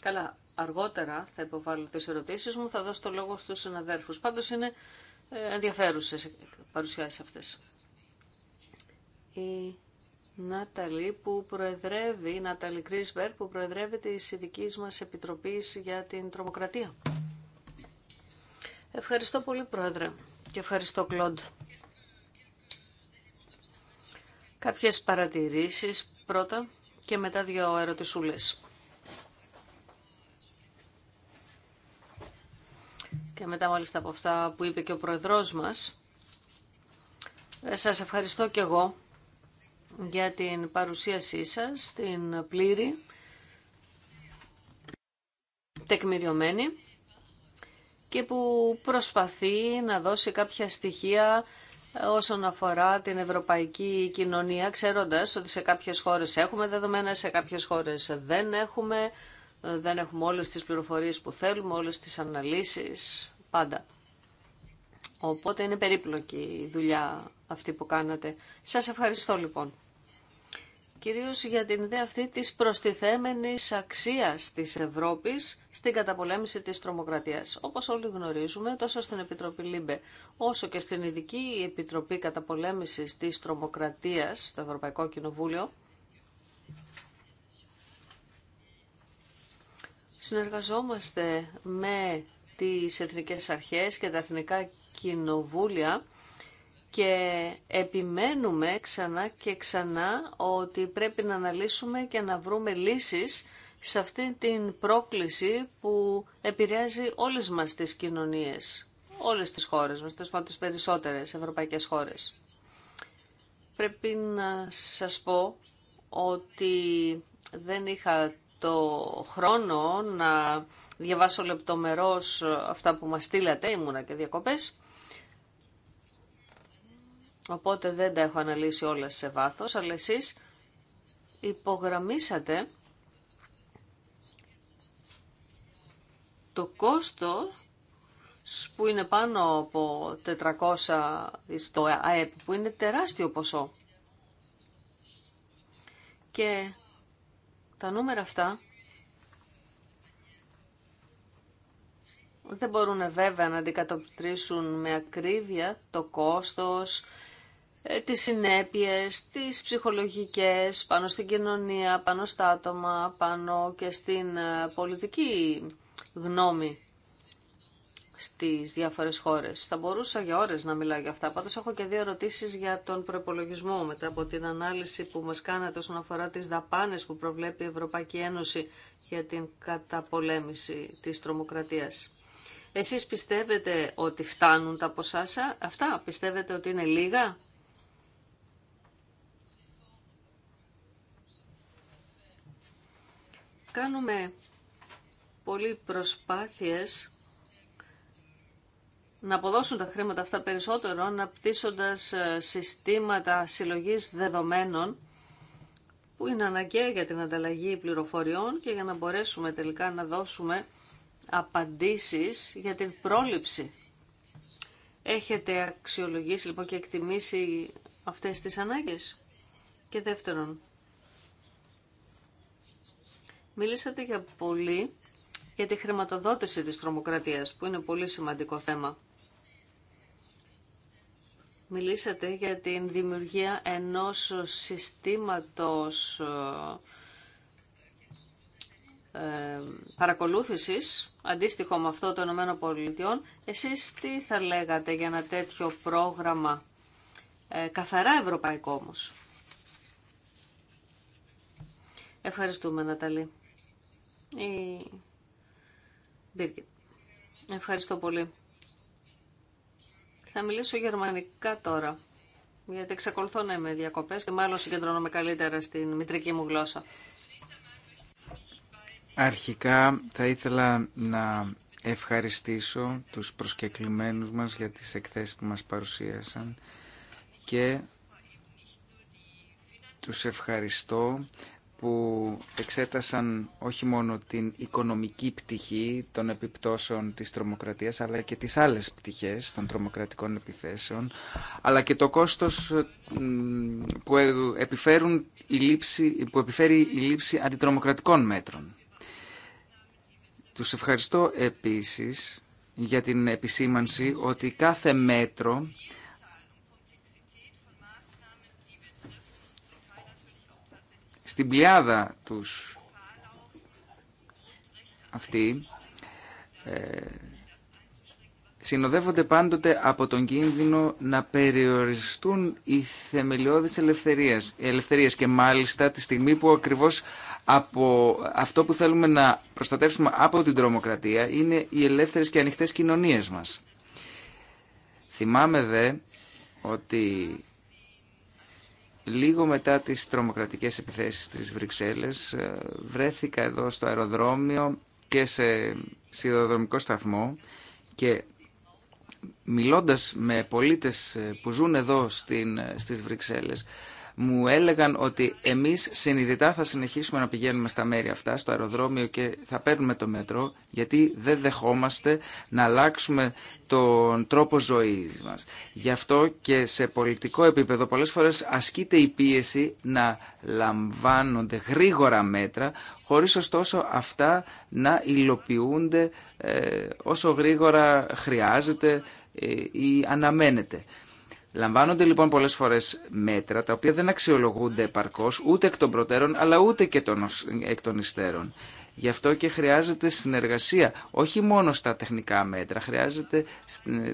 Speaker 1: Καλά, αργότερα θα υποβάλω τις ερωτήσεις μου, θα δώσω το λόγο στους συναδέλφους. Πάντως είναι ε, ενδιαφέρουσες παρουσιάσεις αυτές. Η Ναταλή που προεδρεύει, η Ναταλή Κρίσμπερ που προεδρεύει τη ειδική μας Επιτροπής για την Τρομοκρατία. Ευχαριστώ πολύ Πρόεδρε και ευχαριστώ Κλοντ. Κάποιες παρατηρήσεις πρώτα και μετά δύο ερωτησούλες. και μετά μάλιστα από αυτά που είπε και ο Προεδρός μας, ε, σας ευχαριστώ και εγώ για την παρουσίασή σας, την πλήρη, τεκμηριωμένη και που προσπαθεί να δώσει κάποια στοιχεία ε, όσον αφορά την ευρωπαϊκή κοινωνία, ξέροντας ότι σε κάποιες χώρες έχουμε δεδομένα, σε κάποιες χώρες δεν έχουμε, ε, δεν έχουμε όλες τις πληροφορίες που θέλουμε, όλες τις αναλύσεις πάντα. Οπότε είναι περίπλοκη η δουλειά αυτή που κάνατε. Σας ευχαριστώ λοιπόν. Κυρίως για την ιδέα αυτή της προστιθέμενης αξίας της Ευρώπης στην καταπολέμηση της τρομοκρατίας. Όπως όλοι γνωρίζουμε, τόσο στην Επιτροπή ΛΥΜΠΕ, όσο και στην Ειδική Επιτροπή Καταπολέμησης της Τρομοκρατίας στο Ευρωπαϊκό Κοινοβούλιο, συνεργαζόμαστε με τις εθνικές αρχές και τα εθνικά κοινοβούλια και επιμένουμε ξανά και ξανά ότι πρέπει να αναλύσουμε και να βρούμε λύσεις σε αυτή την πρόκληση που επηρεάζει όλες μας τις κοινωνίες, όλες τις χώρες μας, τόσο τις περισσότερες ευρωπαϊκές χώρες. Πρέπει να σας πω ότι δεν είχα το χρόνο να διαβάσω λεπτομερώς αυτά που μας στείλατε, ήμουνα και διακοπές. Οπότε δεν τα έχω αναλύσει όλα σε βάθος, αλλά εσείς υπογραμμίσατε το κόστο που είναι πάνω από 400 στο ΑΕΠ, που είναι τεράστιο ποσό. Και τα νούμερα αυτά δεν μπορούν βέβαια να αντικατοπτρίσουν με ακρίβεια το κόστος, ε, τις συνέπειες, τις ψυχολογικές, πάνω στην κοινωνία, πάνω στα άτομα, πάνω και στην ε, πολιτική γνώμη στις διάφορες χώρες. Θα μπορούσα για ώρες να μιλάω για αυτά. Πάντως έχω και δύο ερωτήσεις για τον προπολογισμό μετά από την ανάλυση που μας κάνατε όσον αφορά τις δαπάνες που προβλέπει η Ευρωπαϊκή Ένωση για την καταπολέμηση της τρομοκρατίας. Εσείς πιστεύετε ότι φτάνουν τα ποσά αυτά, πιστεύετε ότι είναι λίγα. Κάνουμε πολλοί προσπάθειες να αποδώσουν τα χρήματα αυτά περισσότερο αναπτύσσοντας ε, συστήματα συλλογής δεδομένων που είναι αναγκαία για την ανταλλαγή πληροφοριών και για να μπορέσουμε τελικά να δώσουμε απαντήσεις για την πρόληψη. Έχετε αξιολογήσει λοιπόν και εκτιμήσει αυτές τις ανάγκες. Και δεύτερον, μιλήσατε για πολύ για τη χρηματοδότηση της τρομοκρατίας, που είναι πολύ σημαντικό θέμα. Μιλήσατε για την δημιουργία ενός συστήματος ε, παρακολούθησης, αντίστοιχο με αυτό των πολιτείων Εσείς τι θα λέγατε για ένα τέτοιο πρόγραμμα, ε, καθαρά ευρωπαϊκό όμως. Ευχαριστούμε, Ναταλή. Η... Ευχαριστώ πολύ. Θα μιλήσω γερμανικά τώρα, γιατί εξακολουθώ να είμαι διακοπές και μάλλον συγκεντρώνομαι καλύτερα στην μητρική μου γλώσσα.
Speaker 3: Αρχικά θα ήθελα να ευχαριστήσω τους προσκεκλημένους μας για τις εκθέσεις που μας παρουσίασαν και τους ευχαριστώ που εξέτασαν όχι μόνο την οικονομική πτυχή των επιπτώσεων της τρομοκρατίας αλλά και τις άλλες πτυχές των τρομοκρατικών επιθέσεων αλλά και το κόστος που, ε, επιφέρουν η λήψη, που επιφέρει η λήψη αντιτρομοκρατικών μέτρων. Τους ευχαριστώ επίσης για την επισήμανση ότι κάθε μέτρο στην πλειάδα τους αυτοί ε, συνοδεύονται πάντοτε από τον κίνδυνο να περιοριστούν οι θεμελιώδεις ελευθερίες, ελευθερίες και μάλιστα τη στιγμή που ακριβώς από αυτό που θέλουμε να προστατεύσουμε από την τρομοκρατία είναι οι ελεύθερες και ανοιχτές κοινωνίες μας. Θυμάμαι δε ότι Λίγο μετά τις τρομοκρατικές επιθέσεις στις Βρυξέλλες ε, βρέθηκα εδώ στο αεροδρόμιο και σε σιδηροδρομικό σταθμό και μιλώντας με πολίτες ε, που ζουν εδώ στην, ε, στις Βρυξέλλες μου έλεγαν ότι εμείς συνειδητά θα συνεχίσουμε να πηγαίνουμε στα μέρη αυτά, στο αεροδρόμιο και θα παίρνουμε το μέτρο, γιατί δεν δεχόμαστε να αλλάξουμε τον τρόπο ζωής μας. Γι' αυτό και σε πολιτικό επίπεδο πολλέ φορέ ασκείται η πίεση να λαμβάνονται γρήγορα μέτρα, χωρίς ωστόσο αυτά να υλοποιούνται ε, όσο γρήγορα χρειάζεται ε, ή αναμένεται. Λαμβάνονται λοιπόν πολλέ φορέ μέτρα τα οποία δεν αξιολογούνται επαρκώ ούτε εκ των προτέρων αλλά ούτε και εκ των υστέρων. Γι' αυτό και χρειάζεται συνεργασία, όχι μόνο στα τεχνικά μέτρα, χρειάζεται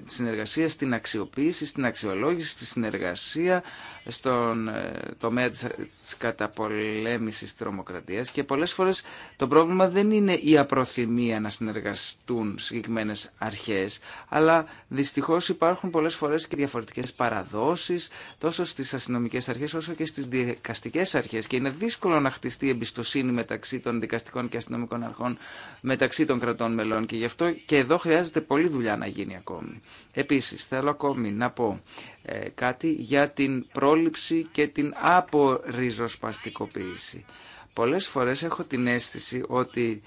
Speaker 3: συνεργασία στην αξιοποίηση, στην αξιολόγηση, στη συνεργασία στον ε, τομέα της καταπολέμησης τρομοκρατίας και πολλές φορές το πρόβλημα δεν είναι η απροθυμία να συνεργαστούν συγκεκριμένες αρχές αλλά δυστυχώς υπάρχουν πολλές φορές και διαφορετικές παραδόσεις τόσο στις αστυνομικέ αρχές όσο και στις δικαστικές αρχές και είναι δύσκολο να χτιστεί εμπιστοσύνη μεταξύ των δικαστικών και αστυνομικών αρχών μεταξύ των κρατών μελών και γι' αυτό και εδώ χρειάζεται πολλή δουλειά να γίνει ακόμη. Επίσης θέλω ακόμη να πω ε, κάτι για την πρόληψη και την απορριζοσπαστικοποίηση. Πολλές φορές έχω την αίσθηση ότι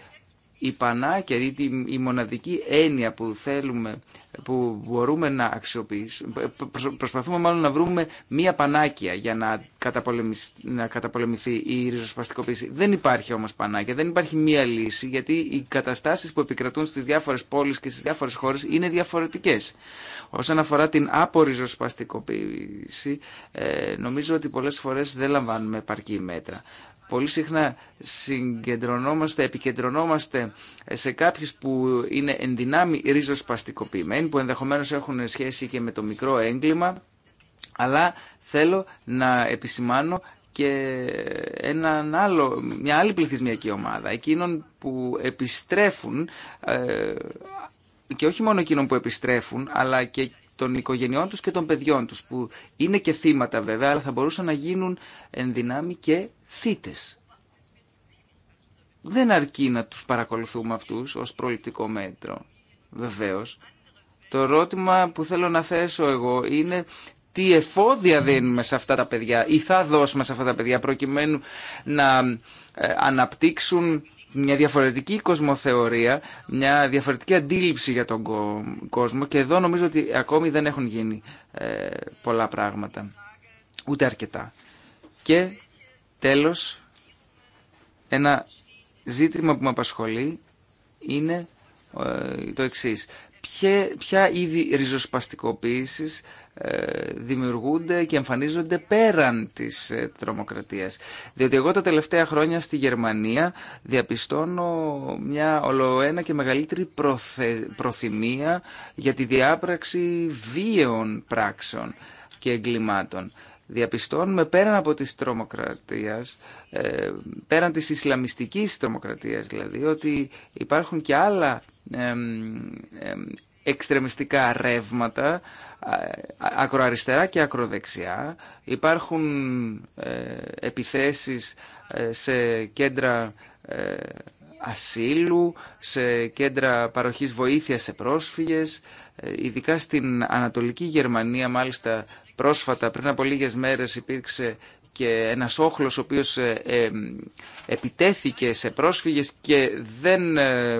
Speaker 3: η πανάκερη, η μοναδική έννοια που θέλουμε, που μπορούμε να αξιοποιήσουμε, προσπαθούμε μάλλον να βρούμε μία πανάκια για να, να καταπολεμηθεί η ριζοσπαστικοποίηση. Δεν υπάρχει όμως πανάκια, δεν υπάρχει μία λύση, γιατί οι καταστάσεις που επικρατούν στις διάφορες πόλεις και στις διάφορες χώρες είναι διαφορετικές. Όσον αφορά την απορριζοσπαστικοποίηση, ε, νομίζω ότι πολλές φορές δεν λαμβάνουμε επαρκή μέτρα πολύ συχνά συγκεντρωνόμαστε, επικεντρωνόμαστε σε κάποιους που είναι δυνάμει ριζοσπαστικοποιημένοι, που ενδεχομένως έχουν σχέση και με το μικρό έγκλημα, αλλά θέλω να επισημάνω και έναν άλλο, μια άλλη πληθυσμιακή ομάδα, εκείνων που επιστρέφουν ε, και όχι μόνο εκείνων που επιστρέφουν, αλλά και των οικογενειών τους και των παιδιών τους, που είναι και θύματα βέβαια, αλλά θα μπορούσαν να γίνουν ενδυνάμει και δεν αρκεί να τους παρακολουθούμε αυτούς ως προληπτικό μέτρο, βεβαίως. Το ερώτημα που θέλω να θέσω εγώ είναι τι εφόδια δίνουμε σε αυτά τα παιδιά ή θα δώσουμε σε αυτά τα παιδιά προκειμένου να ε, αναπτύξουν μια διαφορετική κοσμοθεωρία, μια διαφορετική αντίληψη για τον κόσμο και εδώ νομίζω ότι ακόμη δεν έχουν γίνει ε, πολλά πράγματα, ούτε αρκετά. Και Τέλος, ένα ζήτημα που με απασχολεί είναι ε, το εξής. Ποια, ποια είδη ριζοσπαστικοποίησης ε, δημιουργούνται και εμφανίζονται πέραν της ε, τρομοκρατίας. Διότι εγώ τα τελευταία χρόνια στη Γερμανία διαπιστώνω μια ολοένα και μεγαλύτερη προθυμία για τη διάπραξη βίαιων πράξεων και εγκλημάτων διαπιστώνουμε πέραν από τη τρομοκρατίας, ε, πέραν της Ισλαμιστικής τρομοκρατίας δηλαδή, ότι υπάρχουν και άλλα εξτρεμιστικά ρεύματα, ακροαριστερά και ακροδεξιά. Υπάρχουν ε, επιθέσεις ε, σε κέντρα ασύλου, σε κέντρα παροχής βοήθειας σε πρόσφυγες, ειδικά στην Ανατολική Γερμανία μάλιστα Πρόσφατα, πριν από λίγες μέρες, υπήρξε και ένας όχλος ο οποίος ε, ε, επιτέθηκε σε πρόσφυγες και δεν ε,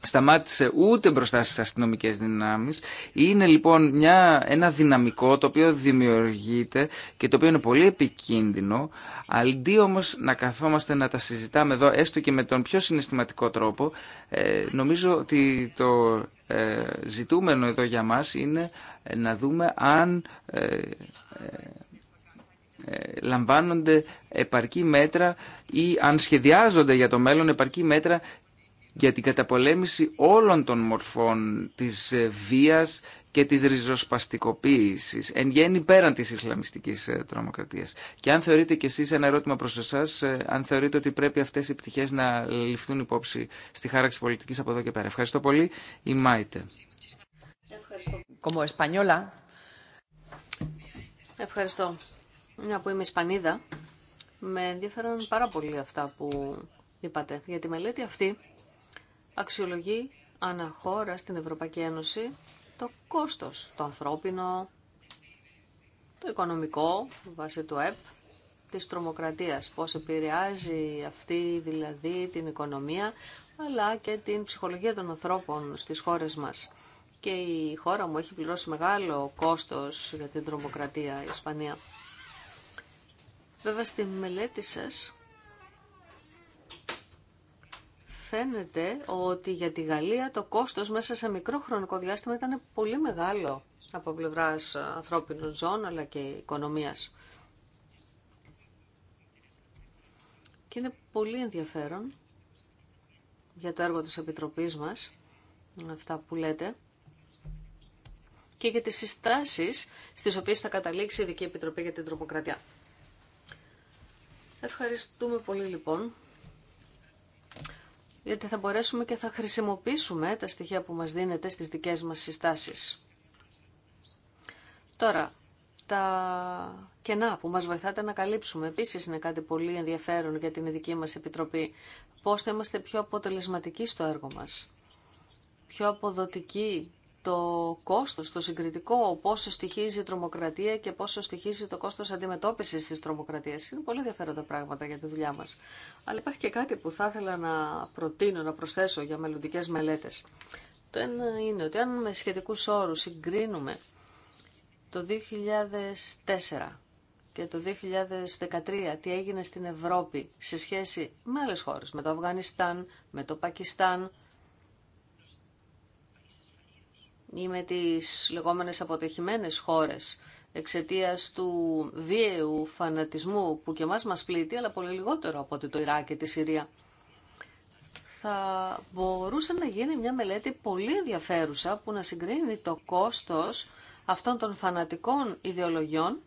Speaker 3: σταμάτησε ούτε μπροστά στις αστυνομικές δυνάμεις. Είναι λοιπόν μια, ένα δυναμικό το οποίο δημιουργείται και το οποίο είναι πολύ επικίνδυνο. Αντί όμως να καθόμαστε να τα συζητάμε εδώ, έστω και με τον πιο συναισθηματικό τρόπο, νομίζω ότι το ζητούμενο εδώ για μας είναι να δούμε αν ε, ε, ε, λαμβάνονται επαρκή μέτρα ή αν σχεδιάζονται για το μέλλον επαρκή μέτρα για την καταπολέμηση όλων των μορφών της βίας και της ριζοσπαστικοποίησης, εν γέννη πέραν της Ισλαμιστικής τρομοκρατίας. Και αν θεωρείτε κι εσείς ένα ερώτημα προς εσάς, αν θεωρείτε ότι πρέπει αυτές οι πτυχές να ληφθούν υπόψη στη χάραξη πολιτικής από εδώ και πέρα. Ευχαριστώ πολύ. Η Μάιτε
Speaker 1: como española. Ευχαριστώ. Μια που είμαι Ισπανίδα, με ενδιαφέρον πάρα πολύ αυτά που είπατε. Για τη μελέτη αυτή αξιολογεί αναχώρα στην Ευρωπαϊκή Ένωση το κόστος, το ανθρώπινο, το οικονομικό, βάσει του ΕΠ, της τρομοκρατίας, πώς επηρεάζει αυτή δηλαδή την οικονομία, αλλά και την ψυχολογία των ανθρώπων στις χώρες μας και η χώρα μου έχει πληρώσει μεγάλο κόστος για την τρομοκρατία η Ισπανία. Βέβαια στη μελέτη σας φαίνεται ότι για τη Γαλλία το κόστος μέσα σε μικρό χρονικό διάστημα ήταν πολύ μεγάλο από πλευρά ανθρώπινων ζώων αλλά και οικονομίας. Και είναι πολύ ενδιαφέρον για το έργο της Επιτροπής μας, αυτά που λέτε, και για τις συστάσεις στις οποίες θα καταλήξει η Ειδική Επιτροπή για την Τροποκρατία. Ευχαριστούμε πολύ λοιπόν, γιατί θα μπορέσουμε και θα χρησιμοποιήσουμε τα στοιχεία που μας δίνεται στις δικές μας συστάσεις. Τώρα, τα κενά που μας βοηθάτε να καλύψουμε επίσης είναι κάτι πολύ ενδιαφέρον για την ειδική μας επιτροπή. Πώς θα είμαστε πιο αποτελεσματικοί στο έργο μας, πιο αποδοτικοί το κόστος, το συγκριτικό, πόσο στοιχίζει η τρομοκρατία και πόσο στοιχίζει το κόστος αντιμετώπισης της τρομοκρατίας. Είναι πολύ ενδιαφέροντα πράγματα για τη δουλειά μας. Αλλά υπάρχει και κάτι που θα ήθελα να προτείνω, να προσθέσω για μελλοντικές μελέτες. Το ένα είναι ότι αν με σχετικούς όρους συγκρίνουμε το 2004 και το 2013 τι έγινε στην Ευρώπη σε σχέση με άλλες χώρες, με το Αφγανιστάν, με το Πακιστάν, ή με τις λεγόμενες αποτυχημένες χώρες εξαιτίας του βίαιου φανατισμού που και μας μας πλήττει, αλλά πολύ λιγότερο από ότι το Ιράκ και τη Συρία. Θα μπορούσε να γίνει μια μελέτη πολύ ενδιαφέρουσα που να συγκρίνει το κόστος αυτών των φανατικών ιδεολογιών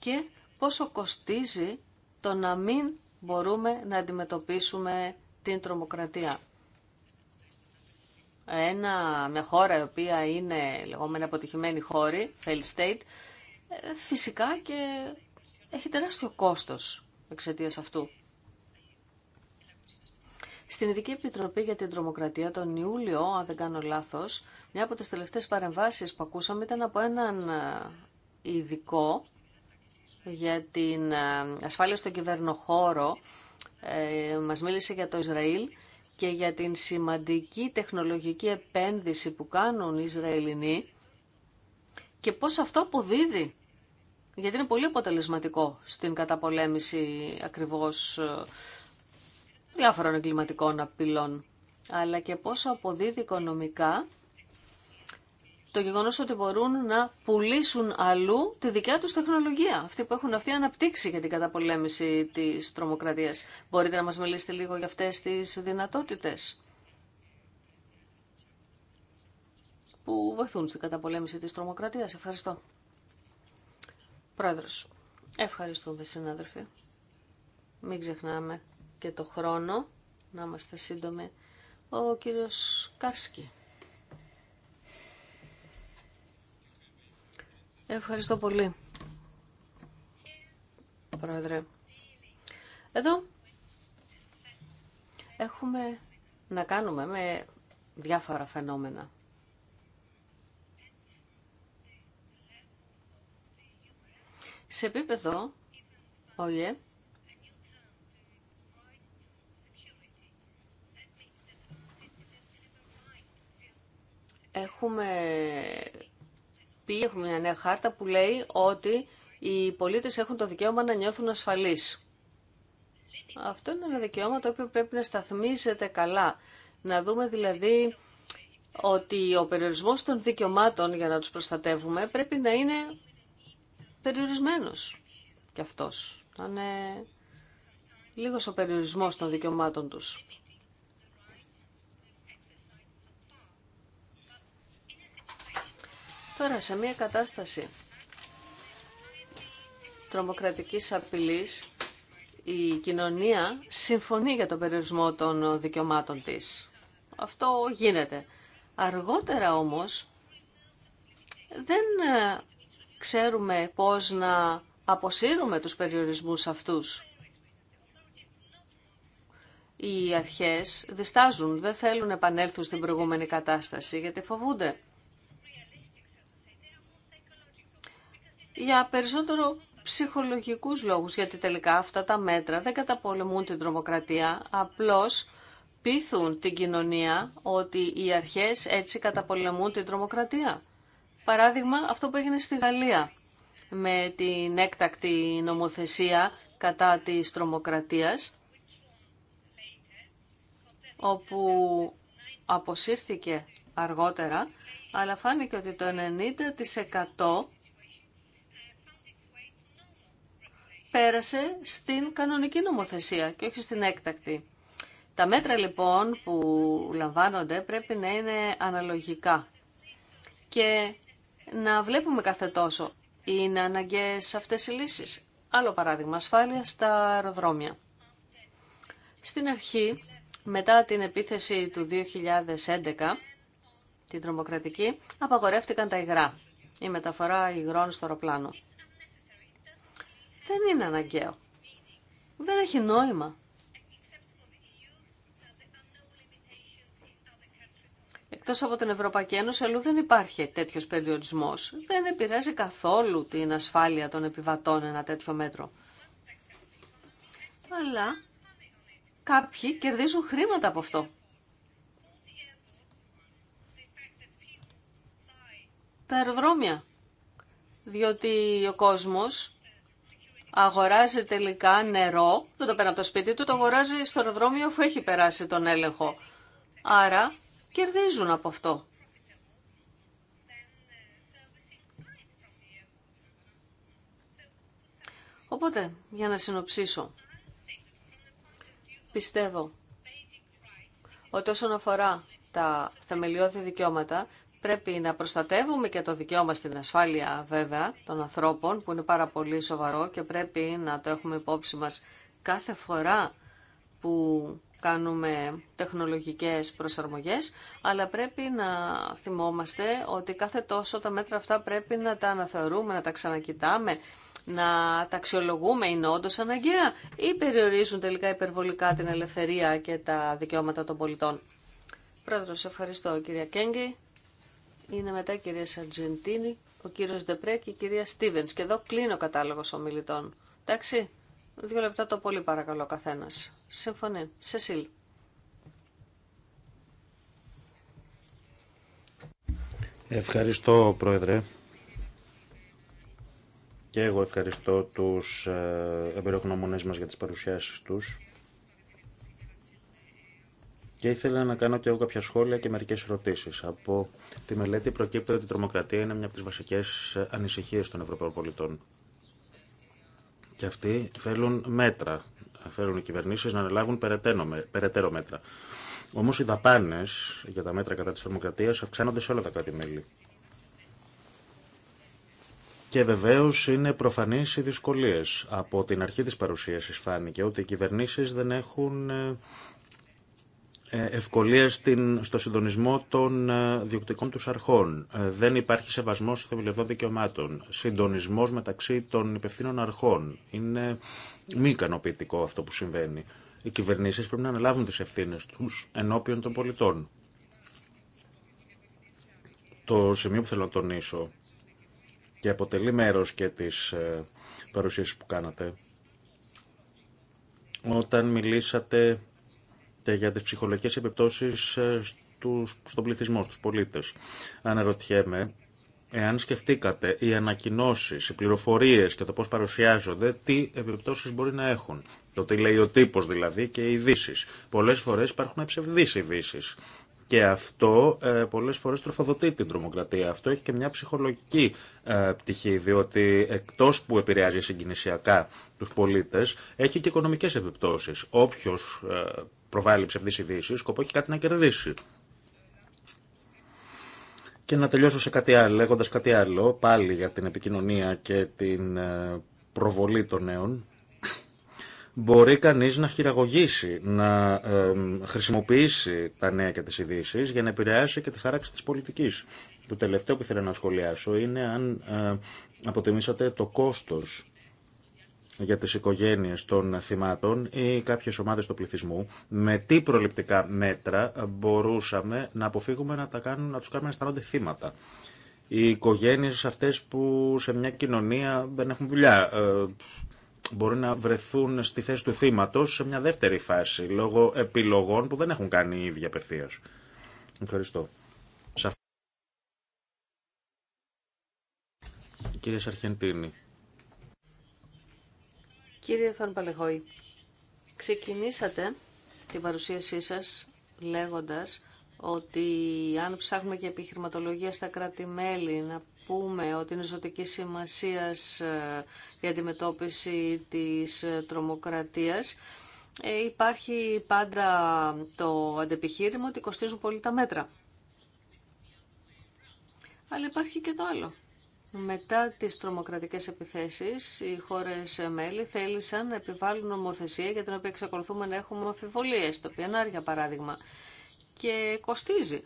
Speaker 1: και πόσο κοστίζει το να μην μπορούμε να αντιμετωπίσουμε την τρομοκρατία ένα, μια χώρα η οποία είναι λεγόμενα αποτυχημένη χώρη, fail state, ε, φυσικά και έχει τεράστιο κόστος εξαιτία αυτού. Στην Ειδική Επιτροπή για την Τρομοκρατία τον Ιούλιο, αν δεν κάνω λάθος, μια από τις τελευταίες παρεμβάσεις που ακούσαμε ήταν από έναν ε, ειδικό για την ε, ασφάλεια στον κυβερνοχώρο. Ε, μας μίλησε για το Ισραήλ και για την σημαντική τεχνολογική επένδυση που κάνουν οι Ισραηλινοί και πώς αυτό αποδίδει. Γιατί είναι πολύ αποτελεσματικό στην καταπολέμηση ακριβώς ε, διάφορων εγκληματικών απειλών αλλά και πόσο αποδίδει οικονομικά το γεγονό ότι μπορούν να πουλήσουν αλλού τη δικιά του τεχνολογία, αυτή που έχουν αυτή αναπτύξει για την καταπολέμηση τη τρομοκρατίας. Μπορείτε να μα μιλήσετε λίγο για αυτέ τι δυνατότητε. που βοηθούν στην καταπολέμηση της τρομοκρατίας. Ευχαριστώ. Πρόεδρος, ευχαριστούμε συνάδελφοι. Μην ξεχνάμε και το χρόνο, να είμαστε σύντομοι. Ο κύριος Κάρσκι. Ευχαριστώ πολύ, Πρόεδρε. Εδώ έχουμε να κάνουμε με διάφορα φαινόμενα. Σε επίπεδο, όλοι έχουμε έχουμε μια νέα χάρτα που λέει ότι οι πολίτες έχουν το δικαίωμα να νιώθουν ασφαλείς. Αυτό είναι ένα δικαίωμα το οποίο πρέπει να σταθμίζεται καλά. Να δούμε δηλαδή ότι ο περιορισμός των δικαιωμάτων για να τους προστατεύουμε πρέπει να είναι περιορισμένος και αυτός. Να είναι λίγος ο περιορισμός των δικαιωμάτων τους. Τώρα σε μια κατάσταση τρομοκρατικής απειλής η κοινωνία συμφωνεί για τον περιορισμό των δικαιωμάτων της. Αυτό γίνεται. Αργότερα όμως δεν ε, ξέρουμε πώς να αποσύρουμε τους περιορισμούς αυτούς. Οι αρχές διστάζουν, δεν θέλουν να επανέλθουν στην προηγούμενη κατάσταση γιατί φοβούνται. για περισσότερο ψυχολογικούς λόγους, γιατί τελικά αυτά τα μέτρα δεν καταπολεμούν την τρομοκρατία, απλώς πείθουν την κοινωνία ότι οι αρχές έτσι καταπολεμούν την τρομοκρατία. Παράδειγμα, αυτό που έγινε στη Γαλλία με την έκτακτη νομοθεσία κατά της τρομοκρατίας, όπου αποσύρθηκε αργότερα, αλλά φάνηκε ότι το 90% πέρασε στην κανονική νομοθεσία και όχι στην έκτακτη. Τα μέτρα λοιπόν που λαμβάνονται πρέπει να είναι αναλογικά και να βλέπουμε κάθε τόσο είναι αναγκαίες αυτές οι λύσεις. Άλλο παράδειγμα, ασφάλεια στα αεροδρόμια. Στην αρχή, μετά την επίθεση του 2011, την τρομοκρατική, απαγορεύτηκαν τα υγρά, η μεταφορά υγρών στο αεροπλάνο δεν είναι αναγκαίο. Δεν έχει νόημα. Εκτός από την Ευρωπαϊκή Ένωση, αλλού δεν υπάρχει τέτοιος περιορισμός. Δεν επηρεάζει καθόλου την ασφάλεια των επιβατών ένα τέτοιο μέτρο. Αλλά κάποιοι κερδίζουν χρήματα από αυτό. Τα αεροδρόμια. Διότι ο κόσμος αγοράζει τελικά νερό, δεν το παίρνει από το σπίτι του, το αγοράζει στο αεροδρόμιο αφού έχει περάσει τον έλεγχο. Άρα κερδίζουν από αυτό. Οπότε, για να συνοψίσω, πιστεύω ότι όσον αφορά τα θεμελιώδη δικαιώματα, Πρέπει να προστατεύουμε και το δικαίωμα στην ασφάλεια βέβαια των ανθρώπων που είναι πάρα πολύ σοβαρό και πρέπει να το έχουμε υπόψη μας κάθε φορά που κάνουμε τεχνολογικές προσαρμογές, αλλά πρέπει να θυμόμαστε ότι κάθε τόσο τα μέτρα αυτά πρέπει να τα αναθεωρούμε, να τα ξανακοιτάμε, να τα αξιολογούμε, είναι όντω αναγκαία ή περιορίζουν τελικά υπερβολικά την ελευθερία και τα δικαιώματα των πολιτών. Πρόεδρος, ευχαριστώ κυρία Κέγγι είναι μετά η κυρία Σαρτζεντίνη, ο κύριος Ντεπρέ και η κυρία Στίβενς. Και εδώ κλείνει ο κατάλογος ομιλητών. Εντάξει, δύο λεπτά το πολύ παρακαλώ καθένας. Συμφωνεί. Σεσίλ.
Speaker 2: Ευχαριστώ, Πρόεδρε. Και εγώ ευχαριστώ τους ε, εμπειρογνώμονές μας για τις παρουσιάσεις τους. Και ήθελα να κάνω και εγώ κάποια σχόλια και μερικέ ερωτήσει. Από τη μελέτη προκύπτει ότι η τρομοκρατία είναι μια από τι βασικέ ανησυχίε των Ευρωπαίων πολιτών. Και αυτοί θέλουν μέτρα. Θέλουν οι κυβερνήσει να αναλάβουν περαιτέρω μέτρα. Όμω οι δαπάνε για τα μέτρα κατά τη τρομοκρατία αυξάνονται σε όλα τα κράτη-μέλη. Και βεβαίω είναι προφανεί οι δυσκολίε. Από την αρχή τη παρουσίαση φάνηκε ότι οι κυβερνήσει δεν έχουν ε, ε, Ευκολία στο συντονισμό των ε, διοκτικών τους αρχών. Ε, δεν υπάρχει σεβασμός θεμελιωδών δικαιωμάτων. Συντονισμός μεταξύ των υπευθύνων αρχών. Είναι μη ικανοποιητικό αυτό που συμβαίνει. Οι κυβερνήσεις πρέπει να αναλάβουν τις ευθύνε τους ενώπιον των πολιτών. Το σημείο που θέλω να τονίσω και αποτελεί μέρος και της παρουσίαση που κάνατε όταν μιλήσατε και για τις ψυχολογικές επιπτώσεις ε, στους, στον πληθυσμό, στους πολίτες. Αναρωτιέμαι Εάν σκεφτήκατε οι ανακοινώσει, οι πληροφορίε και το πώ παρουσιάζονται, τι επιπτώσει μπορεί να έχουν. Το τι λέει ο τύπο δηλαδή και οι ειδήσει. Πολλέ φορέ υπάρχουν ψευδείς ειδήσει. Και αυτό ε, πολλέ φορέ τροφοδοτεί την τρομοκρατία. Αυτό έχει και μια ψυχολογική ε, πτυχή, διότι εκτό που επηρεάζει συγκινησιακά του πολίτε, έχει και οικονομικέ επιπτώσει. Όποιο ε, προβάλλει ψευδείς ειδήσει, σκοπό έχει κάτι να κερδίσει. Και να τελειώσω σε κάτι άλλο, λέγοντας κάτι άλλο, πάλι για την επικοινωνία και την ε, προβολή των νέων. Μπορεί κανείς να χειραγωγήσει, να ε, χρησιμοποιήσει τα νέα και τις ειδήσει για να επηρεάσει και τη χάραξη της πολιτικής. Το τελευταίο που ήθελα να σχολιάσω είναι αν ε, αποτιμήσατε το κόστος για τις οικογένειες των θυμάτων ή κάποιες ομάδες του πληθυσμού, με τι προληπτικά μέτρα μπορούσαμε να αποφύγουμε να, τα κάνουν, να τους κάνουμε να αισθάνονται θύματα. Οι οικογένειες αυτές που σε μια κοινωνία δεν έχουν δουλειά, ε, μπορεί να βρεθούν στη θέση του θύματος σε μια δεύτερη φάση, λόγω επιλογών που δεν έχουν κάνει οι ίδιοι απευθείας. Ευχαριστώ. Κύριε Σαρχεντίνη.
Speaker 1: Κύριε Φανπαλεχόη, ξεκινήσατε την παρουσίασή σας λέγοντας ότι αν ψάχνουμε και επιχειρηματολογία στα κράτη-μέλη να πούμε ότι είναι ζωτική σημασία ε, η αντιμετώπιση της ε, τρομοκρατίας, ε, υπάρχει πάντα το αντεπιχείρημα ότι κοστίζουν πολύ τα μέτρα. Αλλά υπάρχει και το άλλο. Μετά τις τρομοκρατικές επιθέσεις, οι χώρες μέλη θέλησαν να επιβάλλουν νομοθεσία για την οποία εξακολουθούμε να έχουμε αμφιβολίες, το PNR για παράδειγμα, και κοστίζει.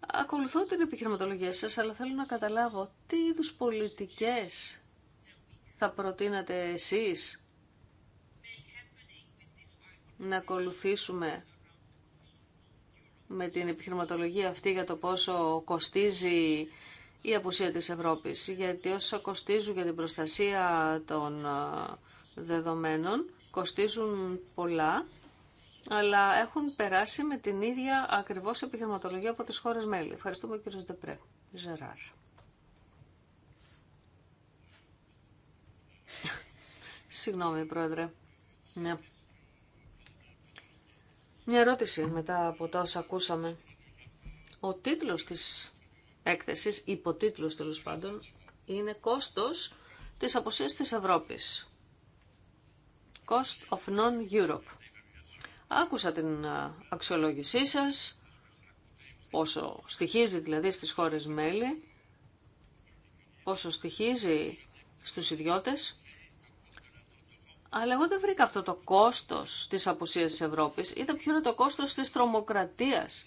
Speaker 1: Ακολουθώ την επιχειρηματολογία σας, αλλά θέλω να καταλάβω τι είδους πολιτικές θα προτείνατε εσείς να ακολουθήσουμε με την επιχειρηματολογία αυτή για το πόσο κοστίζει η απουσία της Ευρώπης, γιατί όσα κοστίζουν για την προστασία των ε, δεδομένων, κοστίζουν πολλά, αλλά έχουν περάσει με την ίδια ακριβώς επιχειρηματολογία από τις χώρες μέλη. Ευχαριστούμε κύριο Δεπρέ. Ζεράρ. Συγγνώμη, Πρόεδρε. Ναι. Μια ερώτηση μετά από τα όσα ακούσαμε. Ο τίτλος της έκθεσης, υποτίτλος τέλο πάντων, είναι κόστος της αποσίας της Ευρώπης. Cost of non-Europe. Άκουσα την ε, αξιολόγησή σας, πόσο στοιχίζει δηλαδή στις χώρες μέλη, πόσο στοιχίζει στους ιδιώτες, αλλά εγώ δεν βρήκα αυτό το κόστος της απουσίας της Ευρώπης. Είδα ποιο είναι το κόστος της τρομοκρατίας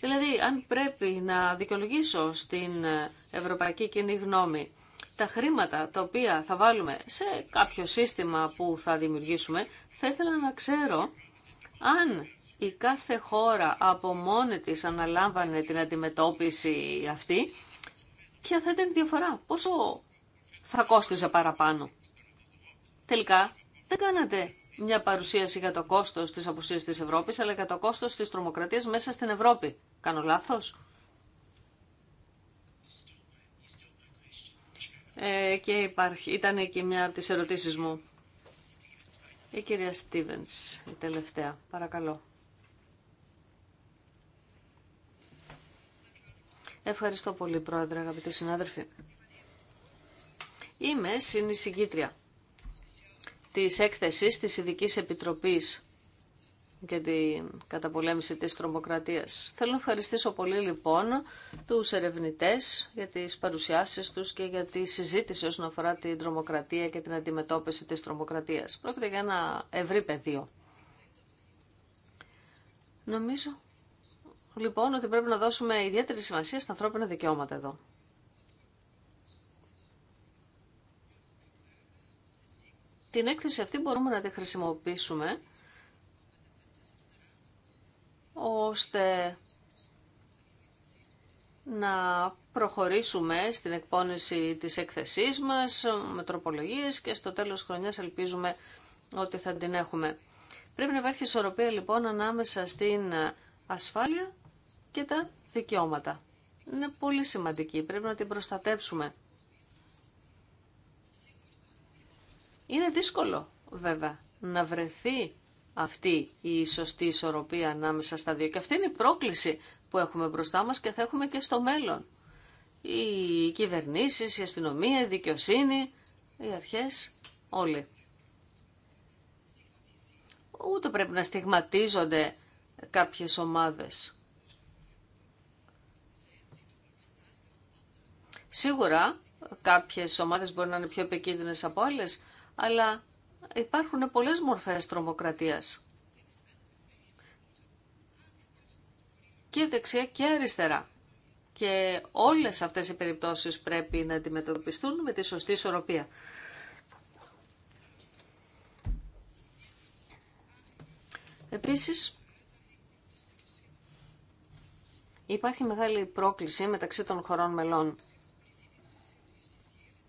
Speaker 1: Δηλαδή, αν πρέπει να δικαιολογήσω στην ευρωπαϊκή κοινή γνώμη τα χρήματα τα οποία θα βάλουμε σε κάποιο σύστημα που θα δημιουργήσουμε, θα ήθελα να ξέρω αν η κάθε χώρα από μόνη της αναλάμβανε την αντιμετώπιση αυτή, ποια θα ήταν η διαφορά, πόσο θα κόστιζε παραπάνω. Τελικά, δεν κάνατε μια παρουσίαση για το κόστος της απουσία τη Ευρώπης, αλλά για το κόστος της Τρομοκρατία μέσα στην Ευρώπη. Κάνω λάθο. Ε, και υπάρχει, ήταν και μια από τις ερωτήσεις μου. Η κυρία Στίβενς, η τελευταία. Παρακαλώ. Ευχαριστώ πολύ, Πρόεδρε, αγαπητοί συνάδελφοι. Είμαι συνεισηγήτρια της έκθεσης της Ειδικής Επιτροπής για την καταπολέμηση της τρομοκρατίας. Θέλω να ευχαριστήσω πολύ λοιπόν τους ερευνητές για τις παρουσιάσεις τους και για τη συζήτηση όσον αφορά την τρομοκρατία και την αντιμετώπιση της τρομοκρατίας. Πρόκειται για ένα ευρύ πεδίο. Νομίζω λοιπόν ότι πρέπει να δώσουμε ιδιαίτερη σημασία στα ανθρώπινα δικαιώματα εδώ. την έκθεση αυτή μπορούμε να τη χρησιμοποιήσουμε ώστε να προχωρήσουμε στην εκπόνηση της έκθεσής μας με τροπολογίες και στο τέλος χρονιάς ελπίζουμε ότι θα την έχουμε. Πρέπει να υπάρχει ισορροπία λοιπόν ανάμεσα στην ασφάλεια και τα δικαιώματα. Είναι πολύ σημαντική, πρέπει να την προστατέψουμε. Είναι δύσκολο βέβαια να βρεθεί αυτή η σωστή ισορροπία ανάμεσα στα δύο. Και αυτή είναι η πρόκληση που έχουμε μπροστά μας και θα έχουμε και στο μέλλον. Οι κυβερνήσεις, η αστυνομία, η δικαιοσύνη, οι αρχές, όλοι. Ούτε πρέπει να στιγματίζονται κάποιες ομάδες. Σίγουρα κάποιες ομάδες μπορεί να είναι πιο επικίνδυνες από άλλες, αλλά υπάρχουν πολλές μορφές τρομοκρατίας. Και δεξιά και αριστερά. Και όλες αυτές οι περιπτώσεις πρέπει να αντιμετωπιστούν με τη σωστή ισορροπία. Επίσης, υπάρχει μεγάλη πρόκληση μεταξύ των χωρών μελών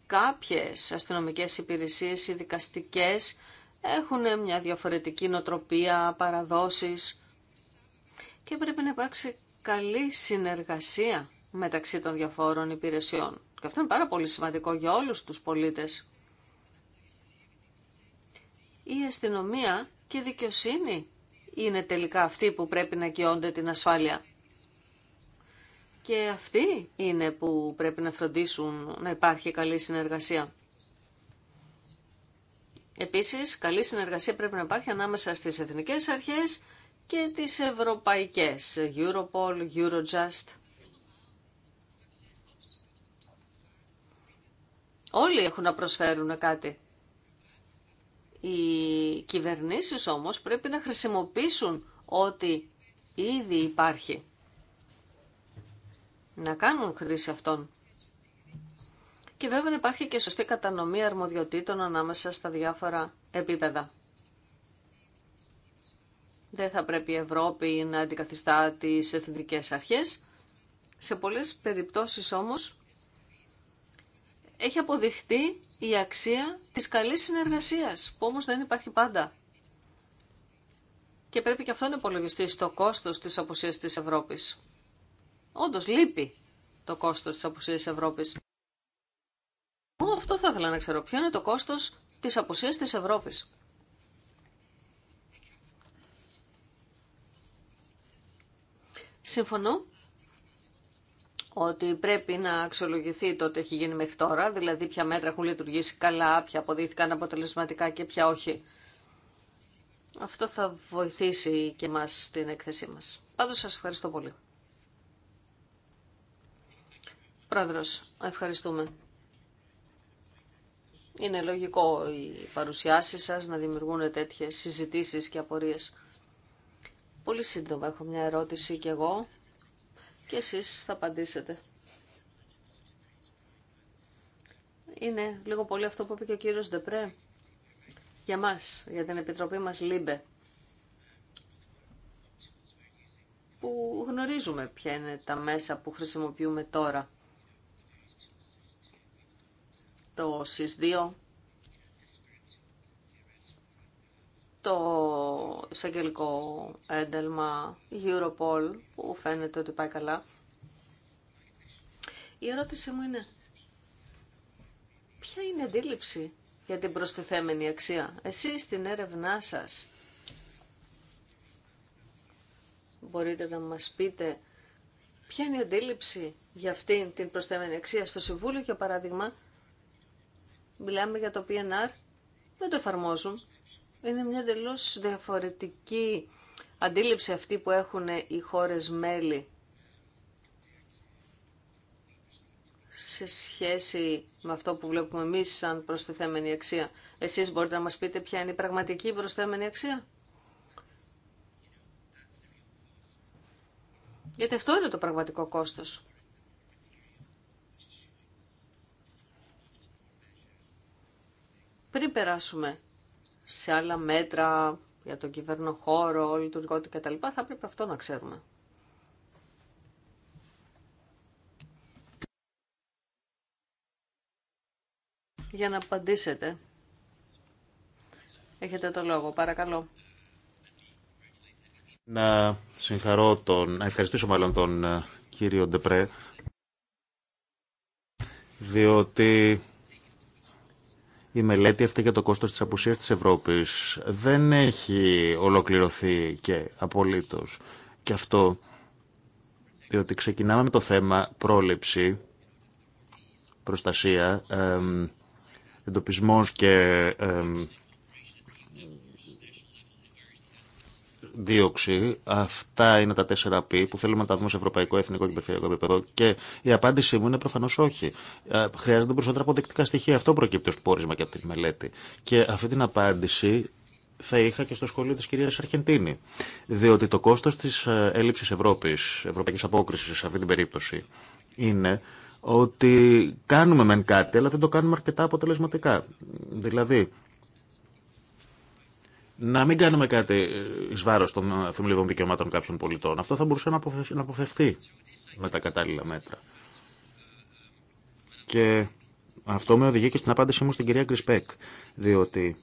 Speaker 1: κάποιες αστυνομικές υπηρεσίες, Η δικαστικές, έχουν μια διαφορετική νοτροπία, παραδόσεις και πρέπει να υπάρξει καλή συνεργασία μεταξύ των διαφόρων υπηρεσιών. Και αυτό είναι πάρα πολύ σημαντικό για όλους τους πολίτες. Η αστυνομία και η δικαιοσύνη είναι τελικά αυτοί που πρέπει να κοιώνται την ασφάλεια. Και αυτοί είναι που πρέπει να φροντίσουν να υπάρχει καλή συνεργασία. Επίσης, καλή συνεργασία πρέπει να υπάρχει ανάμεσα στις εθνικές αρχές και τις ευρωπαϊκές, Europol, Eurojust. Όλοι έχουν να προσφέρουν κάτι. Οι κυβερνήσεις όμως πρέπει να χρησιμοποιήσουν ό,τι ήδη υπάρχει να κάνουν χρήση αυτών. Και βέβαια υπάρχει και σωστή κατανομή αρμοδιοτήτων ανάμεσα στα διάφορα επίπεδα. Δεν θα πρέπει η Ευρώπη να αντικαθιστά τις εθνικές αρχές. Σε πολλές περιπτώσεις όμως έχει αποδειχτεί η αξία της καλής συνεργασίας, που όμως δεν υπάρχει πάντα. Και πρέπει και αυτό να υπολογιστεί στο κόστος της απουσίας της Ευρώπης. Όντω λείπει το κόστος της απουσίας Ευρώπης. Εγώ αυτό θα ήθελα να ξέρω. Ποιο είναι το κόστος της απουσία της Ευρώπης. Συμφωνώ ότι πρέπει να αξιολογηθεί το ότι έχει γίνει μέχρι τώρα, δηλαδή ποια μέτρα έχουν λειτουργήσει καλά, ποια αποδείχθηκαν αποτελεσματικά και ποια όχι. Αυτό θα βοηθήσει και μας στην έκθεσή μας. Πάντως σας ευχαριστώ πολύ. Πρόεδρος, ευχαριστούμε. Είναι λογικό οι παρουσιάσεις σας να δημιουργούν τέτοιες συζητήσεις και απορίες. Πολύ σύντομα έχω μια ερώτηση κι εγώ και εσείς θα απαντήσετε. Είναι λίγο πολύ αυτό που είπε και ο κύριος Ντεπρέ για μας, για την Επιτροπή μας Λίμπε. Που γνωρίζουμε ποια είναι τα μέσα που χρησιμοποιούμε τώρα το ΣΥΣ2, το εισαγγελικό ένταλμα, η Europol, που φαίνεται ότι πάει καλά. Η ερώτηση μου είναι, ποια είναι η αντίληψη για την προστιθέμενη αξία. Εσείς στην έρευνά σας μπορείτε να μας πείτε ποια είναι η αντίληψη για αυτήν την προστιθέμενη αξία στο Συμβούλιο, για παράδειγμα, μιλάμε για το PNR, δεν το εφαρμόζουν. Είναι μια εντελώ διαφορετική αντίληψη αυτή που έχουν οι χώρες μέλη σε σχέση με αυτό που βλέπουμε εμείς σαν προστιθέμενη αξία. Εσείς μπορείτε να μας πείτε ποια είναι η πραγματική προστιθέμενη αξία. Γιατί αυτό είναι το πραγματικό κόστος. Πριν περάσουμε σε άλλα μέτρα για τον κυβερνοχώρο, λειτουργότητα κτλ. θα πρέπει αυτό να ξέρουμε. Για να απαντήσετε. Έχετε το λόγο, παρακαλώ.
Speaker 2: Να συγχαρώ τον, να ευχαριστήσω μάλλον τον ε, κύριο Ντεπρέ, διότι η μελέτη αυτή για το κόστος της απουσίας της Ευρώπης δεν έχει ολοκληρωθεί και απολύτως. Και αυτό διότι ξεκινάμε με το θέμα πρόληψη, προστασία, εμ, εντοπισμός και εμ, δίωξη. Αυτά είναι τα τέσσερα πί που θέλουμε να τα δούμε σε ευρωπαϊκό, εθνικό και περιφερειακό επίπεδο. Και η απάντησή μου είναι προφανώ όχι. Ε, χρειάζονται περισσότερα αποδεκτικά στοιχεία. Αυτό προκύπτει ω πόρισμα και από τη μελέτη. Και αυτή την απάντηση θα είχα και στο σχολείο τη κυρία Αρχεντίνη. Διότι το κόστο τη ε, έλλειψη Ευρώπη, Ευρωπαϊκή απόκριση σε αυτή την περίπτωση, είναι ότι κάνουμε μεν κάτι, αλλά δεν το κάνουμε αρκετά αποτελεσματικά. Δηλαδή, να μην κάνουμε κάτι εις βάρος των θεμελιωδών δικαιωμάτων κάποιων πολιτών. Αυτό θα μπορούσε να αποφευθεί με τα κατάλληλα μέτρα. Και αυτό με οδηγεί και στην απάντησή μου στην κυρία Κρισπέκ, διότι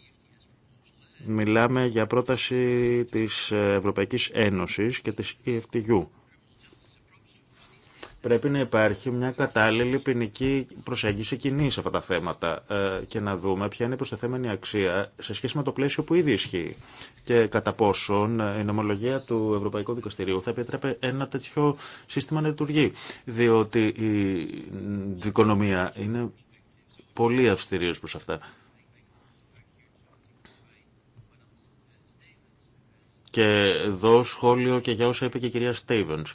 Speaker 2: μιλάμε για πρόταση της Ευρωπαϊκής Ένωσης και της EFTU ε Πρέπει να υπάρχει μια κατάλληλη ποινική προσέγγιση κοινή σε αυτά τα θέματα ε, και να δούμε ποια είναι η προστεθέμενη αξία σε σχέση με το πλαίσιο που ήδη ισχύει και κατά πόσον ε, η νομολογία του Ευρωπαϊκού Δικαστηρίου θα επιτρέπει ένα τέτοιο σύστημα να λειτουργεί. Διότι η δικονομία είναι πολύ αυστηρή προ αυτά. Και εδώ σχόλιο και για όσα είπε και η κυρία Στέιβενς.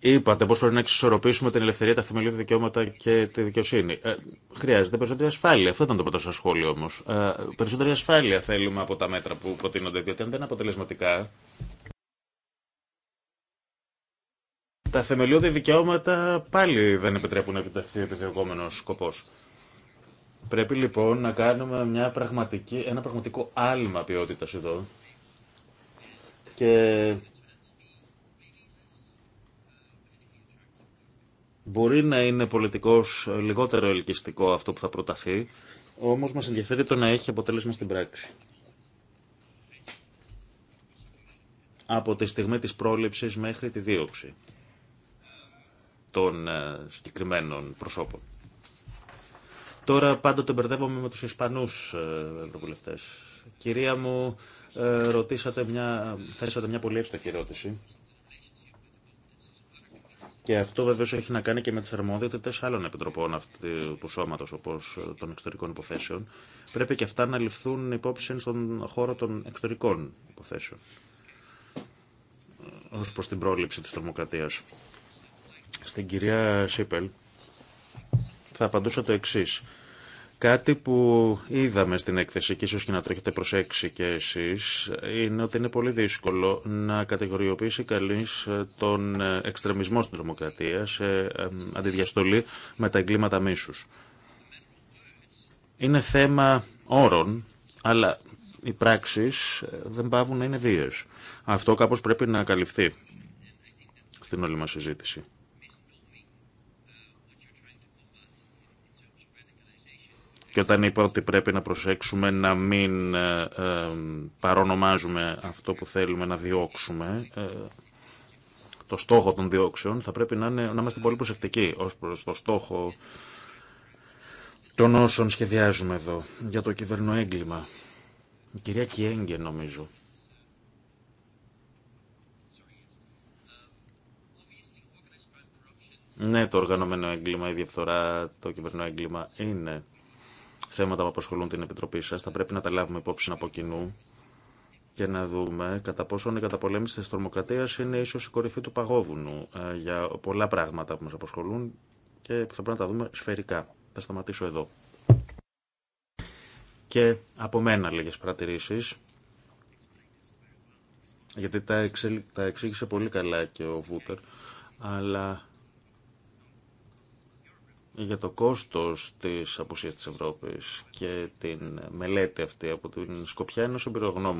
Speaker 2: Είπατε πώ πρέπει να εξισορροπήσουμε την ελευθερία, τα θεμελιώδη δικαιώματα και τη δικαιοσύνη. Ε, χρειάζεται περισσότερη ασφάλεια. Αυτό ήταν το πρώτο σα σχόλιο όμω. Ε, περισσότερη ασφάλεια θέλουμε από τα μέτρα που προτείνονται, διότι αν δεν είναι αποτελεσματικά. Τα θεμελιώδη δικαιώματα πάλι δεν επιτρέπουν να επιτευχθεί ο επιδιωκόμενο σκοπό. Πρέπει λοιπόν να κάνουμε μια πραγματική, ένα πραγματικό άλμα ποιότητα εδώ. Και Μπορεί να είναι πολιτικός ε, λιγότερο ελκυστικό αυτό που θα προταθεί, όμως μας ενδιαφέρει το να έχει αποτέλεσμα στην πράξη. Από τη στιγμή της πρόληψης μέχρι τη δίωξη των ε, συγκεκριμένων προσώπων. Τώρα πάντοτε μπερδεύομαι με τους Ισπανούς ε, ευρωβουλευτές. Κυρία μου, ρωτήσατε μια, θέσατε μια πολύ εύστοχη ερώτηση και αυτό βεβαίω έχει να κάνει και με τι αρμόδιοτητε άλλων επιτροπών αυτού του σώματο, όπω των εξωτερικών υποθέσεων. Πρέπει και αυτά να ληφθούν υπόψη στον χώρο των εξωτερικών υποθέσεων ω προ την πρόληψη τη τρομοκρατία. Στην κυρία Σίπελ θα απαντούσα το εξή. Κάτι που είδαμε στην έκθεση και ίσως και να το έχετε προσέξει και εσείς είναι ότι είναι πολύ δύσκολο να κατηγοριοποιήσει καλής τον εξτρεμισμό στην τρομοκρατία σε αντιδιαστολή με τα εγκλήματα μίσους. Είναι θέμα όρων, αλλά οι πράξεις ε, δεν πάβουν να είναι βίες. Αυτό κάπως πρέπει να καλυφθεί στην όλη μας συζήτηση. Και όταν είπα ότι πρέπει να προσέξουμε να μην ε, ε παρονομάζουμε αυτό που θέλουμε να διώξουμε, ε, το στόχο των διώξεων, θα πρέπει να, είναι, να είμαστε πολύ προσεκτικοί ως προς το στόχο των όσων σχεδιάζουμε εδώ για το κυβερνοέγκλημα. Η κυρία Κιέγγε νομίζω. Ναι, το οργανωμένο έγκλημα, η διαφθορά, το κυβερνό έγκλημα είναι θέματα που απασχολούν την Επιτροπή σας. Θα πρέπει να τα λάβουμε υπόψη από κοινού και να δούμε κατά πόσο η καταπολέμηση της τρομοκρατίας είναι ίσως η κορυφή του παγόβουνου ε, για πολλά πράγματα που μας απασχολούν και θα πρέπει να τα δούμε σφαιρικά. Θα σταματήσω εδώ. Και από μένα λίγες παρατηρήσεις, γιατί τα, εξήγησε πολύ καλά και ο Βούτερ, αλλά για το κόστος της απουσίας της Ευρώπης και την μελέτη αυτή από την σκοπιά ενός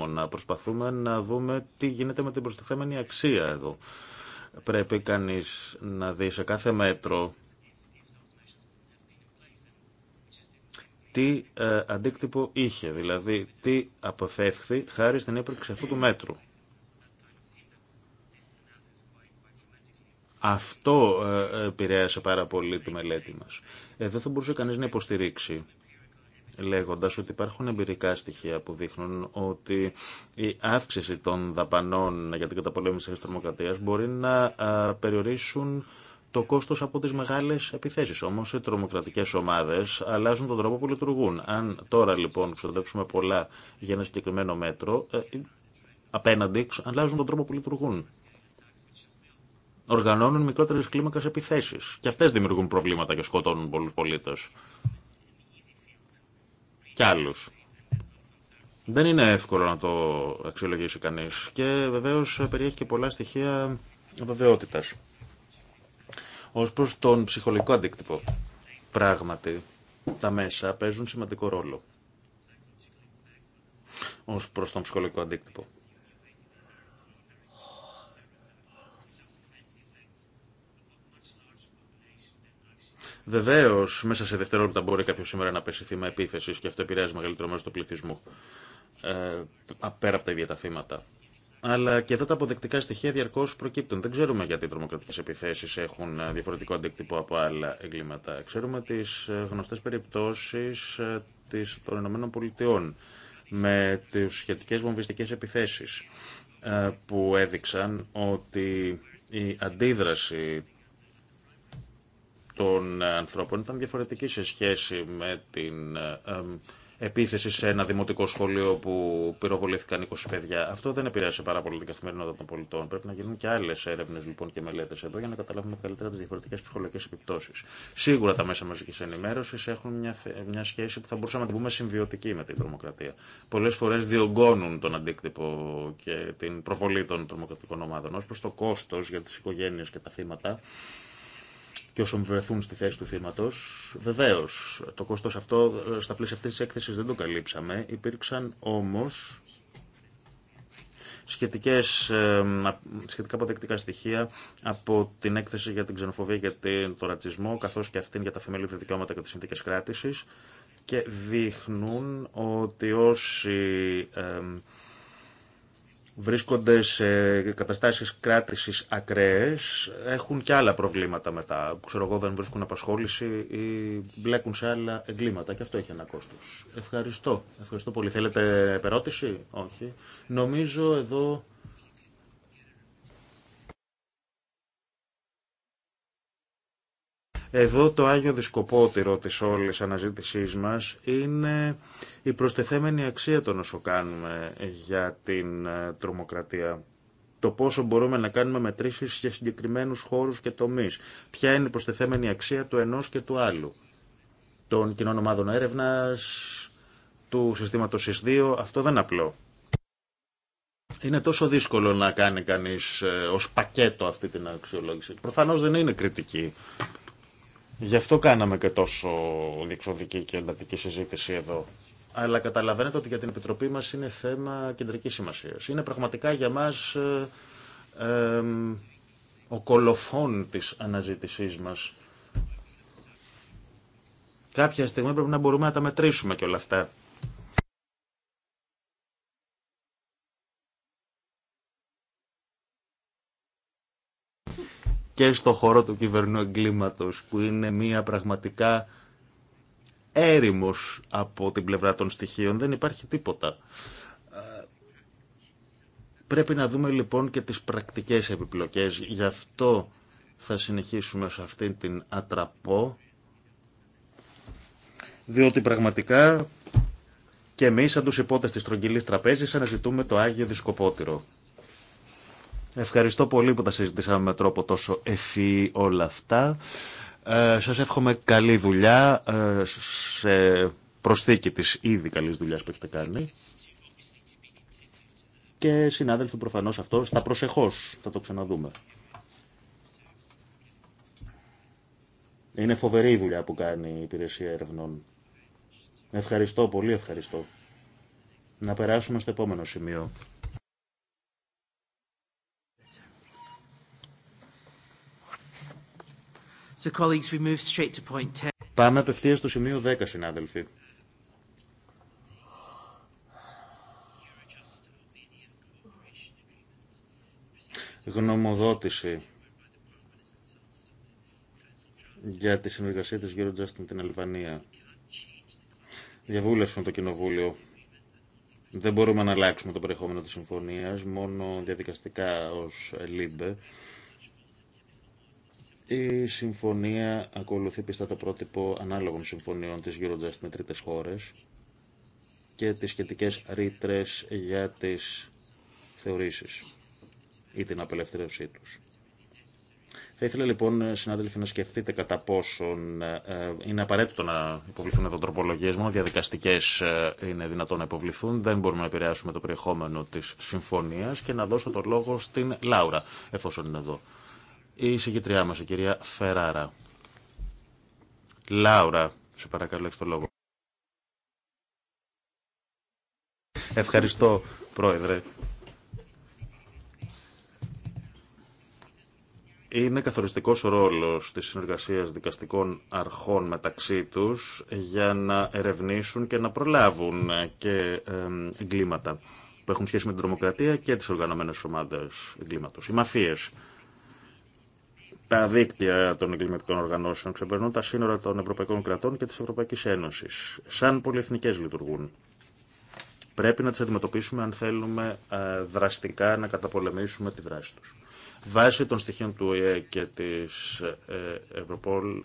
Speaker 2: να Προσπαθούμε να δούμε τι γίνεται με την προστιθέμενη αξία εδώ. Πρέπει κανείς να δει σε κάθε μέτρο τι ε, αντίκτυπο είχε, δηλαδή τι αποφεύχθη χάρη στην έπρεξη αυτού του μέτρου. Αυτό ε, ε, επηρέασε πάρα πολύ τη μελέτη μας. Ε, δεν θα μπορούσε κανείς να υποστηρίξει λέγοντας ότι υπάρχουν εμπειρικά στοιχεία που δείχνουν ότι η αύξηση των δαπανών για την καταπολέμηση της τρομοκρατίας μπορεί να περιορίσουν το κόστος από τις μεγάλες επιθέσεις. Όμως οι τρομοκρατικές ομάδες αλλάζουν τον τρόπο που λειτουργούν. Αν τώρα λοιπόν ξοδέψουμε πολλά για ένα συγκεκριμένο μέτρο, απέναντι αλλάζουν τον τρόπο που λειτουργούν οργανώνουν μικρότερε κλίμακε επιθέσει. Και αυτέ δημιουργούν προβλήματα και σκοτώνουν πολλού πολίτε. Και άλλου. Δεν είναι εύκολο να το αξιολογήσει κανεί. Και βεβαίω ε, περιέχει και πολλά στοιχεία βεβαιότητα Ω προ τον ψυχολογικό αντίκτυπο. Πράγματι, τα μέσα παίζουν σημαντικό ρόλο. Ω προ τον ψυχολογικό αντίκτυπο. Βεβαίω, μέσα σε δευτερόλεπτα μπορεί κάποιο σήμερα να πέσει θύμα επίθεση και αυτό επηρεάζει μεγαλύτερο μέρο του πληθυσμού. Ε, πέρα από τα ίδια τα θύματα. Αλλά και εδώ τα αποδεκτικά στοιχεία διαρκώ προκύπτουν. Δεν ξέρουμε γιατί οι τρομοκρατικέ επιθέσει έχουν ε, διαφορετικό αντίκτυπο από άλλα εγκλήματα. Ξέρουμε τι ε, γνωστέ περιπτώσει ε, των Πολιτείων με τι σχετικέ βομβιστικέ επιθέσει που έδειξαν ότι η αντίδραση των ε, ανθρώπων ήταν διαφορετική σε σχέση με την ε, ε, επίθεση σε ένα δημοτικό σχολείο που πυροβολήθηκαν 20 παιδιά. Αυτό δεν επηρέασε πάρα πολύ την καθημερινότητα των πολιτών. Πρέπει να γίνουν και άλλε έρευνε λοιπόν και μελέτε εδώ για να καταλάβουμε καλύτερα τι διαφορετικέ ψυχολογικέ επιπτώσει. Σίγουρα τα μέσα μαζική ενημέρωση έχουν μια, μια σχέση που θα μπορούσαμε να την πούμε συμβιωτική με την τρομοκρατία. Πολλέ φορέ διωγγώνουν τον αντίκτυπο και την προβολή των τρομοκρατικών ομάδων. Ω προ το κόστο για τι οικογένειε και τα θύματα, και όσων βρεθούν στη θέση του θύματο. Βεβαίω, το κόστο αυτό ε, στα πλαίσια αυτή τη έκθεση δεν το καλύψαμε. Υπήρξαν όμω ε, σχετικά αποδεκτικά στοιχεία από την έκθεση για την ξενοφοβία και τον ρατσισμό, καθώς και αυτήν για τα θεμελιώδη δικαιώματα και τι συνθήκε κράτηση, και δείχνουν ότι όσοι ε, βρίσκονται σε καταστάσεις κράτησης ακραίες, έχουν και άλλα προβλήματα μετά. Ξέρω εγώ δεν βρίσκουν απασχόληση ή μπλέκουν σε άλλα εγκλήματα και αυτό έχει ένα κόστος. Ευχαριστώ. Ευχαριστώ πολύ. Θέλετε επερώτηση? Όχι. Νομίζω εδώ Εδώ το Άγιο Δισκοπότηρο της όλης αναζήτησής μας είναι η προστεθέμενη αξία των όσο κάνουμε για την ε, τρομοκρατία. Το πόσο μπορούμε να κάνουμε μετρήσεις σε συγκεκριμένους χώρους και τομείς. Ποια είναι η προστεθέμενη αξία του ενός και του άλλου. Των κοινών ομάδων έρευνα, του συστήματος ΣΥΣ2, αυτό δεν απλό. Είναι τόσο δύσκολο να κάνει κανείς ε, ως πακέτο αυτή την αξιολόγηση. Προφανώς δεν είναι κριτική Γι' αυτό κάναμε και τόσο διεξοδική και εντατική συζήτηση εδώ. Αλλά καταλαβαίνετε ότι για την Επιτροπή μας είναι θέμα κεντρικής σημασίας. Είναι πραγματικά για μας ε, ο κολοφόν της αναζήτησής μας. Κάποια στιγμή πρέπει να μπορούμε να τα μετρήσουμε και όλα αυτά. και στο χώρο του κυβερνού εγκλήματος που είναι μια πραγματικά έρημος από την πλευρά των στοιχείων. Δεν υπάρχει τίποτα. Ε, πρέπει να δούμε λοιπόν και τις πρακτικές επιπλοκές. Γι' αυτό θα συνεχίσουμε σε αυτήν την ατραπό, διότι πραγματικά και εμείς σαν τους υπότες της τρογγυλής τραπέζης αναζητούμε το Άγιο Δισκοπότηρο. Ευχαριστώ πολύ που τα συζητήσαμε με τρόπο τόσο ευφύ όλα αυτά. Ε, σας εύχομαι καλή δουλειά ε, σε προσθήκη της ήδη καλής δουλειάς που έχετε κάνει. Και συνάδελφοι προφανώς αυτό στα προσεχώς θα το ξαναδούμε. Είναι φοβερή η δουλειά που κάνει η υπηρεσία ερευνών. Ευχαριστώ πολύ, ευχαριστώ. Να περάσουμε στο επόμενο σημείο.
Speaker 4: So colleagues, we move straight to point 10.
Speaker 2: Πάμε απευθείας στο σημείο 10, συνάδελφοι. Γνωμοδότηση για τη συνεργασία της Eurojust με την Αλβανία. Διαβούλευση με το Κοινοβούλιο. Δεν μπορούμε να αλλάξουμε το περιεχόμενο της συμφωνίας, μόνο διαδικαστικά ως ΛΥΜΠΕ. Η συμφωνία ακολουθεί πιστά το πρότυπο ανάλογων συμφωνιών της Eurojust με τρίτες χώρες και τις σχετικές ρήτρε για τις θεωρήσεις ή την απελευθέρωσή τους. Θα ήθελα λοιπόν, συνάδελφοι, να σκεφτείτε κατά πόσον ε, είναι απαραίτητο να υποβληθούν εδώ τροπολογίε. Μόνο διαδικαστικέ ε, είναι δυνατόν να υποβληθούν. Δεν μπορούμε να επηρεάσουμε το περιεχόμενο τη συμφωνία και να δώσω το λόγο στην Λάουρα, εφόσον είναι εδώ η εισηγητριά μας, η κυρία Φεράρα. Λάουρα, σε παρακαλώ, έχεις το λόγο. Ευχαριστώ, Πρόεδρε. Είναι καθοριστικός ο ρόλος της συνεργασίας δικαστικών αρχών μεταξύ τους για να ερευνήσουν και να προλάβουν και εγκλήματα που έχουν σχέση με την τρομοκρατία και τις οργανωμένες ομάδες εγκλήματος, οι μαφίες τα δίκτυα των εγκληματικών οργανώσεων ξεπερνούν τα σύνορα των Ευρωπαϊκών κρατών και της Ευρωπαϊκής Ένωσης. Σαν πολυεθνικές λειτουργούν. Πρέπει να τι αντιμετωπίσουμε αν θέλουμε ε, δραστικά να καταπολεμήσουμε τη δράση τους. Βάσει των στοιχείων του ΟΗΕ και της ε, Ευρωπόλ,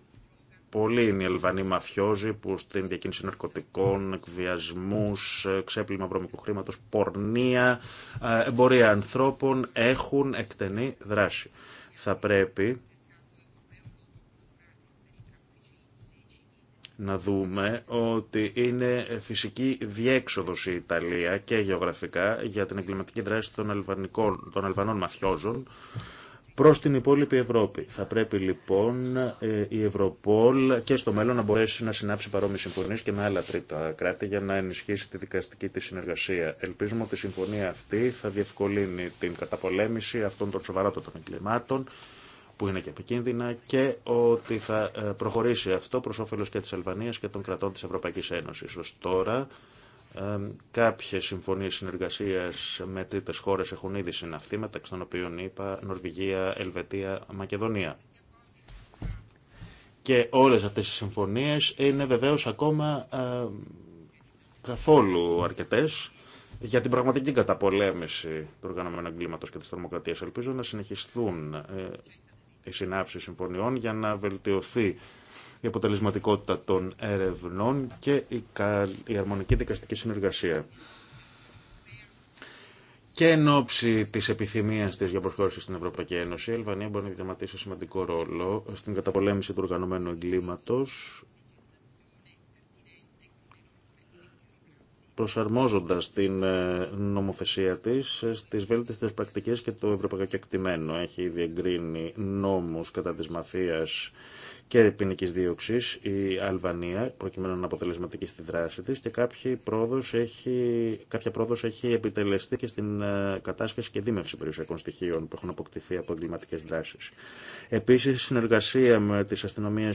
Speaker 2: πολλοί είναι οι Ελβανοί μαφιόζοι που στην διακίνηση ναρκωτικών, εκβιασμού, ε, ξέπλυμα βρωμικού χρήματο, πορνεία, εμπορία ανθρώπων έχουν εκτενή δράση. Θα πρέπει να δούμε ότι είναι φυσική διέξοδος η Ιταλία και γεωγραφικά για την εγκληματική δράση των, αλβανικών, των αλβανών μαφιόζων προς την υπόλοιπη Ευρώπη. Θα πρέπει λοιπόν ε, η Ευρωπόλ και στο μέλλον να μπορέσει να συνάψει παρόμοιες συμφωνίες και με άλλα τρίτα κράτη για να ενισχύσει τη δικαστική της συνεργασία. Ελπίζουμε ότι η συμφωνία αυτή θα διευκολύνει την καταπολέμηση αυτών των σοβαράτων των εγκλημάτων που είναι και επικίνδυνα και ότι θα ε, προχωρήσει αυτό προς όφελος και της Αλβανίας και των κρατών της Ευρωπαϊκής Ένωσης. Ως τώρα ε, κάποιες συμφωνίες συνεργασίας με τρίτες χώρες έχουν ήδη συναυθεί μεταξύ των οποίων είπα Νορβηγία, Ελβετία, Μακεδονία. Και όλες αυτές οι συμφωνίες είναι βεβαίως ακόμα ε, καθόλου αρκετές για την πραγματική καταπολέμηση του οργανωμένου εγκλήματο και της θερμοκρατίας. Ελπίζω να συνεχιστούν η συνάψη συμφωνιών για να βελτιωθεί η αποτελεσματικότητα των ερευνών και η αρμονική δικαστική συνεργασία. Και εν ώψη τη επιθυμία τη για προσχώρηση στην Ευρωπαϊκή Ένωση, η Αλβανία μπορεί να διαδραματίσει σημαντικό ρόλο στην καταπολέμηση του οργανωμένου εγκλήματο προσαρμόζοντας την ε, νομοθεσία της ε, στις βέλτιστες πρακτικές και το ευρωπαϊκό κεκτημένο. Έχει ήδη εγκρίνει νόμους κατά της μαφίας και ποινική δίωξη η Αλβανία, προκειμένου να είναι αποτελεσματική στη δράση τη και κάποια πρόοδο έχει, πρόοδος έχει επιτελεστεί και στην ε, κατάσχεση και δίμευση περιουσιακών στοιχείων που έχουν αποκτηθεί από εγκληματικέ δράσει. Επίση, συνεργασία με τι αστυνομίε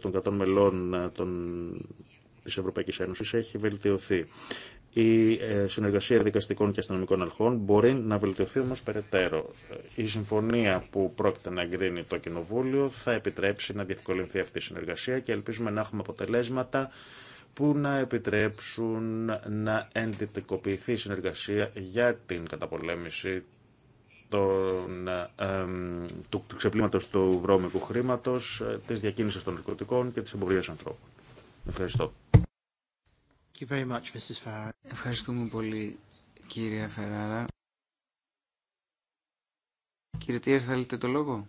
Speaker 2: των κρατών μελών των τη Ευρωπαϊκή Ένωση έχει βελτιωθεί. Η ε, συνεργασία δικαστικών και αστυνομικών αρχών μπορεί να βελτιωθεί όμω περαιτέρω. Η συμφωνία που πρόκειται να εγκρίνει το Κοινοβούλιο θα επιτρέψει να διευκολυνθεί αυτή η συνεργασία και ελπίζουμε να έχουμε αποτελέσματα που να επιτρέψουν να εντυπωσιακοποιηθεί η συνεργασία για την καταπολέμηση του, του ξεπλήματος του βρώμικου χρήματος, ε, της διακίνησης των νοικοτικών και της εμπορίας ανθρώπων. Ευχαριστώ.
Speaker 4: Ευχαριστούμε πολύ,
Speaker 3: κύριε Φεράρα. Κύριε Τιέρ, θέλετε το λόγο.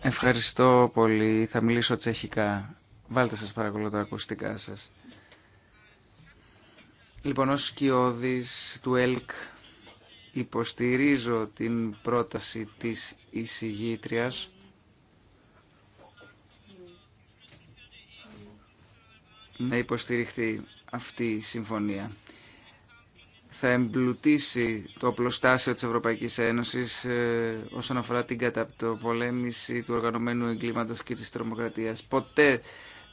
Speaker 3: Ευχαριστώ πολύ. Θα μιλήσω τσεχικά. Βάλτε σας παρακολουθώ τα ακουστικά σας. Λοιπόν, ως σκιώδης του ΕΛΚ Υποστηρίζω την πρόταση της εισηγήτριας να υποστηριχθεί αυτή η συμφωνία. Θα εμπλουτίσει το οπλοστάσιο της Ευρωπαϊκής Ένωσης ε, όσον αφορά την καταπολέμηση του οργανωμένου εγκλήματος και της τρομοκρατίας. Ποτέ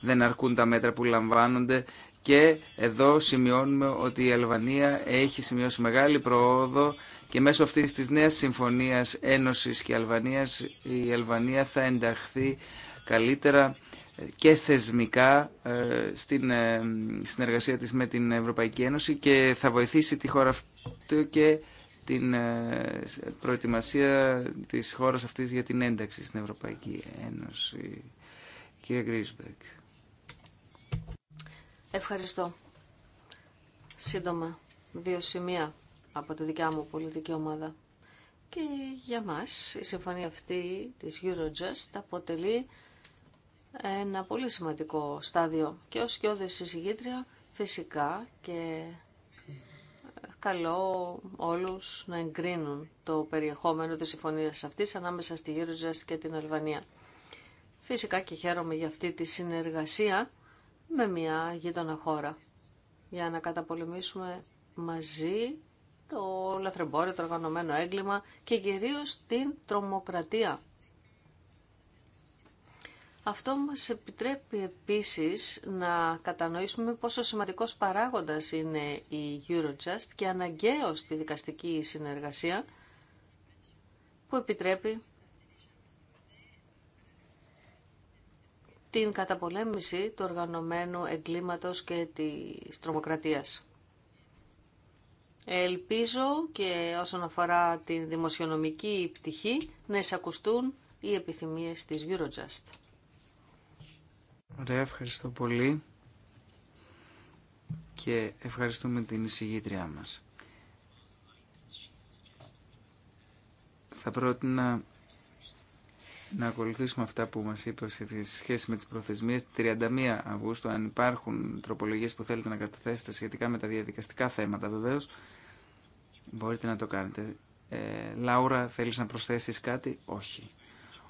Speaker 3: δεν αρκούν τα μέτρα που λαμβάνονται και εδώ σημειώνουμε ότι η Αλβανία έχει σημειώσει μεγάλη προόδο και μέσω αυτής της νέας συμφωνίας Ένωσης και Αλβανίας η Αλβανία θα ενταχθεί καλύτερα και θεσμικά ε, στην ε, συνεργασία της με την Ευρωπαϊκή Ένωση και θα βοηθήσει τη χώρα αυτή και την ε, προετοιμασία της χώρας αυτής για την ένταξη στην Ευρωπαϊκή Ένωση. Κύριε Γκρίσμπεκ.
Speaker 1: Ευχαριστώ. Σύντομα, δύο σημεία από τη δικιά μου πολιτική ομάδα. Και για μας η συμφωνία αυτή της Eurojust αποτελεί ένα πολύ σημαντικό στάδιο και ως κοιόδες συζυγήτρια φυσικά και ε, καλό όλους να εγκρίνουν το περιεχόμενο της συμφωνίας αυτής ανάμεσα στη Eurojust και την Αλβανία. Φυσικά και χαίρομαι για αυτή τη συνεργασία με μια γείτονα χώρα για να καταπολεμήσουμε μαζί το λαθρεμπόριο, το οργανωμένο έγκλημα και κυρίως την τρομοκρατία. Αυτό μας επιτρέπει επίσης να κατανοήσουμε πόσο σημαντικός παράγοντας είναι η Eurojust και αναγκαίο τη δικαστική συνεργασία που επιτρέπει την καταπολέμηση του οργανωμένου εγκλήματος και της τρομοκρατίας. Ελπίζω και όσον αφορά την δημοσιονομική πτυχή να εισακουστούν οι επιθυμίες της Eurojust.
Speaker 3: Ωραία, ευχαριστώ πολύ και ευχαριστούμε την εισηγήτριά μας. Θα πρότεινα να ακολουθήσουμε αυτά που μας είπε σε σχέση με τις προθεσμίες 31 Αυγούστου αν υπάρχουν τροπολογίες που θέλετε να καταθέσετε σχετικά με τα διαδικαστικά θέματα βεβαίως μπορείτε να το κάνετε ε, Λάουρα θέλεις να προσθέσεις κάτι όχι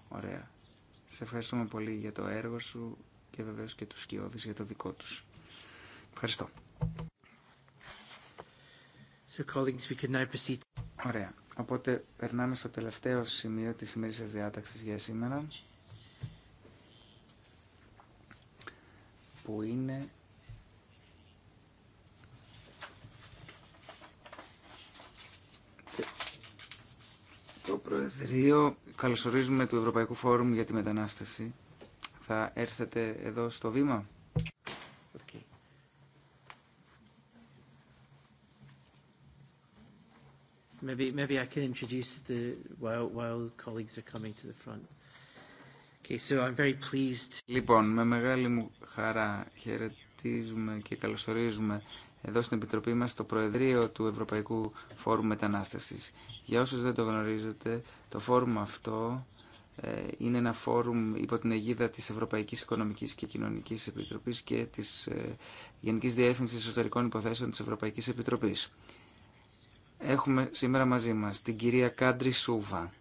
Speaker 3: ωραία σε ευχαριστούμε πολύ για το έργο σου και βεβαίως και τους σκιώδεις για το δικό τους ευχαριστώ so, we now proceed. Ωραία. Οπότε περνάμε στο τελευταίο σημείο της σημερινής διάταξης για σήμερα που είναι το Προεδρείο καλωσορίζουμε του Ευρωπαϊκού Φόρουμ για τη Μετανάστευση. Θα έρθετε εδώ στο βήμα.
Speaker 4: Maybe maybe I can introduce the while while colleagues are coming to the front. Okay, so I'm very
Speaker 3: pleased. Λοιπόν, με μεγάλη μου χαρά χαιρετίζουμε και καλωσορίζουμε εδώ στην Επιτροπή μας το Προεδρείο του Ευρωπαϊκού Φόρουμ Μετανάστευσης. Για όσους δεν το γνωρίζετε, το φόρουμ αυτό ε, είναι ένα φόρουμ υπό την αιγίδα της Ευρωπαϊκής Οικονομικής και Κοινωνικής Επιτροπής και της ε, Γενικής Διεύθυνσης Εσωτερικών Υποθέσεων της Ευρωπαϊκής Επιτροπής έχουμε σήμερα μαζί μας την κυρία Κάντρι Σούβα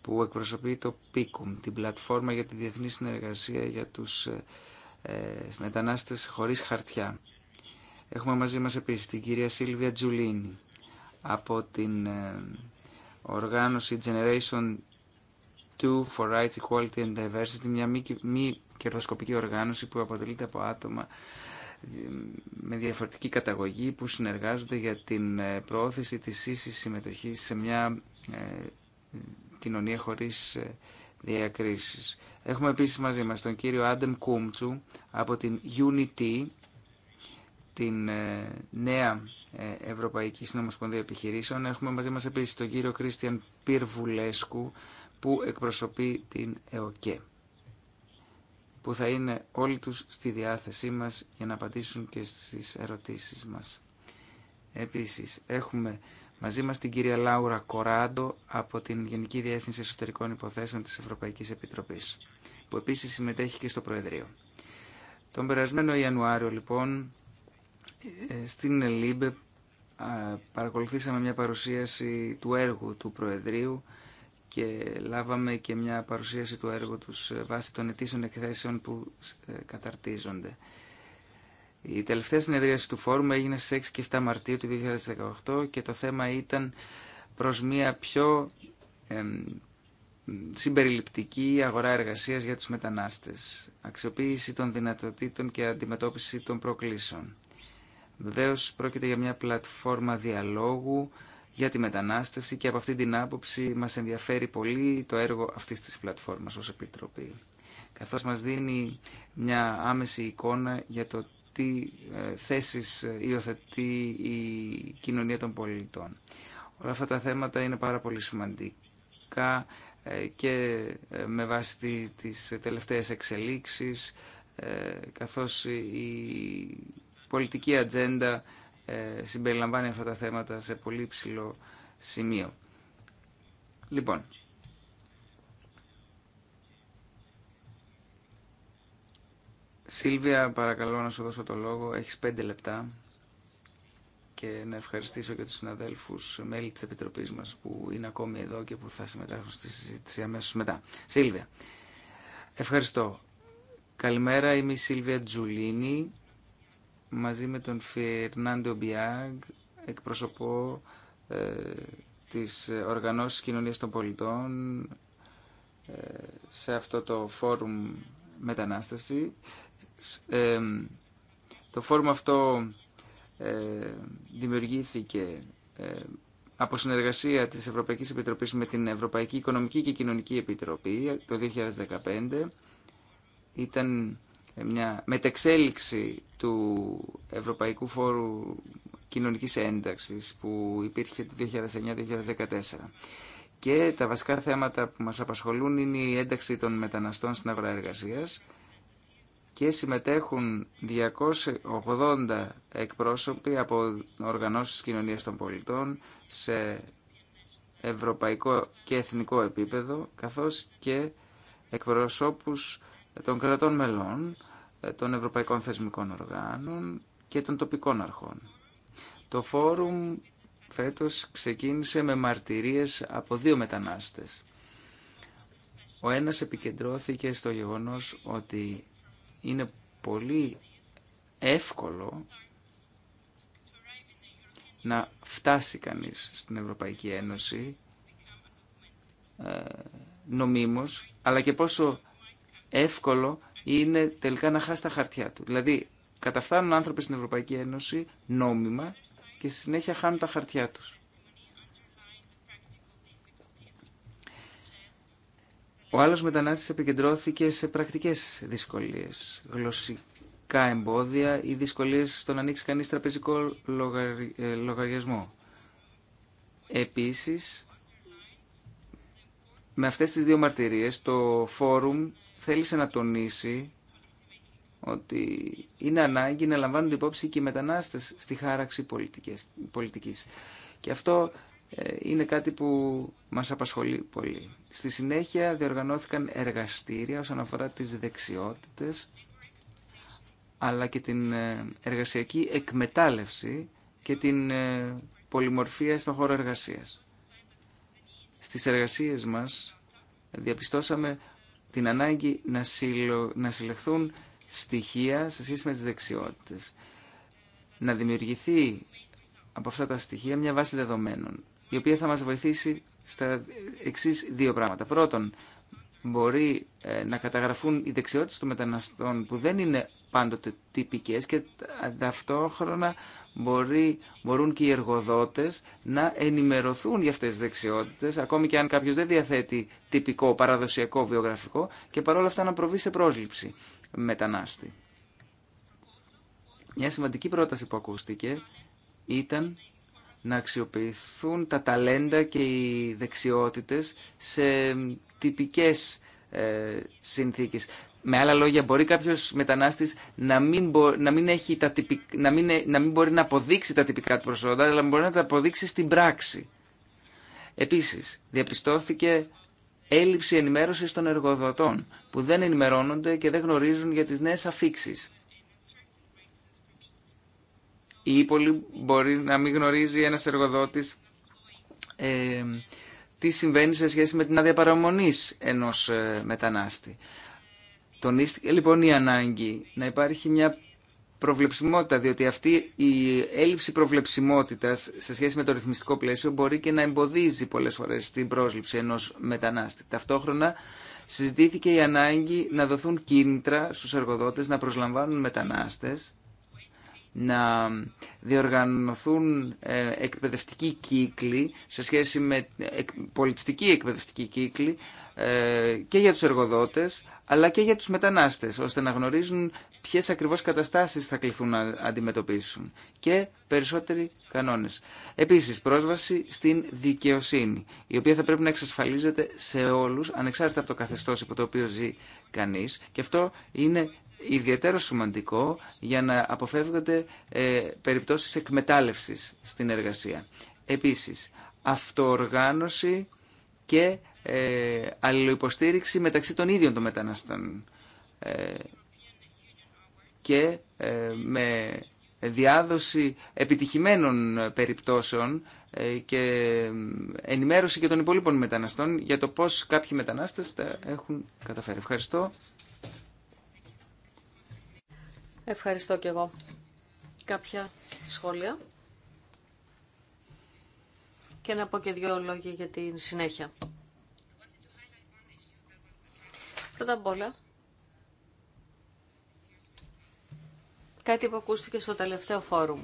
Speaker 3: που εκπροσωπεί το PICUM, την πλατφόρμα για τη διεθνή συνεργασία για τους ε, ε, μετανάστες χωρίς χαρτιά. Έχουμε μαζί μας επίσης την κυρία Σίλβια Τζουλίνη από την ε, οργάνωση Generation 2 for Rights, Equality and Diversity, μια μη, μη κερδοσκοπική οργάνωση που αποτελείται από άτομα με διαφορετική καταγωγή που συνεργάζονται για την ε, προώθηση της ίσης συμμετοχής σε μια ε, κοινωνία χωρίς ε, διακρίσεις. Έχουμε επίσης μαζί μας τον κύριο Άντεμ Κούμτσου από την Unity, την νέα Ευρωπαϊκή Συνομοσπονδία Επιχειρήσεων. Έχουμε μαζί μας επίσης τον κύριο Κρίστιαν Πυρβουλέσκου που εκπροσωπεί την ΕΟΚΕ που θα είναι όλοι τους στη διάθεσή μας για να απαντήσουν και στις ερωτήσεις μας. Επίσης, έχουμε μαζί μας την κυρία Λάουρα Κοράντο από την Γενική Διεύθυνση Εσωτερικών Υποθέσεων της Ευρωπαϊκής Επιτροπής, που επίσης συμμετέχει και στο Προεδρείο. Τον περασμένο Ιανουάριο, λοιπόν, ε, στην Ελίμπε παρακολουθήσαμε μια παρουσίαση του έργου του Προεδρείου και λάβαμε και μια παρουσίαση του έργου τους ε, βάσει των ετήσιων εκθέσεων που ε, καταρτίζονται. Η τελευταία συνεδρίαση του φόρουμ έγινε στις 6 και 7 Μαρτίου του 2018 και το θέμα ήταν προς μια πιο συμπεριληπτική αγορά εργασίας για τους μετανάστες, αξιοποίηση των δυνατοτήτων και αντιμετώπιση των προκλήσεων. Βεβαίω πρόκειται για μια πλατφόρμα διαλόγου για τη μετανάστευση και από αυτή την άποψη μας ενδιαφέρει πολύ το έργο αυτής της πλατφόρμας ως Επιτροπή καθώς μας δίνει μια άμεση εικόνα για το τι ε, θέσεις ε, υιοθετεί η κοινωνία των πολιτών. Όλα αυτά τα θέματα είναι πάρα πολύ σημαντικά ε, και με βάση τις τελευταίες εξελίξεις καθώς η πολιτική ατζέντα ε, συμπεριλαμβάνει αυτά τα θέματα σε πολύ ψηλό σημείο. Λοιπόν, Σίλβια, παρακαλώ να σου δώσω το λόγο. Έχεις πέντε λεπτά και να ευχαριστήσω και τους συναδέλφους μέλη της Επιτροπής μας που είναι ακόμη εδώ και που θα συμμετάσχουν στη συζήτηση αμέσως μετά. Σίλβια, ευχαριστώ. Καλημέρα, είμαι η Σίλβια Τζουλίνη μαζί με τον Φερνάντο Μπιάγκ εκπροσωπώ ε, τις οργανώσεις κοινωνίας των πολιτών ε, σε αυτό το φόρουμ μετανάστευση. Ε, το φόρουμ αυτό ε, δημιουργήθηκε ε, από συνεργασία της Ευρωπαϊκής Επιτροπής με την Ευρωπαϊκή Οικονομική και Κοινωνική Επιτροπή το 2015. Ήταν ε, μια μετεξέλιξη του Ευρωπαϊκού Φόρου Κοινωνικής Ένταξης που υπήρχε το 2009-2014. Και τα βασικά θέματα που μας απασχολούν είναι η ένταξη των μεταναστών στην αγορά και συμμετέχουν 280 εκπρόσωποι από οργανώσεις κοινωνίας των πολιτών σε ευρωπαϊκό και εθνικό επίπεδο καθώς και εκπροσώπους ε, των κρατών μελών, ε, των ευρωπαϊκών θεσμικών οργάνων και των τοπικών αρχών. Το φόρουμ φέτος ξεκίνησε με μαρτυρίες από δύο μετανάστες. Ο ένας επικεντρώθηκε στο γεγονός ότι είναι πολύ εύκολο να φτάσει κανείς στην Ευρωπαϊκή Ένωση ε, νομίμως, αλλά και πόσο εύκολο είναι τελικά να χάσει τα χαρτιά του. Δηλαδή, καταφθάνουν άνθρωποι στην Ευρωπαϊκή Ένωση νόμιμα και στη συνέχεια χάνουν τα χαρτιά τους. Ο άλλος μετανάστης επικεντρώθηκε σε πρακτικές δυσκολίες, γλωσσικά εμπόδια ή δυσκολίες στο να ανοίξει κανείς τραπεζικό ε, λογαριασμό. Επίσης, με αυτές τις δύο μαρτυρίες, το φόρουμ θέλησε να τονίσει ότι είναι ανάγκη να λαμβάνονται υπόψη και οι μετανάστες στη χάραξη πολιτικής. Και αυτό ε, είναι κάτι που μας απασχολεί πολύ. Στη συνέχεια διοργανώθηκαν εργαστήρια όσον αφορά τις δεξιότητες αλλά και την ε, εργασιακή εκμετάλλευση και την ε, πολυμορφία στον χώρο εργασίας. Στις εργασίες μας διαπιστώσαμε την ανάγκη να, συλλο... να συλλεχθούν στοιχεία σε σχέση με τις δεξιότητες. Να δημιουργηθεί από αυτά τα στοιχεία μια βάση δεδομένων, η οποία θα μας βοηθήσει στα εξή δύο πράγματα. Πρώτον, μπορεί ε, να καταγραφούν οι δεξιότητες των μεταναστών που δεν είναι πάντοτε τυπικές και ταυτόχρονα μπορεί, μπορούν και οι εργοδότες να ενημερωθούν για αυτές τις δεξιότητες, ακόμη και αν κάποιος δεν διαθέτει τυπικό παραδοσιακό βιογραφικό και παρόλα αυτά να προβεί σε πρόσληψη μετανάστη. Μια σημαντική πρόταση που ακούστηκε ήταν να αξιοποιηθούν τα ταλέντα και οι δεξιότητες σε τυπικές ε, συνθήκες. Με άλλα λόγια, μπορεί κάποιο μετανάστη να, μην να, να, να μην μπορεί να αποδείξει τα τυπικά του προσόντα, αλλά μπορεί να τα αποδείξει στην πράξη. Επίση, διαπιστώθηκε έλλειψη ενημέρωση των εργοδοτών, που δεν ενημερώνονται και δεν γνωρίζουν για τι νέε αφήξει. Ή πολύ μπορεί να μην γνωρίζει ένα εργοδότης ε, τι συμβαίνει σε σχέση με την άδεια ενό ενός ε, μετανάστη. Τονίστηκε λοιπόν η ανάγκη να υπάρχει μια προβλεψιμότητα, διότι αυτή η έλλειψη προβλεψιμότητας σε σχέση με το ρυθμιστικό πλαίσιο μπορεί και να εμποδίζει πολλές φορές την πρόσληψη ενό μετανάστη. Ταυτόχρονα συζητήθηκε η ανάγκη να δοθούν κίνητρα στους εργοδότες να προσλαμβάνουν μετανάστες, να διοργανωθούν ε, εκπαιδευτικοί κύκλοι σε σχέση με πολιτιστική εκπαιδευτική κύκλη ε, και για τους εργοδότες αλλά και για τους μετανάστες, ώστε να γνωρίζουν ποιες ακριβώς καταστάσεις θα κληθούν να αντιμετωπίσουν και περισσότεροι κανόνες. Επίσης, πρόσβαση στην δικαιοσύνη, η οποία θα πρέπει να εξασφαλίζεται σε όλους, ανεξάρτητα από το καθεστώς υπό το οποίο ζει κανείς και αυτό είναι ιδιαίτερο σημαντικό για να αποφεύγονται ε, περιπτώσεις εκμετάλλευσης στην εργασία. Επίσης, αυτοοργάνωση και ε, μεταξύ των ίδιων των μεταναστών ε, και ε, με διάδοση επιτυχημένων περιπτώσεων ε, και ενημέρωση και των υπόλοιπων μεταναστών για το πώς κάποιοι μετανάστες τα έχουν καταφέρει. Ευχαριστώ.
Speaker 1: Ευχαριστώ και εγώ. Κάποια σχόλια. Και να πω και δύο λόγια για την συνέχεια. Πρώτα απ' όλα, κάτι που ακούστηκε στο τελευταίο φόρουμ.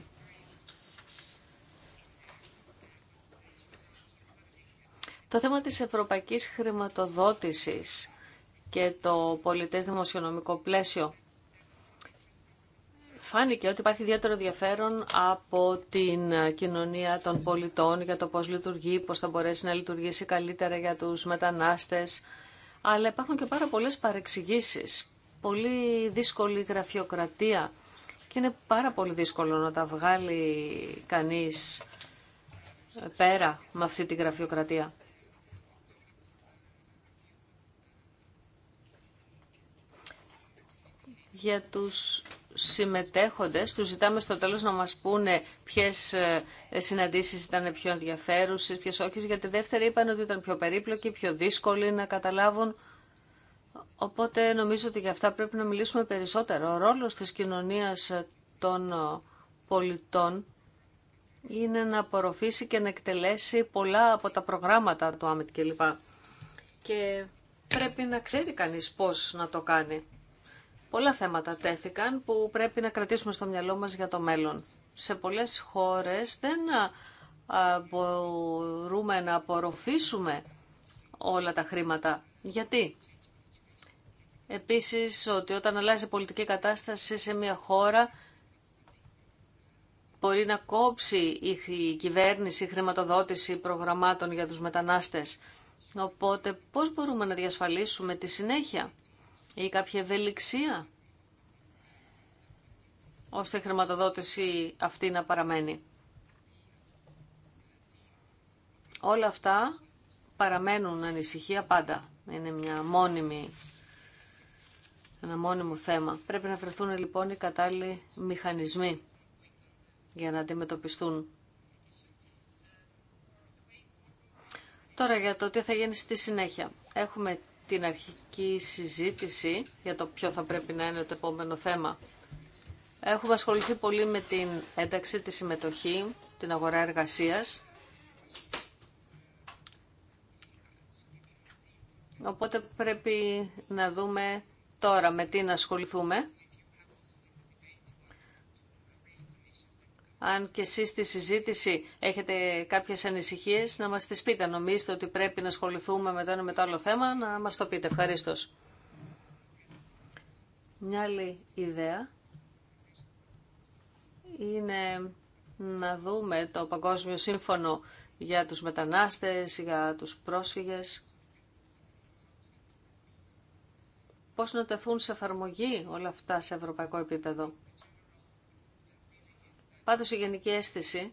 Speaker 1: Το θέμα της ευρωπαϊκής χρηματοδότησης και το πολιτές δημοσιονομικό πλαίσιο. Φάνηκε ότι υπάρχει ιδιαίτερο ενδιαφέρον από την κοινωνία των πολιτών για το πώς λειτουργεί, πώς θα μπορέσει να λειτουργήσει καλύτερα για τους μετανάστες, αλλά υπάρχουν και πάρα πολλές παρεξηγήσεις, πολύ δύσκολη γραφειοκρατία και είναι πάρα πολύ δύσκολο να τα βγάλει κανείς πέρα με αυτή τη γραφειοκρατία. Για τους συμμετέχοντες, τους ζητάμε στο τέλος να μας πούνε ποιες ε, συναντήσεις ήταν πιο ενδιαφέρουσες, ποιες όχι, γιατί δεύτερη είπαν ότι ήταν πιο περίπλοκοι, πιο δύσκολοι να καταλάβουν. Οπότε νομίζω ότι για αυτά πρέπει να μιλήσουμε περισσότερο. Ο ρόλος της κοινωνίας των ε, πολιτών είναι να απορροφήσει και να εκτελέσει πολλά από τα προγράμματα του ΆΜΕΤ κλπ. Και πρέπει να ξέρει κανείς πώς να το κάνει. Πολλά θέματα τέθηκαν που πρέπει να κρατήσουμε στο μυαλό μας για το μέλλον. Σε πολλές χώρες δεν μπορούμε να απορροφήσουμε όλα τα χρήματα. Γιατί? Επίσης ότι όταν αλλάζει η πολιτική κατάσταση σε μια χώρα μπορεί να κόψει η κυβέρνηση, η χρηματοδότηση προγραμμάτων για τους μετανάστες. Οπότε πώς μπορούμε να διασφαλίσουμε τη συνέχεια ή κάποια ευελιξία ώστε η χρηματοδότηση αυτή να παραμένει. Όλα αυτά παραμένουν ανησυχία πάντα. Είναι μια μόνιμη, ένα μόνιμο θέμα. Πρέπει να βρεθούν λοιπόν οι κατάλληλοι μηχανισμοί για να αντιμετωπιστούν. Τώρα για το τι θα γίνει στη συνέχεια. Έχουμε την αρχική συζήτηση για το ποιο θα πρέπει να είναι το επόμενο θέμα. Έχουμε ασχοληθεί πολύ με την ένταξη, τη συμμετοχή, την αγορά εργασίας. Οπότε πρέπει να δούμε τώρα με τι να ασχοληθούμε αν και εσείς στη συζήτηση έχετε κάποιες ανησυχίες, να μας τι πείτε. Νομίζετε ότι πρέπει να ασχοληθούμε με το ένα με το άλλο θέμα, να μας το πείτε. Ευχαριστώ. Μια άλλη ιδέα είναι να δούμε το Παγκόσμιο Σύμφωνο για τους μετανάστες, για τους πρόσφυγες. Πώς να τεθούν σε εφαρμογή όλα αυτά σε ευρωπαϊκό επίπεδο. Πάντως η γενική αίσθηση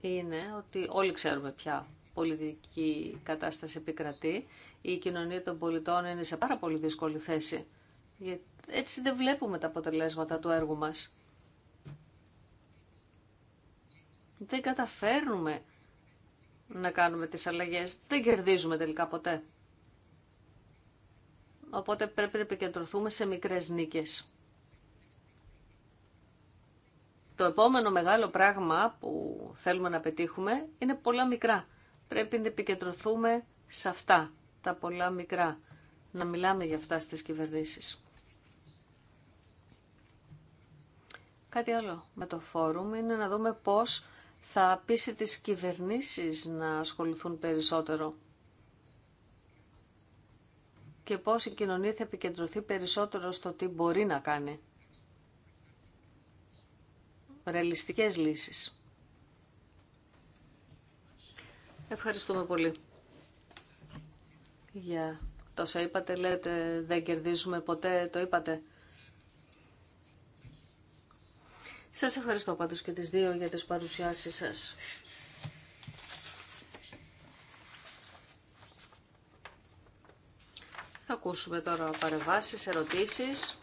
Speaker 1: είναι ότι όλοι ξέρουμε πια πολιτική κατάσταση επικρατεί. Η κοινωνία των πολιτών είναι σε πάρα πολύ δύσκολη θέση. Γιατί έτσι δεν βλέπουμε τα αποτελέσματα του έργου μας. Δεν καταφέρνουμε να κάνουμε τις αλλαγές. Δεν κερδίζουμε τελικά ποτέ. Οπότε πρέπει να επικεντρωθούμε σε μικρές νίκες. Το επόμενο μεγάλο πράγμα που θέλουμε να πετύχουμε είναι πολλά μικρά. Πρέπει να επικεντρωθούμε σε αυτά, τα πολλά μικρά. Να μιλάμε για αυτά στις κυβερνήσεις. Κάτι άλλο με το φόρουμ είναι να δούμε πώς θα πείσει τις κυβερνήσεις να ασχοληθούν περισσότερο και πώς η κοινωνία θα επικεντρωθεί περισσότερο στο τι μπορεί να κάνει ρεαλιστικές λύσεις. Ευχαριστούμε πολύ για τόσα είπατε, λέτε δεν κερδίζουμε ποτέ, το είπατε. Σας ευχαριστώ πάντως και τις δύο για τις παρουσιάσεις σας. Θα ακούσουμε τώρα παρεμβάσεις, ερωτήσεις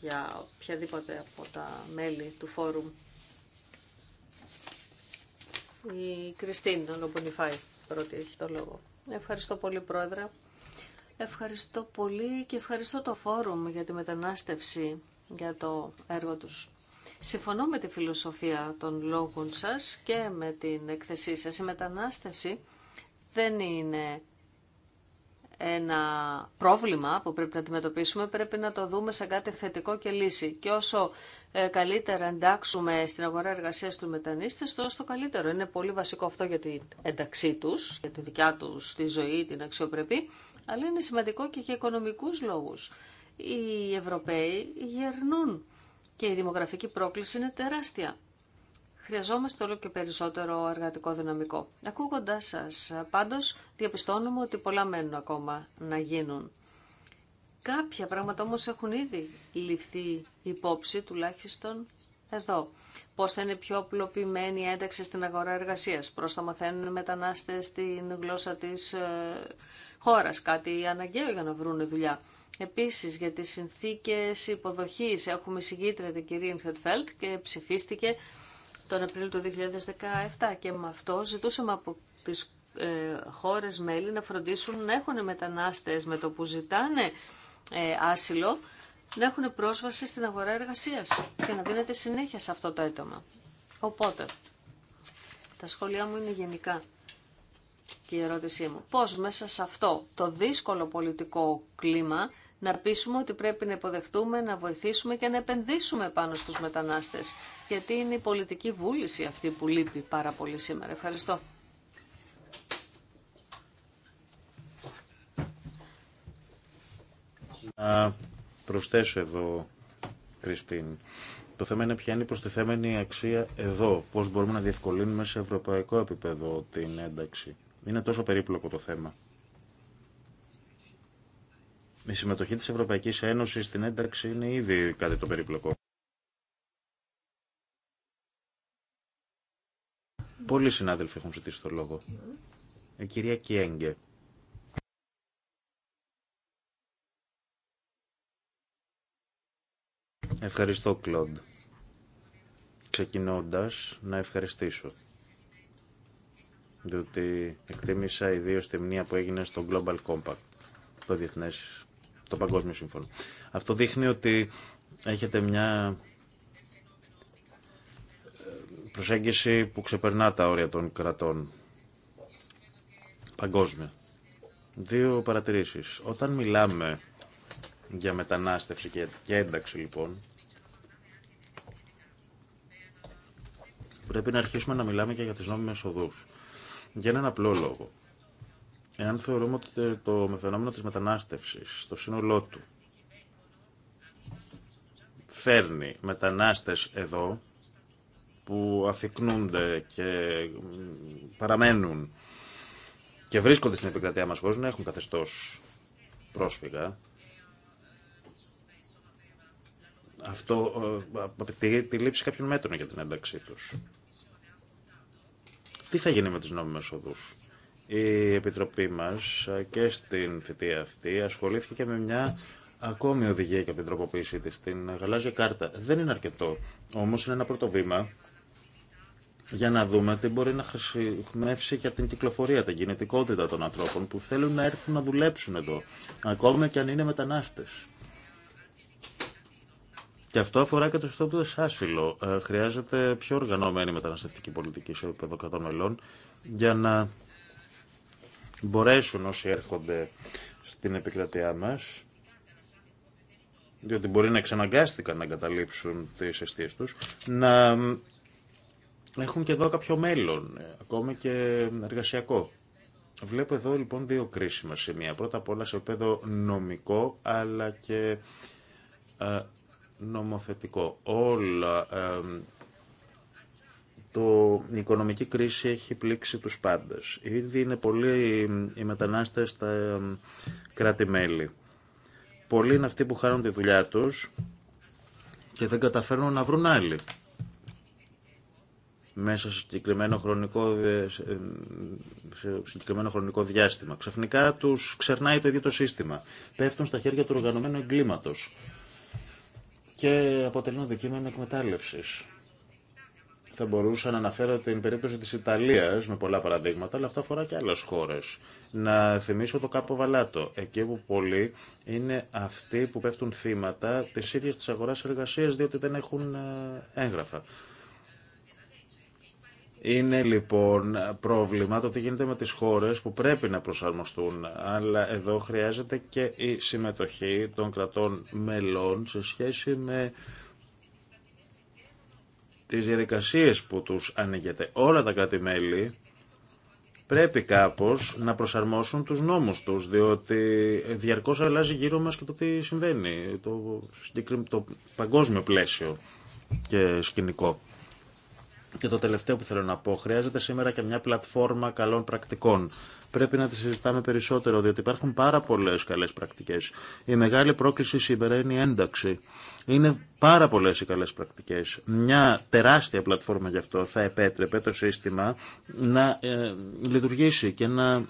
Speaker 1: για οποιαδήποτε από τα μέλη του φόρουμ. Η Κριστίν Λομπονιφάη πρώτη έχει το λόγο. Ευχαριστώ πολύ Πρόεδρε. Ευχαριστώ πολύ και ευχαριστώ το Φόρουμ για τη μετανάστευση για το έργο τους. Συμφωνώ με τη φιλοσοφία των λόγων σας και με την εκθεσή σας. Η μετανάστευση δεν είναι ένα πρόβλημα που πρέπει να αντιμετωπίσουμε, πρέπει να το δούμε σαν κάτι θετικό και λύση. Και όσο ε, καλύτερα εντάξουμε στην αγορά εργασίας του μετανίστε, τόσο το καλύτερο. Είναι πολύ βασικό αυτό για την ένταξή τους, για τη δικιά τους τη ζωή, την αξιοπρεπή, αλλά είναι σημαντικό και για οικονομικούς λόγους. Οι Ευρωπαίοι γερνούν και η δημογραφική πρόκληση είναι τεράστια. Χρειαζόμαστε όλο και περισσότερο εργατικό δυναμικό. Ακούγοντάς σας, πάντως, διαπιστώνουμε ότι πολλά μένουν ακόμα να γίνουν. Κάποια πράγματα όμως έχουν ήδη ληφθεί υπόψη, τουλάχιστον εδώ. Πώς θα είναι πιο απλοποιημένη η ένταξη στην αγορά εργασίας, πώς θα μαθαίνουν οι μετανάστες στην γλώσσα της ε, χώρας, κάτι αναγκαίο για να βρουν δουλειά. Επίσης για τις συνθήκες υποδοχής έχουμε συγκίτρια την κυρία Ινχετφέλτ και ψηφίστηκε τον Απρίλιο του 2017 και με αυτό ζητούσαμε από τις ε, χώρες μέλη να φροντίσουν να έχουν μετανάστες με το που ζητάνε ε, άσυλο να έχουν πρόσβαση στην αγορά εργασίας και να δίνεται συνέχεια σε αυτό το έτομα. Οπότε, τα σχόλιά μου είναι γενικά και η ερώτησή μου. Πώς μέσα σε αυτό το δύσκολο πολιτικό κλίμα να πείσουμε ότι πρέπει να υποδεχτούμε, να βοηθήσουμε και να επενδύσουμε πάνω στους μετανάστες. Γιατί είναι η πολιτική βούληση αυτή που λείπει πάρα πολύ σήμερα. Ευχαριστώ.
Speaker 2: Να προσθέσω εδώ, Κριστίν, το θέμα είναι ποια είναι η προστιθέμενη αξία εδώ, πώς μπορούμε να διευκολύνουμε σε ευρωπαϊκό επίπεδο την ένταξη. Είναι τόσο περίπλοκο το θέμα. Η συμμετοχή της Ευρωπαϊκής Ένωσης στην ένταξη είναι ήδη κάτι το περίπλοκο. Πολλοί συνάδελφοι έχουν ζητήσει το λόγο. Η κυρία Κιέγκε. Ευχαριστώ, Κλοντ. Ξεκινώντας, να ευχαριστήσω. Διότι εκτίμησα ιδίω τη μνήμα που έγινε στο Global Compact, το το Παγκόσμιο Σύμφωνο. Αυτό δείχνει ότι έχετε μια ε, προσέγγιση που ξεπερνά τα όρια των κρατών. Παγκόσμια. Δύο παρατηρήσεις. Όταν μιλάμε για μετανάστευση και ένταξη λοιπόν, Πρέπει να αρχίσουμε να μιλάμε και για τις νόμιμες οδούς. Για έναν απλό λόγο. Εάν θεωρούμε ότι το φαινόμενο της μετανάστευσης, το σύνολό του, φέρνει μετανάστες εδώ, που αφικνούνται και παραμένουν και βρίσκονται στην επικρατεία μας χωρίς να έχουν καθεστώς πρόσφυγα, αυτό ε, απαιτεί τη λήψη κάποιων μέτρων για την ένταξή τους. Τι θα γίνει με τις νόμιμες οδούς. Η Επιτροπή μας και στην θητεία αυτή ασχολήθηκε και με μια ακόμη οδηγία για την τροποποίησή της, την γαλάζια κάρτα. Δεν είναι αρκετό, όμως είναι ένα πρώτο βήμα για να δούμε τι μπορεί να χρησιμεύσει για την κυκλοφορία, την κινητικότητα των ανθρώπων που θέλουν να έρθουν να δουλέψουν εδώ, ακόμα και αν είναι μετανάστες. Και αυτό αφορά και το στόχο του Ε, χρειάζεται πιο οργανωμένη μεταναστευτική πολιτική σε επίπεδο κρατών μελών για να μπορέσουν όσοι έρχονται στην επικρατειά μας διότι μπορεί να εξαναγκάστηκαν να εγκαταλείψουν τις αιστείες τους, να έχουν και εδώ κάποιο μέλλον, ε, ακόμη και εργασιακό. Βλέπω εδώ λοιπόν δύο κρίσιμα σημεία. Πρώτα απ' όλα σε επίπεδο νομικό, αλλά και ε, νομοθετικό. Όλα, το, η οικονομική κρίση έχει πλήξει τους πάντες. Ήδη είναι πολλοί οι μετανάστες στα κράτη-μέλη. Πολλοί είναι αυτοί που χάνουν τη δουλειά τους και δεν καταφέρνουν να βρουν άλλοι. Μέσα σε συγκεκριμένο χρονικό, σε συγκεκριμένο χρονικό διάστημα. Ξαφνικά τους ξερνάει το ίδιο το σύστημα. Πέφτουν στα χέρια του οργανωμένου εγκλήματος και αποτελούν αντικείμενο εκμετάλλευση. Θα μπορούσα να αναφέρω την περίπτωση τη Ιταλία με πολλά παραδείγματα, αλλά αυτό αφορά και άλλε χώρε. Να θυμίσω το Κάπο Βαλάτο, εκεί που πολλοί είναι αυτοί που πέφτουν θύματα τη ίδια τη αγορά εργασία διότι δεν έχουν ε, έγγραφα. Είναι λοιπόν πρόβλημα το τι γίνεται με τις χώρες που πρέπει να προσαρμοστούν, αλλά εδώ χρειάζεται και η συμμετοχή των κρατών μελών σε σχέση με τις διαδικασίες που τους ανοίγεται. Όλα τα κράτη-μέλη πρέπει κάπως να προσαρμόσουν τους νόμους τους, διότι διαρκώς αλλάζει γύρω μας και το τι συμβαίνει, το, το παγκόσμιο πλαίσιο και σκηνικό. Και το τελευταίο που θέλω να πω, χρειάζεται σήμερα και μια πλατφόρμα καλών πρακτικών. Πρέπει να τη συζητάμε περισσότερο, διότι υπάρχουν πάρα πολλέ καλέ πρακτικέ. Η μεγάλη πρόκληση σήμερα είναι η ένταξη. Είναι πάρα πολλέ οι καλέ πρακτικέ. Μια τεράστια πλατφόρμα γι' αυτό θα επέτρεπε το σύστημα να ε, λειτουργήσει και να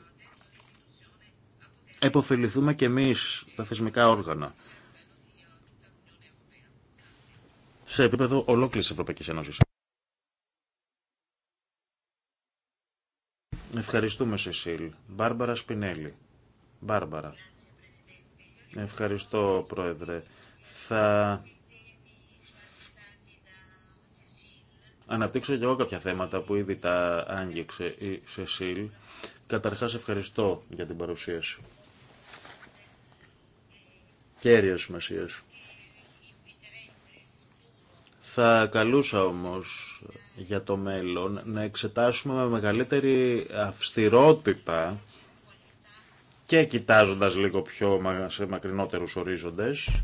Speaker 2: εποφεληθούμε κι εμείς τα θεσμικά όργανα. Σε επίπεδο ολόκληρης Ευρωπαϊκής Ένωσης. Ευχαριστούμε, Σεσίλ. Μπάρμπαρα Σπινέλη. Μπάρμπαρα. Ευχαριστώ, Πρόεδρε. Θα αναπτύξω και εγώ κάποια θέματα που ήδη τα άγγιξε η Σεσίλ. Καταρχάς, ευχαριστώ για την παρουσίαση. Κέρια σημασία. Θα καλούσα όμως για το μέλλον να εξετάσουμε με μεγαλύτερη αυστηρότητα και κοιτάζοντας λίγο πιο σε μακρινότερους ορίζοντες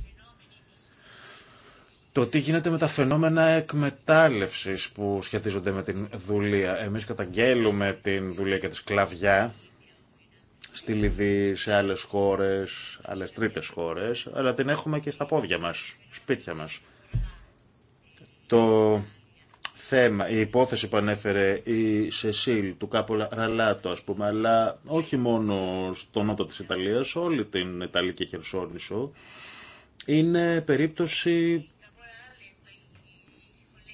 Speaker 2: το τι γίνεται με τα φαινόμενα εκμετάλλευσης που σχετίζονται με την δουλεία. Εμείς καταγγέλουμε την δουλεία και τη σκλαβιά στη Λιβύη, σε άλλες χώρες, άλλες τρίτες χώρες, αλλά την έχουμε και στα πόδια μας, σπίτια μας. Το θέμα, η υπόθεση που ανέφερε η Σεσίλ του Κάπολα Ραλάτο, ας πούμε, αλλά όχι μόνο στο νότο της Ιταλίας, όλη την Ιταλική Χερσόνησο, είναι περίπτωση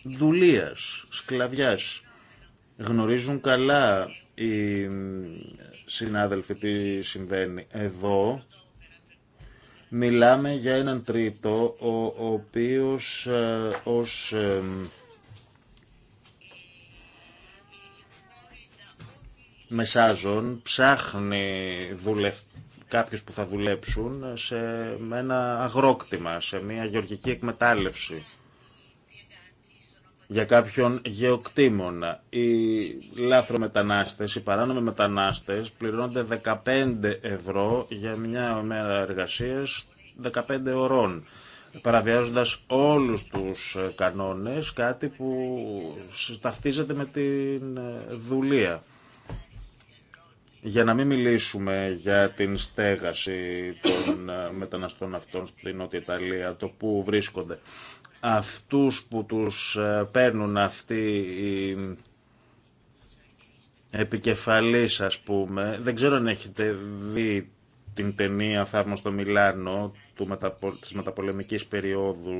Speaker 2: δουλείας, σκλαβιάς. Γνωρίζουν καλά οι συνάδελφοι τι συμβαίνει εδώ Μιλάμε για έναν τρίτο, ο οποίος ε, ως ε, μεσάζων ψάχνει δουλευ... κάποιους που θα δουλέψουν σε ένα αγρόκτημα, σε μια γεωργική εκμετάλλευση για κάποιον γεωκτήμονα. Οι λάθρομετανάστες, οι παράνομοι μετανάστες πληρώνονται 15 ευρώ για μια μέρα εργασίας 15 ωρών παραβιάζοντας όλους τους κανόνες, κάτι που ταυτίζεται με την ε, δουλεία. Για να μην μιλήσουμε για την στέγαση των ε, μεταναστών αυτών στην Νότια Ιταλία, το που βρίσκονται αυτούς που τους ε, παίρνουν αυτοί οι επικεφαλής ας πούμε. Δεν ξέρω αν έχετε δει την ταινία «Θαύμα στο Μιλάνο» του μεταπο... της μεταπολεμικής περίοδου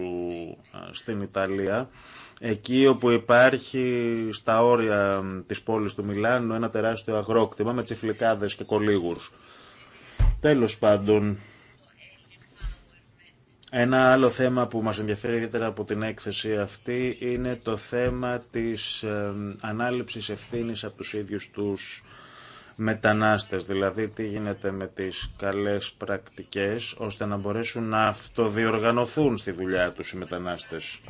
Speaker 2: ε, στην Ιταλία. Εκεί όπου υπάρχει στα όρια της πόλης του Μιλάνου ένα τεράστιο αγρόκτημα με τσιφλικάδες και κολίγους. Τέλος πάντων, ένα άλλο θέμα που μας ενδιαφέρει ιδιαίτερα από την έκθεση αυτή είναι το θέμα της ανάληψης ευθύνης από τους ίδιους τους μετανάστες, δηλαδή τι γίνεται με τις καλές πρακτικές ώστε να μπορέσουν να αυτοδιοργανωθούν στη δουλειά τους οι μετανάστες.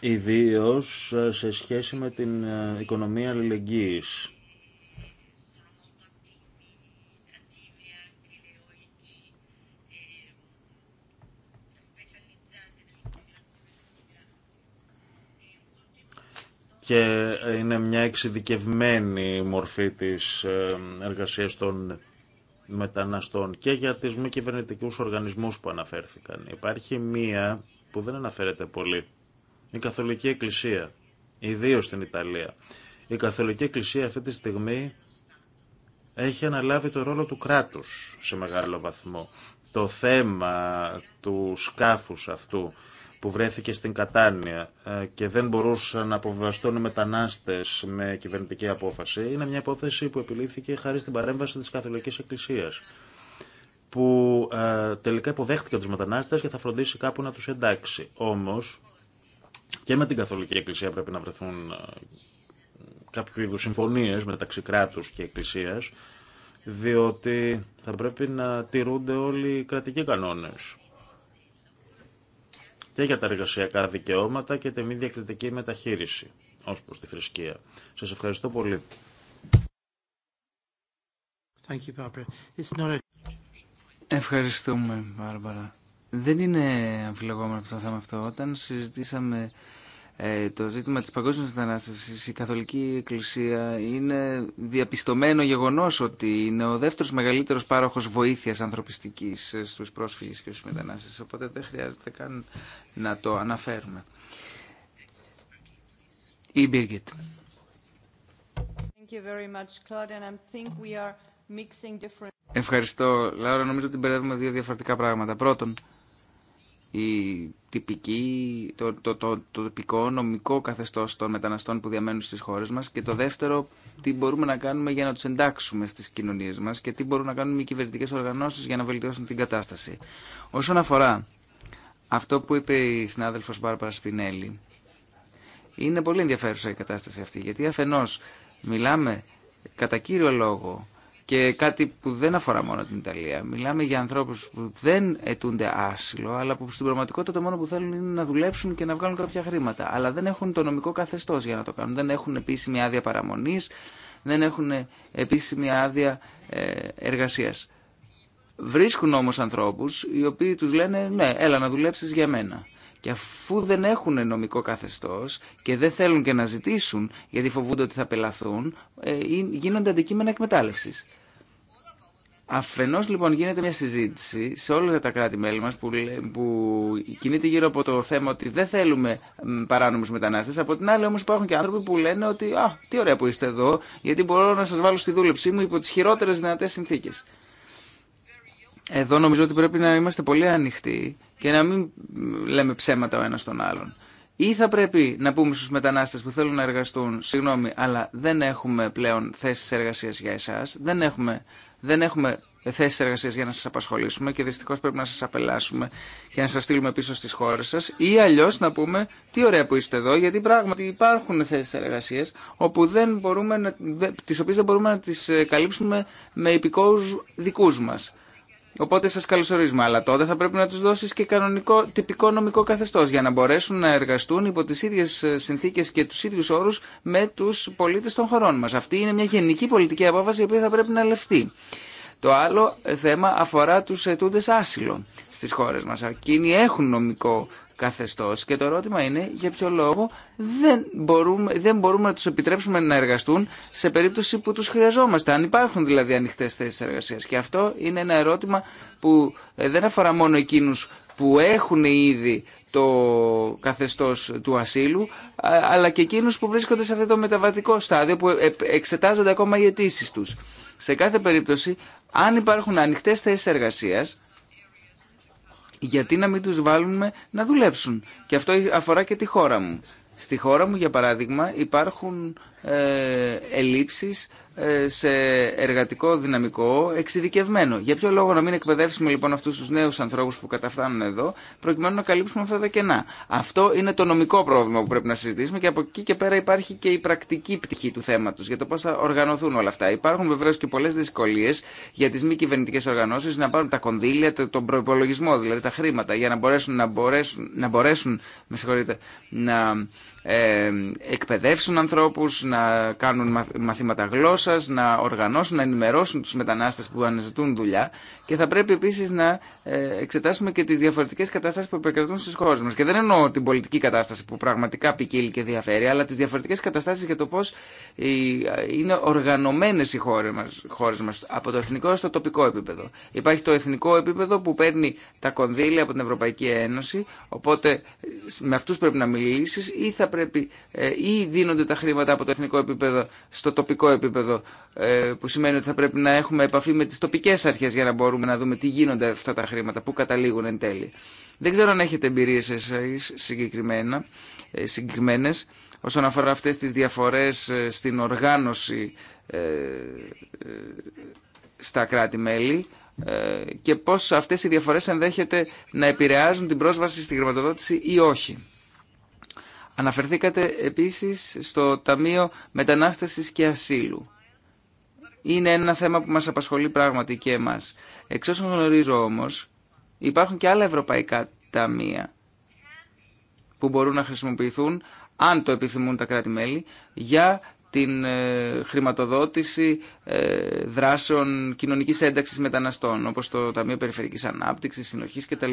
Speaker 2: Ιδίως ε, σε σχέση με την ε, οικονομία αλληλεγγύης και ε, είναι μια εξειδικευμένη μορφή της ε, εργασίας των μεταναστών και για τις μη κυβερνητικού οργανισμούς που αναφέρθηκαν. Υπάρχει μία που δεν αναφέρεται πολύ. Η Καθολική Εκκλησία, ιδίως στην Ιταλία. Η Καθολική Εκκλησία αυτή τη στιγμή έχει αναλάβει το ρόλο του κράτους σε μεγάλο βαθμό. Το θέμα του σκάφους αυτού που βρέθηκε στην Κατάνια ε, και δεν μπορούσαν να αποβιβαστούν οι μετανάστες με κυβερνητική απόφαση είναι μια υπόθεση που επιλήθηκε χάρη στην παρέμβαση της Καθολικής Εκκλησίας που ε, τελικά υποδέχτηκε τους μετανάστες και θα φροντίσει κάπου να τους εντάξει. Όμως και με την Καθολική Εκκλησία πρέπει να βρεθούν ε, κάποιο είδου συμφωνίε μεταξύ κράτους και Εκκλησίας διότι θα πρέπει να τηρούνται όλοι οι κρατικοί κανόνες και για τα εργασιακά δικαιώματα και τη μη διακριτική μεταχείριση ω προ τη θρησκεία. Σας ευχαριστώ πολύ.
Speaker 4: Ευχαριστούμε, Μπάρμπαρα.
Speaker 3: Δεν είναι αμφιλεγόμενο αυτό το θέμα αυτό. Όταν συζητήσαμε ε, το ζήτημα της παγκόσμιας μετανάστευσης, η Καθολική Εκκλησία είναι διαπιστωμένο γεγονός ότι είναι ο δεύτερος μεγαλύτερος πάροχος βοήθειας ανθρωπιστικής ε, στους πρόσφυγες και στους μετανάστες, οπότε δεν χρειάζεται καν να το αναφέρουμε. Η Birgit. Ευχαριστώ, Λάρα. Νομίζω ότι μπερδεύουμε δύο διαφορετικά πράγματα. Πρώτον, η τυπική, το, το, το, το, τοπικό νομικό καθεστώς των μεταναστών που διαμένουν στις χώρες μας και το δεύτερο τι μπορούμε να κάνουμε για να τους εντάξουμε στις κοινωνίες μας και τι μπορούν να κάνουμε οι κυβερνητικές οργανώσεις για να βελτιώσουν την κατάσταση. Όσον αφορά αυτό που είπε η συνάδελφος Μπάρπαρα Σπινέλη, είναι πολύ ενδιαφέρουσα η κατάσταση αυτή γιατί αφενός μιλάμε κατά κύριο λόγο και κάτι που δεν αφορά μόνο την Ιταλία. Μιλάμε για ανθρώπους που δεν αιτούνται άσυλο, αλλά που στην πραγματικότητα το μόνο που θέλουν είναι να δουλέψουν και να βγάλουν κάποια χρήματα. Αλλά δεν έχουν το νομικό καθεστώς για να το κάνουν. Δεν έχουν επίσημη άδεια παραμονής, δεν έχουν επίσημη άδεια ε, εργασίας. Βρίσκουν όμω ανθρώπου, οι οποίοι του λένε «Ναι, έλα να δουλέψει για μένα». Και αφού δεν έχουν νομικό καθεστώς και δεν θέλουν και να ζητήσουν γιατί φοβούνται ότι θα πελαθούν, ε, γίνονται αντικείμενα εκμετάλλευσης. Αφενό λοιπόν γίνεται μια συζήτηση σε όλα τα κράτη-μέλη μα που, που κινείται γύρω από το θέμα ότι δεν θέλουμε παράνομου μετανάστε. Από την άλλη όμω υπάρχουν και άνθρωποι που λένε ότι Α, τι ωραία που είστε εδώ, γιατί μπορώ να σα βάλω στη δούλεψή μου υπό τι χειρότερε δυνατέ συνθήκε. Εδώ νομίζω ότι πρέπει να είμαστε πολύ ανοιχτοί και να μην λέμε ψέματα ο ένα τον άλλον. Ή θα πρέπει να πούμε στου μετανάστε που θέλουν να εργαστούν, συγγνώμη, αλλά δεν έχουμε πλέον θέσει εργασία για εσά, δεν έχουμε, δεν έχουμε θέσεις εργασίας για να σα απασχολήσουμε και δυστυχώ πρέπει να σα απελάσουμε και να σα στείλουμε πίσω στι χώρε σα, ή αλλιώ να πούμε τι ωραία που είστε εδώ γιατί πράγματι υπάρχουν θέσει εργασία όπου δεν μπορούμε τις οποίες δεν μπορούμε να τις ε, καλύψουμε με υπηκόου δικού μα. Οπότε σα καλωσορίζουμε, αλλά τότε θα πρέπει να του δώσει και κανονικό, τυπικό νομικό καθεστώς για να μπορέσουν να εργαστούν υπό τι ίδιε ε, συνθήκες και τους ίδιους όρου με τους πολίτες των χωρών μας. Αυτή είναι μια γενική πολιτική απόφαση η οποία θα πρέπει να λεφθεί. Το άλλο θέμα αφορά τους ετούντε άσυλο στι χώρε μα. Εκείνοι έχουν νομικό καθεστώς και το ερώτημα είναι για ποιο λόγο δεν μπορούμε, δεν μπορούμε να τους επιτρέψουμε να εργαστούν σε περίπτωση που τους χρειαζόμαστε, αν υπάρχουν δηλαδή ανοιχτές θέσεις εργασίας. Και αυτό είναι ένα ερώτημα που ε, δεν αφορά μόνο εκείνους που έχουν ήδη το καθεστώς του ασύλου, αλλά και εκείνους που βρίσκονται σε αυτό το μεταβατικό στάδιο που εξετάζονται ακόμα οι αιτήσει τους. Σε κάθε περίπτωση, αν υπάρχουν ανοιχτές θέσεις εργασίας, γιατί να μην τους βάλουμε να δουλέψουν. Και αυτό αφορά και τη χώρα μου. Στη χώρα μου, για παράδειγμα, υπάρχουν ε, ελλείψεις ε, σε εργατικό δυναμικό εξειδικευμένο. Για ποιο λόγο να μην εκπαιδεύσουμε λοιπόν αυτού του νέου ανθρώπου που καταφθάνουν εδώ, προκειμένου να καλύψουμε αυτά τα κενά. Αυτό είναι το νομικό πρόβλημα που πρέπει να συζητήσουμε και από εκεί και πέρα υπάρχει και η πρακτική πτυχή του θέματο για το πώ θα οργανωθούν όλα αυτά. Υπάρχουν βεβαίω και πολλέ δυσκολίε για τι μη κυβερνητικέ οργανώσει να πάρουν τα κονδύλια, τον προπολογισμό, δηλαδή τα χρήματα, για να μπορέσουν να, μπορέσουν, να, μπορέσουν, με να ε, εκπαιδεύσουν ανθρώπους, να κάνουν μαθήματα γλώσσας, να οργανώσουν, να ενημερώσουν τους μετανάστες που αναζητούν δουλειά και θα πρέπει επίση να ε, εξετάσουμε και τι διαφορετικέ καταστάσει που επικρατούν στι χώρε μα. Και δεν εννοώ την πολιτική κατάσταση που πραγματικά ποικίλει και διαφέρει, αλλά τι διαφορετικέ καταστάσει για το πώ ε, είναι οργανωμένε οι χώρε μα από το εθνικό στο τοπικό επίπεδο. Υπάρχει το εθνικό επίπεδο που παίρνει τα κονδύλια από την Ευρωπαϊκή Ένωση, οπότε ε, με αυτού πρέπει να μιλήσει ή, θα πρέπει, ή δίνονται τα χρήματα από το εθνικό επίπεδο στο τοπικό επίπεδο ε, που σημαίνει ότι θα πρέπει να έχουμε επαφή με τις τοπικές αρχές για να μπορούμε να δούμε τι γίνονται αυτά τα χρήματα, πού καταλήγουν εν τέλει. Δεν ξέρω αν έχετε εμπειρίες εσείς συγκεκριμένα, ε, συγκεκριμένες όσον αφορά αυτές τις διαφορές ε, στην οργάνωση στα κράτη-μέλη και πώς αυτές οι διαφορές ενδέχεται να επηρεάζουν την πρόσβαση στη χρηματοδότηση ή όχι. Αναφερθήκατε επίσης στο Ταμείο Μετανάστευσης και Ασύλου είναι ένα θέμα που μας απασχολεί πράγματι και εμάς. Εξ όσων γνωρίζω όμως, υπάρχουν και άλλα ευρωπαϊκά ταμεία που μπορούν να χρησιμοποιηθούν, αν το επιθυμούν τα κράτη-μέλη, για την ε, χρηματοδότηση ε, δράσεων κοινωνικής ένταξης μεταναστών, όπως το Ταμείο Περιφερικής Ανάπτυξης, Συνοχής κτλ.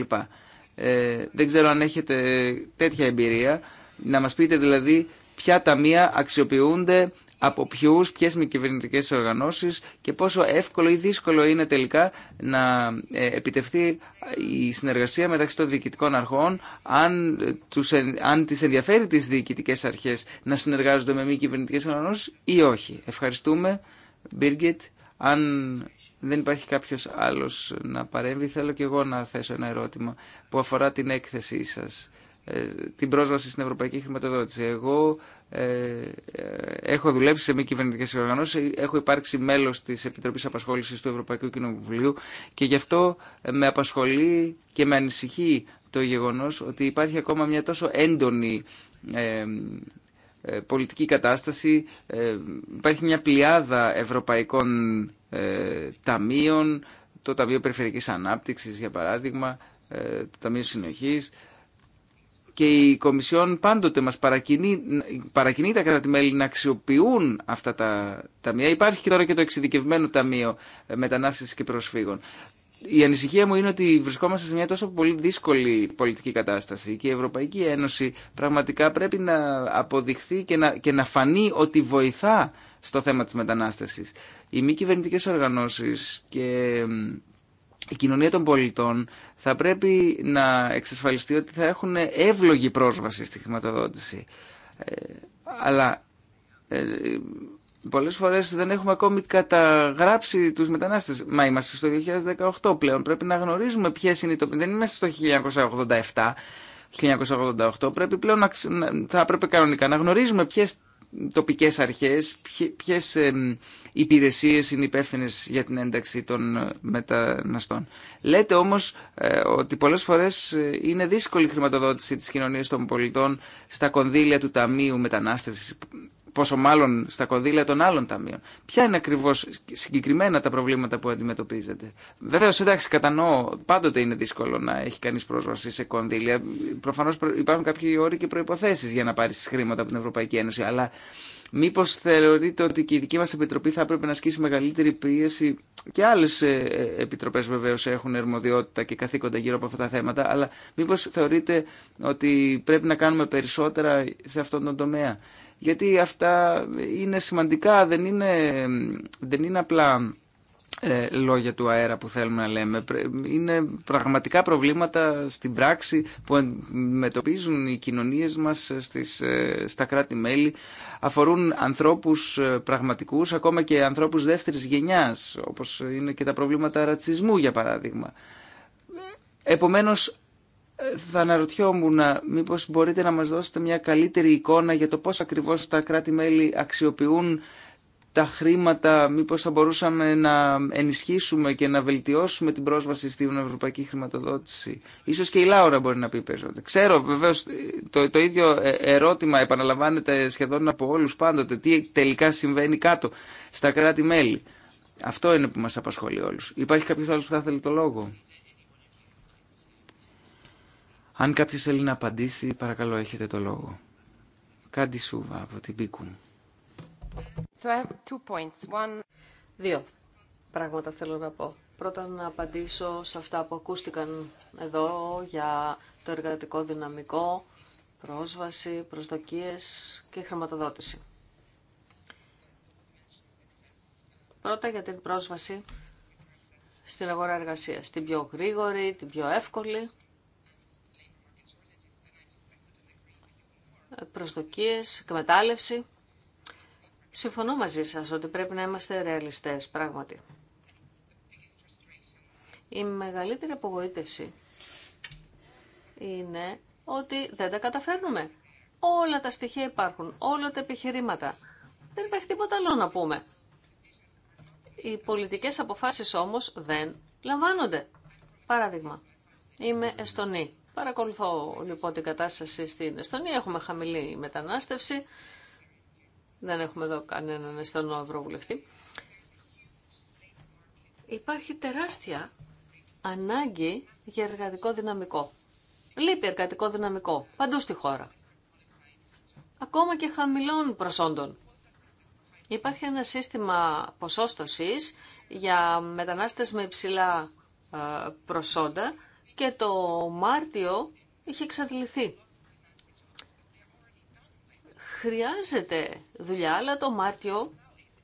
Speaker 3: Ε, δεν ξέρω αν έχετε τέτοια εμπειρία, να μας πείτε δηλαδή ποια ταμεία αξιοποιούνται από ποιους, ποιες μη κυβερνητικές οργανώσεις και πόσο εύκολο ή δύσκολο είναι τελικά να ε, επιτευχθεί η συνεργασία μεταξύ των διοικητικών αρχών αν, τους, αν τις ενδιαφέρει τις διοικητικές αρχές να συνεργάζονται με μη κυβερνητικέ οργανώσεις ή όχι. Ευχαριστούμε. Μπίργκετ, αν δεν υπάρχει κάποιος άλλος να παρέμβει, θέλω και εγώ να θέσω ένα ερώτημα που αφορά την έκθεσή σας ε, την πρόσβαση στην ευρωπαϊκή χρηματοδότηση. Εγώ ε, ε έχω δουλέψει σε μη κυβερνητικέ οργανώσει, έχω υπάρξει μέλο τη Επιτροπή Απασχόληση του Ευρωπαϊκού Κοινοβουλίου και γι' αυτό ε, με απασχολεί και με ανησυχεί το γεγονό ότι υπάρχει ακόμα μια τόσο έντονη πολιτική κατάσταση. υπάρχει μια πλειάδα ευρωπαϊκών ταμείων, το Ταμείο Περιφερειακής Ανάπτυξης για παράδειγμα, το Ταμείο Συνοχής και η Κομισιόν πάντοτε μας παρακινεί, παρακινεί τα κράτη-μέλη να αξιοποιούν αυτά τα ταμεία. Υπάρχει και τώρα και το εξειδικευμένο ταμείο ε, μετανάστες και προσφύγων. Η ανησυχία μου είναι ότι βρισκόμαστε σε μια τόσο πολύ δύσκολη πολιτική κατάσταση και η Ευρωπαϊκή Ένωση πραγματικά πρέπει να αποδειχθεί και να, και να φανεί ότι βοηθά στο θέμα της μετανάστευσης. Οι μη κυβερνητικέ οργανώσεις και η κοινωνία των πολιτών θα πρέπει να εξασφαλιστεί ότι θα έχουν εύλογη πρόσβαση στη χρηματοδότηση. Ε, αλλά ε, πολλές φορές δεν έχουμε ακόμη καταγράψει τους μετανάστες. Μα είμαστε στο 2018 πλέον, πρέπει να γνωρίζουμε ποιες είναι οι το... Δεν είμαστε στο 1987. 1988 πρέπει πλέον να, θα πρέπει κανονικά να γνωρίζουμε ποιες τοπικές αρχές, ποιες υπηρεσίες είναι υπεύθυνε για την ένταξη των ε, μεταναστών. Λέτε όμως ε, ότι πολλές φορές ε, είναι δύσκολη η χρηματοδότηση της κοινωνίας των πολιτών στα κονδύλια του Ταμείου Μετανάστευσης πόσο μάλλον στα κονδύλια των άλλων ταμείων. Ποια είναι ακριβώ συγκεκριμένα τα προβλήματα που αντιμετωπίζετε. Βέβαια, εντάξει, κατανοώ, πάντοτε είναι δύσκολο να έχει κανεί πρόσβαση σε κονδύλια. Προφανώ υπάρχουν κάποιοι όροι και προποθέσει για να πάρει χρήματα από την Ευρωπαϊκή Ένωση. Αλλά μήπω θεωρείτε ότι και η δική μα επιτροπή θα έπρεπε να ασκήσει μεγαλύτερη πίεση. Και άλλε ε, επιτροπέ βεβαίω έχουν ερμοδιότητα και καθήκοντα γύρω από αυτά τα θέματα. Αλλά μήπω θεωρείτε ότι πρέπει να κάνουμε περισσότερα σε αυτόν τον τομέα γιατί αυτά είναι σημαντικά, δεν είναι, δεν είναι απλά ε, λόγια του αέρα που θέλουμε να λέμε. Είναι πραγματικά προβλήματα στην πράξη που αντιμετωπίζουν οι κοινωνίες μας ε, στις, ε, στα κράτη-μέλη. Αφορούν ανθρώπους πραγματικούς, ακόμα και ανθρώπους δεύτερης γενιάς, όπως είναι και τα προβλήματα ρατσισμού για παράδειγμα. Επομένως θα αναρωτιόμουν μήπως μπορείτε να μας δώσετε μια καλύτερη εικόνα για το πώς ακριβώς τα κράτη-μέλη αξιοποιούν τα χρήματα, μήπως θα μπορούσαμε να ενισχύσουμε και να βελτιώσουμε την πρόσβαση στην ευρωπαϊκή χρηματοδότηση. Ίσως και η Λάουρα μπορεί να πει περισσότερο. Ξέρω βεβαίως το, το ίδιο ε, ερώτημα επαναλαμβάνεται σχεδόν από όλους πάντοτε. Τι τελικά συμβαίνει κάτω στα κράτη-μέλη. Αυτό είναι που μας απασχολεί όλους. Υπάρχει κάποιος άλλος που θα θέλει το λόγο. Αν κάποιο θέλει να απαντήσει, παρακαλώ, έχετε το λόγο. Κάντι Σούβα από την Πίκου.
Speaker 1: Δύο πράγματα θέλω να πω. Πρώτα να απαντήσω σε αυτά που ακούστηκαν εδώ για το εργατικό δυναμικό, πρόσβαση, προσδοκίες και χρηματοδότηση. Πρώτα για την πρόσβαση στην αγορά εργασίας, την πιο γρήγορη, την πιο εύκολη προσδοκίες, εκμετάλλευση. Συμφωνώ μαζί σας ότι πρέπει να είμαστε ρεαλιστές, πράγματι. Η μεγαλύτερη απογοήτευση είναι ότι δεν τα καταφέρνουμε. Όλα τα στοιχεία υπάρχουν, όλα τα επιχειρήματα. Δεν υπάρχει τίποτα άλλο να πούμε. Οι πολιτικές αποφάσεις όμως δεν λαμβάνονται. Παράδειγμα, είμαι Εστονή. Παρακολουθώ λοιπόν την κατάσταση στην Εστονία. Έχουμε χαμηλή μετανάστευση. Δεν έχουμε εδώ κανέναν Εστονό Ευρωβουλευτή. Υπάρχει τεράστια ανάγκη για εργατικό δυναμικό. Λείπει εργατικό δυναμικό παντού στη χώρα. Ακόμα και χαμηλών προσόντων. Υπάρχει ένα σύστημα ποσόστοσης για μετανάστες με υψηλά ε, προσόντα και το Μάρτιο είχε εξαντληθεί. Χρειάζεται δουλειά, αλλά το Μάρτιο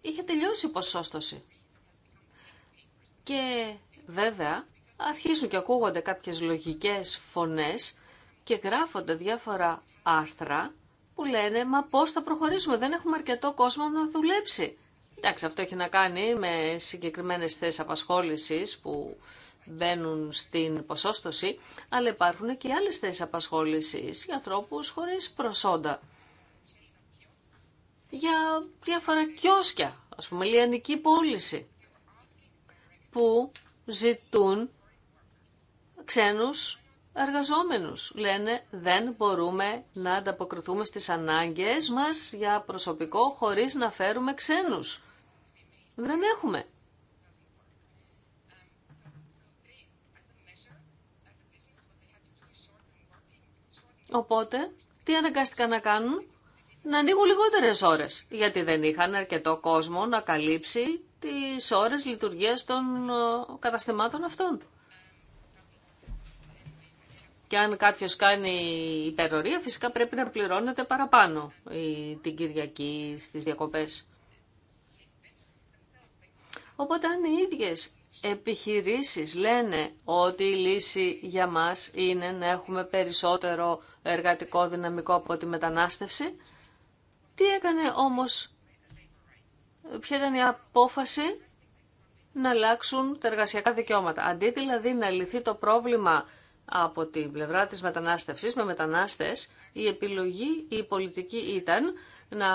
Speaker 1: είχε τελειώσει η ποσόστοση. Και βέβαια αρχίζουν και ακούγονται κάποιες λογικές φωνές και γράφονται διάφορα άρθρα που λένε «Μα πώς θα προχωρήσουμε, δεν έχουμε αρκετό κόσμο να δουλέψει». Εντάξει, αυτό έχει να κάνει με συγκεκριμένες θέσεις απασχόλησης που μπαίνουν στην ποσόστοση, αλλά υπάρχουν και άλλες θέσεις απασχόλησης για ανθρώπους χωρίς προσόντα. Για διάφορα κιόσκια, ας πούμε, λιανική πώληση, που ζητούν ξένους εργαζόμενους. Λένε δεν μπορούμε να ανταποκριθούμε στις ανάγκες μας για προσωπικό χωρίς να φέρουμε ξένους. Δεν έχουμε Οπότε, τι αναγκάστηκαν να κάνουν, να ανοίγουν λιγότερες ώρες, γιατί δεν είχαν αρκετό κόσμο να καλύψει τις ώρες λειτουργίας των ε, καταστημάτων αυτών. Και αν κάποιος κάνει υπερορία, φυσικά πρέπει να πληρώνεται παραπάνω την Κυριακή στις διακοπές. Οπότε αν οι ίδιες επιχειρήσεις λένε ότι η λύση για μας είναι να έχουμε περισσότερο εργατικό δυναμικό από τη μετανάστευση. Τι έκανε όμως, ποια ήταν η απόφαση να αλλάξουν τα εργασιακά δικαιώματα. Αντί δηλαδή να λυθεί το πρόβλημα από την πλευρά της μετανάστευσης με μετανάστες, η επιλογή, η πολιτική ήταν να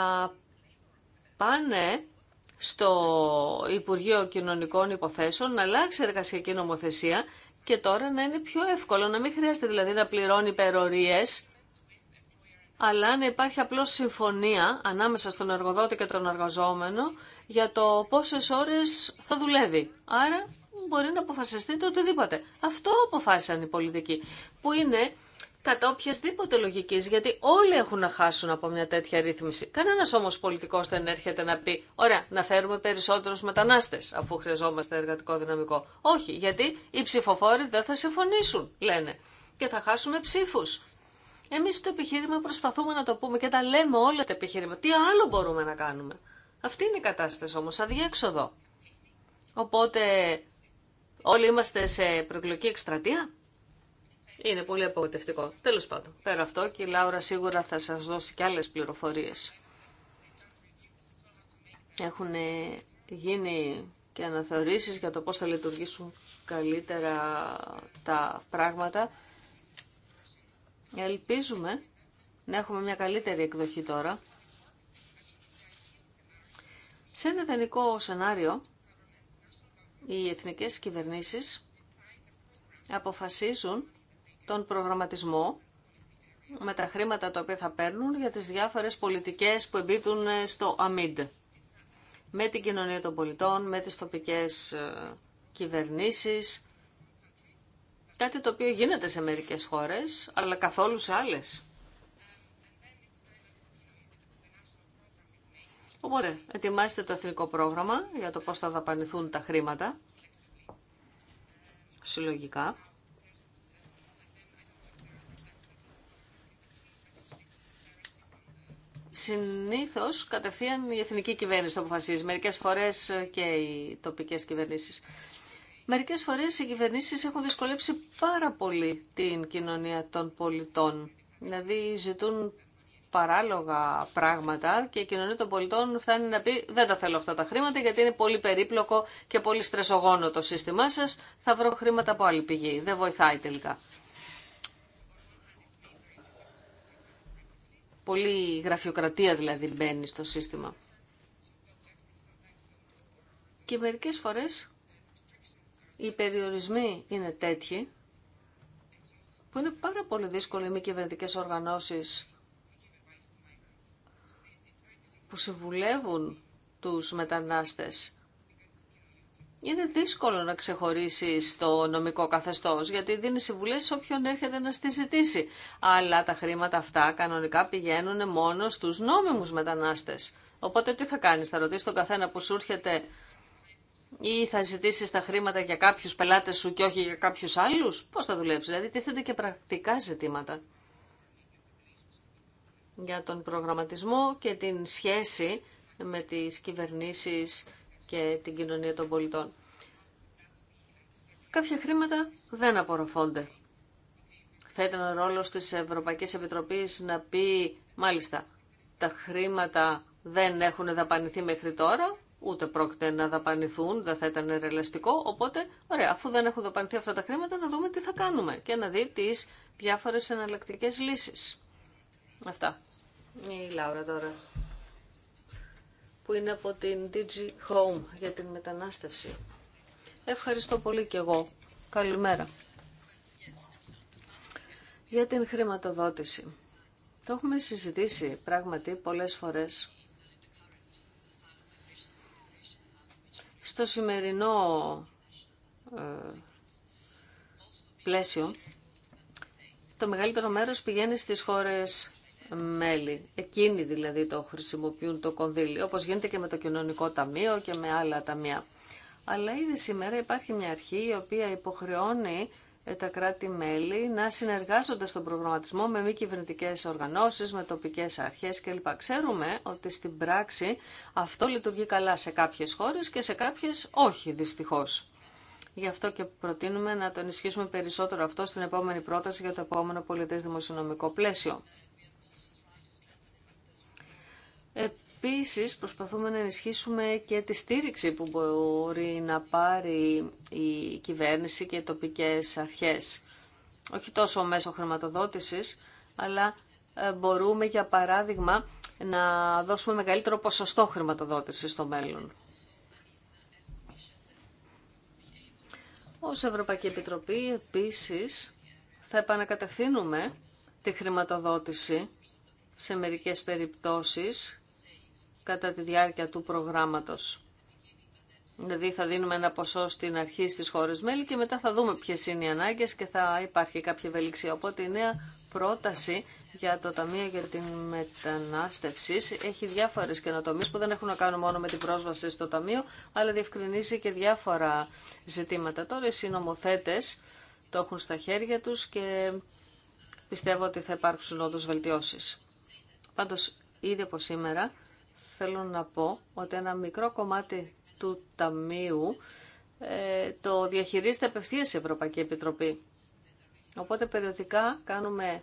Speaker 1: πάνε στο Υπουργείο Κοινωνικών Υποθέσεων να αλλάξει εργασιακή νομοθεσία και τώρα να είναι πιο εύκολο, να μην χρειάζεται δηλαδή να πληρώνει υπερορίες, αλλά να υπάρχει απλώς συμφωνία ανάμεσα στον εργοδότη και τον εργαζόμενο για το πόσες ώρες θα δουλεύει. Άρα μπορεί να αποφασιστεί το οτιδήποτε. Αυτό αποφάσισαν οι πολιτικοί, που είναι κατά οποιασδήποτε λογική, γιατί όλοι έχουν να χάσουν από μια τέτοια ρύθμιση. Κανένα όμω πολιτικό δεν έρχεται να πει: Ωραία, να φέρουμε περισσότερου μετανάστε, αφού χρειαζόμαστε εργατικό δυναμικό. Όχι, γιατί οι ψηφοφόροι δεν θα συμφωνήσουν, λένε, και θα χάσουμε ψήφου. Εμεί το επιχείρημα προσπαθούμε να το πούμε και τα λέμε όλα τα επιχείρημα. Τι άλλο μπορούμε να κάνουμε. Αυτή είναι η κατάσταση όμω, αδιέξοδο. Οπότε, όλοι είμαστε σε προεκλογική εκστρατεία. Είναι πολύ απογοητευτικό. Τέλος πάντων, πέρα αυτό και η Λάουρα σίγουρα θα σας δώσει και άλλε πληροφορίες. Έχουν ε, γίνει και αναθεωρήσεις για το πώς θα λειτουργήσουν καλύτερα τα πράγματα. Ελπίζουμε να έχουμε μια καλύτερη εκδοχή τώρα. Σε ένα ιδανικό σενάριο, οι εθνικές κυβερνήσεις αποφασίζουν τον προγραμματισμό με τα χρήματα τα οποία θα παίρνουν για τις διάφορες πολιτικές που εμπίπτουν ε, στο ΑΜΙΔ. Με την κοινωνία των πολιτών, με τις τοπικές ε, κυβερνήσεις, κάτι το οποίο γίνεται σε μερικές χώρες, αλλά καθόλου σε άλλες. Οπότε, ετοιμάστε το εθνικό πρόγραμμα για το πώς θα δαπανηθούν τα χρήματα, συλλογικά. Συνήθως κατευθείαν η εθνική κυβέρνηση το αποφασίζει, μερικές φορές και οι τοπικές κυβερνήσεις. Μερικές φορές οι κυβερνήσεις έχουν δυσκολέψει πάρα πολύ την κοινωνία των πολιτών. Δηλαδή ζητούν παράλογα πράγματα και η κοινωνία των πολιτών φτάνει να πει δεν τα θέλω αυτά τα χρήματα γιατί είναι πολύ περίπλοκο και πολύ στρεσογόνο το σύστημά σας, θα βρω χρήματα από άλλη πηγή, δεν βοηθάει τελικά. Πολύ γραφειοκρατία δηλαδή μπαίνει στο σύστημα. Και μερικές φορές οι περιορισμοί είναι τέτοιοι που είναι πάρα πολύ δύσκολο οι μη κυβερνητικέ οργανώσεις που συμβουλεύουν τους μετανάστες είναι δύσκολο να ξεχωρίσει το νομικό καθεστώ, γιατί δίνει συμβουλέ σε όποιον έρχεται να στη ζητήσει. Αλλά τα χρήματα αυτά κανονικά πηγαίνουν μόνο στου νόμιμου μετανάστε. Οπότε τι θα κάνει, θα ρωτήσει τον καθένα που σου έρχεται ή θα ζητήσει τα χρήματα για κάποιου πελάτε σου και όχι για κάποιου άλλου. Πώ θα δουλέψει, δηλαδή τίθενται και πρακτικά ζητήματα για τον προγραμματισμό και την σχέση με τις κυβερνήσεις και την κοινωνία των πολιτών. Κάποια χρήματα δεν απορροφώνται. Θα ήταν ο ρόλος της Ευρωπαϊκής Επιτροπής να πει, μάλιστα, τα χρήματα δεν έχουν δαπανηθεί μέχρι τώρα, ούτε πρόκειται να δαπανηθούν, δεν θα ήταν ρελαστικό, οπότε, ωραία, αφού δεν έχουν δαπανηθεί αυτά τα χρήματα, να δούμε τι θα κάνουμε και να δει τις διάφορες εναλλακτικέ λύσεις. Αυτά. Η Λάουρα τώρα που είναι από την DG Home για την μετανάστευση. Ευχαριστώ πολύ και εγώ. Καλημέρα. Για την χρηματοδότηση. Το έχουμε συζητήσει πράγματι πολλές φορές. Στο σημερινό ε, πλαίσιο, το μεγαλύτερο μέρος πηγαίνει στις χώρες μέλη. Εκείνοι δηλαδή το χρησιμοποιούν το κονδύλι, όπως γίνεται και με το κοινωνικό ταμείο και με άλλα ταμεία. Αλλά ήδη σήμερα υπάρχει μια αρχή η οποία υποχρεώνει ε, τα κράτη-μέλη να συνεργάζονται στον προγραμματισμό με μη κυβερνητικέ οργανώσεις, με τοπικές αρχές κλπ. Ξέρουμε ότι στην πράξη αυτό λειτουργεί καλά σε κάποιες χώρες και σε κάποιες όχι δυστυχώς. Γι' αυτό και προτείνουμε να το ενισχύσουμε περισσότερο αυτό στην επόμενη πρόταση για το επόμενο πολιτές δημοσιονομικό πλαίσιο. Επίσης προσπαθούμε να ενισχύσουμε και τη στήριξη που μπορεί να πάρει η κυβέρνηση και οι τοπικές αρχές. Όχι τόσο μέσω χρηματοδότησης, αλλά ε, μπορούμε για παράδειγμα να δώσουμε μεγαλύτερο ποσοστό χρηματοδότηση στο μέλλον. Ως Ευρωπαϊκή Επιτροπή επίσης θα επανακατευθύνουμε τη χρηματοδότηση σε μερικές περιπτώσεις κατά τη διάρκεια του προγράμματος. Δηλαδή θα δίνουμε ένα ποσό στην αρχή στις χώρες μέλη και μετά θα δούμε ποιες είναι οι ανάγκες και θα υπάρχει κάποια ευελιξία. Οπότε η νέα πρόταση για το Ταμείο για την Μετανάστευση έχει διάφορες καινοτομίες που δεν έχουν να κάνουν μόνο με την πρόσβαση στο Ταμείο, αλλά διευκρινίζει και διάφορα ζητήματα. Τώρα οι συνομοθέτες το έχουν στα χέρια τους και πιστεύω ότι θα υπάρξουν όντως βελτιώσεις. Πάντως, ήδη από σήμερα θέλω να πω ότι ένα μικρό κομμάτι του Ταμείου ε, το διαχειρίζεται απευθείας η Ευρωπαϊκή Επιτροπή. Οπότε περιοδικά κάνουμε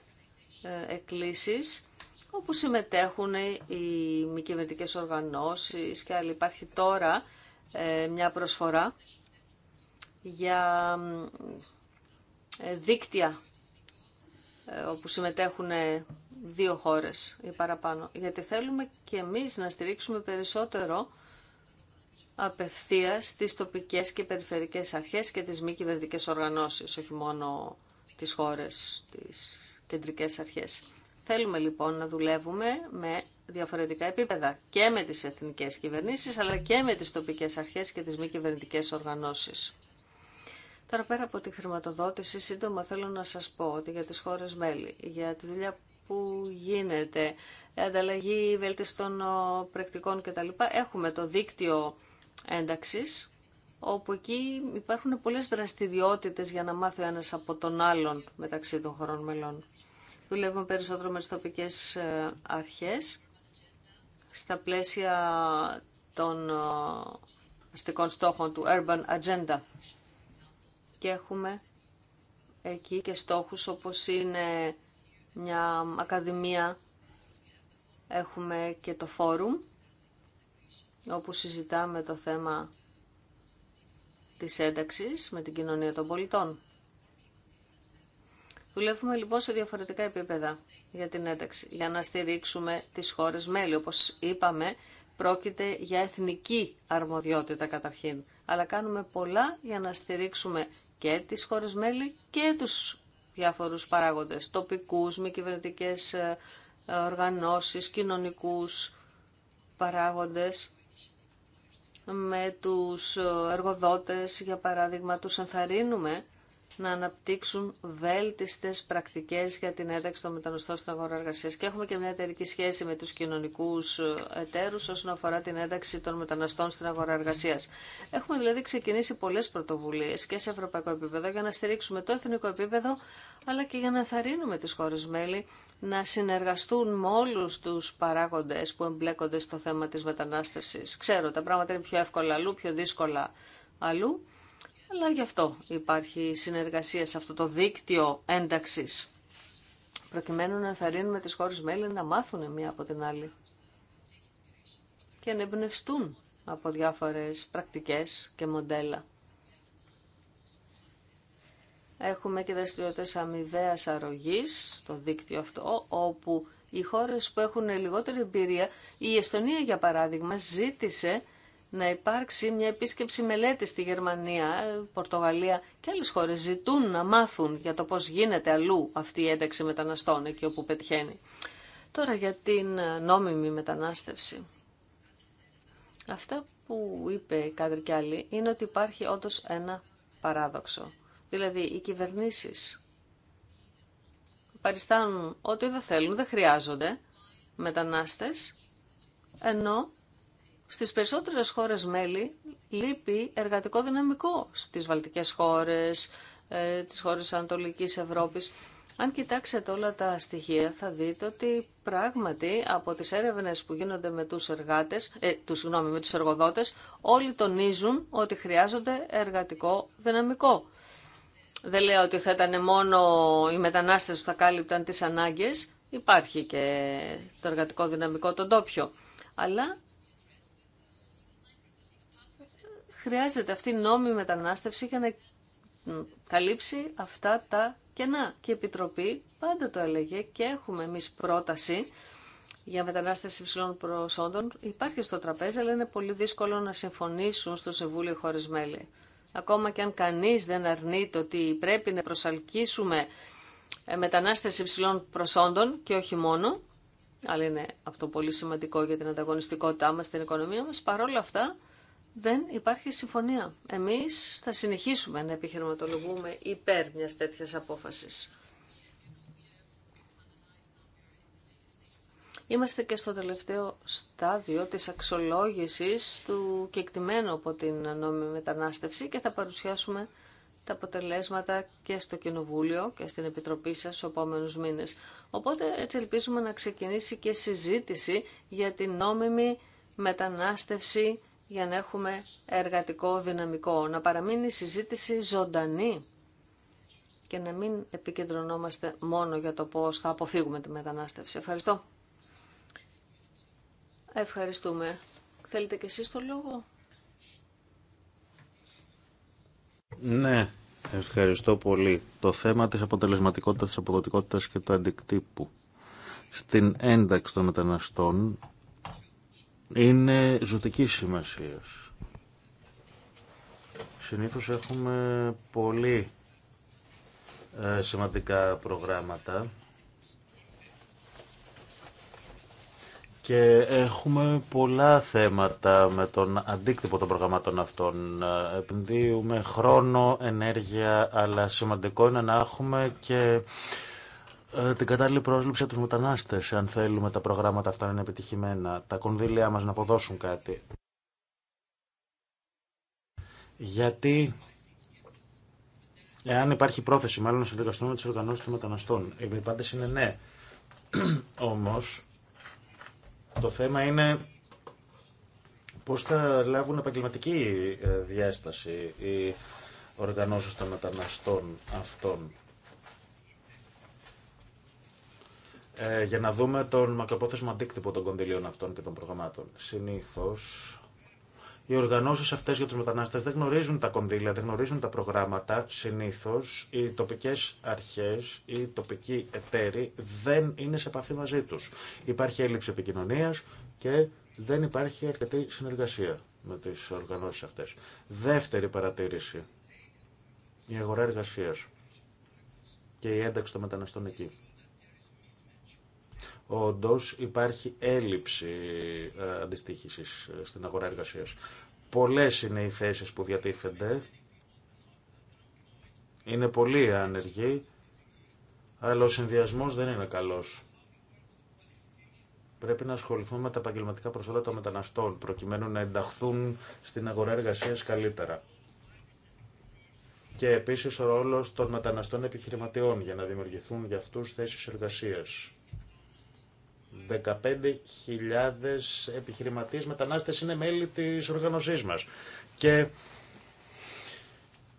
Speaker 1: ε, εκκλήσεις όπου συμμετέχουν οι μη κυβερνητικέ οργανώσεις και άλλοι. Υπάρχει τώρα ε, μια προσφορά για δίκτυα όπου συμμετέχουν δύο χώρες ή παραπάνω. Γιατί θέλουμε και εμείς να στηρίξουμε περισσότερο απευθείας τις τοπικές και περιφερικές αρχές και τις μη κυβερνητικέ οργανώσεις, όχι μόνο τις χώρες, τις κεντρικές αρχές. Θέλουμε λοιπόν να δουλεύουμε με διαφορετικά επίπεδα και με τις εθνικές κυβερνήσεις αλλά και με τις τοπικές αρχές και τις μη κυβερνητικέ οργανώσεις. Τώρα πέρα από τη χρηματοδότηση, σύντομα θέλω να σας πω ότι για τις χώρες μέλη, για τη δουλειά που γίνεται, ανταλλαγή βέλτιστων πρακτικών κτλ. Έχουμε το δίκτυο ένταξης, όπου εκεί υπάρχουν πολλές δραστηριότητες για να μάθει ο ένας από τον άλλον μεταξύ των χωρών μελών. Δουλεύουμε περισσότερο με τις τοπικές ε, αρχές, στα πλαίσια των ε, αστικών στόχων του Urban Agenda. Και έχουμε εκεί και στόχους όπως είναι μια ακαδημία, έχουμε και το φόρουμ, όπου συζητάμε το θέμα της ένταξης με την κοινωνία των πολιτών. Δουλεύουμε λοιπόν σε διαφορετικά επίπεδα για την ένταξη, για να στηρίξουμε τις χώρες μέλη. Όπως είπαμε, πρόκειται για εθνική αρμοδιότητα καταρχήν, αλλά κάνουμε πολλά για να στηρίξουμε και τις χώρες μέλη και τους διάφορους παράγοντες, τοπικούς, μη κυβερνητικέ ε, ε, οργανώσεις, κοινωνικούς παράγοντες, με τους ε, εργοδότες, για παράδειγμα, τους ενθαρρύνουμε να αναπτύξουν βέλτιστες πρακτικές για την ένταξη των μεταναστών στην αγορά εργασίας. Και έχουμε και μια εταιρική σχέση με τους κοινωνικούς ε, εταίρους όσον αφορά την ένταξη των μεταναστών στην αγορά εργασίας. Έχουμε δηλαδή ξεκινήσει πολλές πρωτοβουλίες και σε ευρωπαϊκό επίπεδο για να στηρίξουμε το εθνικό επίπεδο, αλλά και για να ενθαρρύνουμε τις χώρες μέλη να συνεργαστούν με όλου τους παράγοντες που εμπλέκονται στο θέμα της μετανάστευσης. Ξέρω, τα πράγματα είναι πιο εύκολα αλλού, πιο δύσκολα αλλού αλλά γι' αυτό υπάρχει συνεργασία σε αυτό το δίκτυο ένταξης, προκειμένου να ενθαρρύνουμε τις χώρες μέλη να μάθουν μία από την άλλη και να εμπνευστούν από διάφορες πρακτικές και μοντέλα. Έχουμε και δραστηριότητε αμοιβαία αρρωγή στο δίκτυο αυτό, όπου οι χώρε που έχουν λιγότερη εμπειρία, η Εστονία για παράδειγμα, ζήτησε να υπάρξει μια επίσκεψη μελέτη στη Γερμανία, Πορτογαλία και άλλες χώρες ζητούν να μάθουν για το πώς γίνεται αλλού αυτή η ένταξη μεταναστών εκεί όπου πετυχαίνει. Τώρα για την νόμιμη μετανάστευση. Αυτά που είπε η και είναι ότι υπάρχει όντω ένα παράδοξο. Δηλαδή οι κυβερνήσεις παριστάνουν ότι δεν θέλουν, δεν χρειάζονται μετανάστες, ενώ στις περισσότερες χώρες μέλη λείπει εργατικό δυναμικό στις βαλτικές χώρες, ε, τις χώρες Ανατολικής Ευρώπης. Αν κοιτάξετε όλα τα στοιχεία θα δείτε ότι πράγματι από τις έρευνες που γίνονται με τους, εργάτες, ε, τους, συγγνώμη, τους εργοδότες όλοι τονίζουν ότι χρειάζονται εργατικό δυναμικό. Δεν λέω ότι θα ήταν μόνο οι μετανάστες που θα κάλυπταν τις ανάγκες, υπάρχει και το εργατικό δυναμικό το τόπιο. Αλλά χρειάζεται αυτή η νόμιμη μετανάστευση για να καλύψει αυτά τα κενά. Και η Επιτροπή πάντα το έλεγε και έχουμε εμεί πρόταση για μετανάστευση υψηλών προσόντων. Υπάρχει στο τραπέζι, αλλά είναι πολύ δύσκολο να συμφωνήσουν στο Συμβούλιο χωρί μέλη. Ακόμα και αν κανεί δεν αρνείται ότι πρέπει να προσαλκύσουμε ε, μετανάστευση υψηλών προσόντων και όχι μόνο, αλλά είναι αυτό πολύ σημαντικό για την ανταγωνιστικότητά μας, την οικονομία μας, παρόλα αυτά δεν υπάρχει συμφωνία. Εμείς θα συνεχίσουμε να επιχειρηματολογούμε υπέρ μιας τέτοιας απόφασης. Είμαστε και στο τελευταίο στάδιο της αξιολόγησης του κεκτημένου από την νόμιμη μετανάστευση και θα παρουσιάσουμε τα αποτελέσματα και στο Κοινοβούλιο και στην Επιτροπή σας στους επόμενους μήνες. Οπότε έτσι ελπίζουμε να ξεκινήσει και συζήτηση για την νόμιμη μετανάστευση για να έχουμε εργατικό δυναμικό, να παραμείνει η συζήτηση ζωντανή και να μην επικεντρωνόμαστε μόνο για το πώς θα αποφύγουμε τη μετανάστευση. Ευχαριστώ. Ευχαριστούμε. Θέλετε και εσείς το λόγο.
Speaker 2: Ναι, ευχαριστώ πολύ. Το θέμα της αποτελεσματικότητας, της αποδοτικότητας και του αντικτύπου. Στην ένταξη των μεταναστών είναι ζωτική σημασία. Συνήθω έχουμε πολύ ε, σημαντικά προγράμματα και έχουμε πολλά θέματα με τον αντίκτυπο των προγραμμάτων αυτών. Ε, επενδύουμε χρόνο, ενέργεια, αλλά σημαντικό είναι να έχουμε και ε, την κατάλληλη πρόσληψη τους μετανάστες, αν θέλουμε τα προγράμματα αυτά να είναι επιτυχημένα, τα κονδύλια μας να αποδώσουν κάτι. Γιατί εάν υπάρχει πρόθεση μάλλον να συνεργαστούμε με τι οργανώσει των μεταναστών, η απάντηση είναι ναι. Όμως, το θέμα είναι πώς θα λάβουν επαγγελματική ε, διάσταση οι οργανώσει των μεταναστών αυτών. Ε, για να δούμε τον μακροπρόθεσμο αντίκτυπο των κονδυλίων αυτών και των προγραμμάτων. Συνήθω οι οργανώσει αυτέ για του μετανάστε δεν γνωρίζουν τα κονδύλια, δεν γνωρίζουν τα προγράμματα. Συνήθω οι τοπικέ αρχέ, οι τοπικοί εταίροι δεν είναι σε επαφή μαζί του. Υπάρχει έλλειψη επικοινωνία και δεν υπάρχει αρκετή συνεργασία με τι οργανώσει αυτέ. Δεύτερη παρατήρηση. Η αγορά εργασία και η ένταξη των μεταναστών εκεί όντω υπάρχει έλλειψη ε, αντιστοιχηση ε, στην αγορά εργασίας. Πολλέ είναι οι θέσεις που διατίθενται. Είναι πολύ άνεργοι, αλλά ο συνδυασμό δεν είναι καλός. Πρέπει να ασχοληθούμε με τα επαγγελματικά προσόντα των μεταναστών, προκειμένου να ενταχθούν στην αγορά εργασίας καλύτερα. Και επίσης ο ρόλος των μεταναστών επιχειρηματιών για να δημιουργηθούν για αυτούς θέσεις εργασίας 15.000 επιχειρηματίες μετανάστες είναι μέλη της οργανωσής μας. Και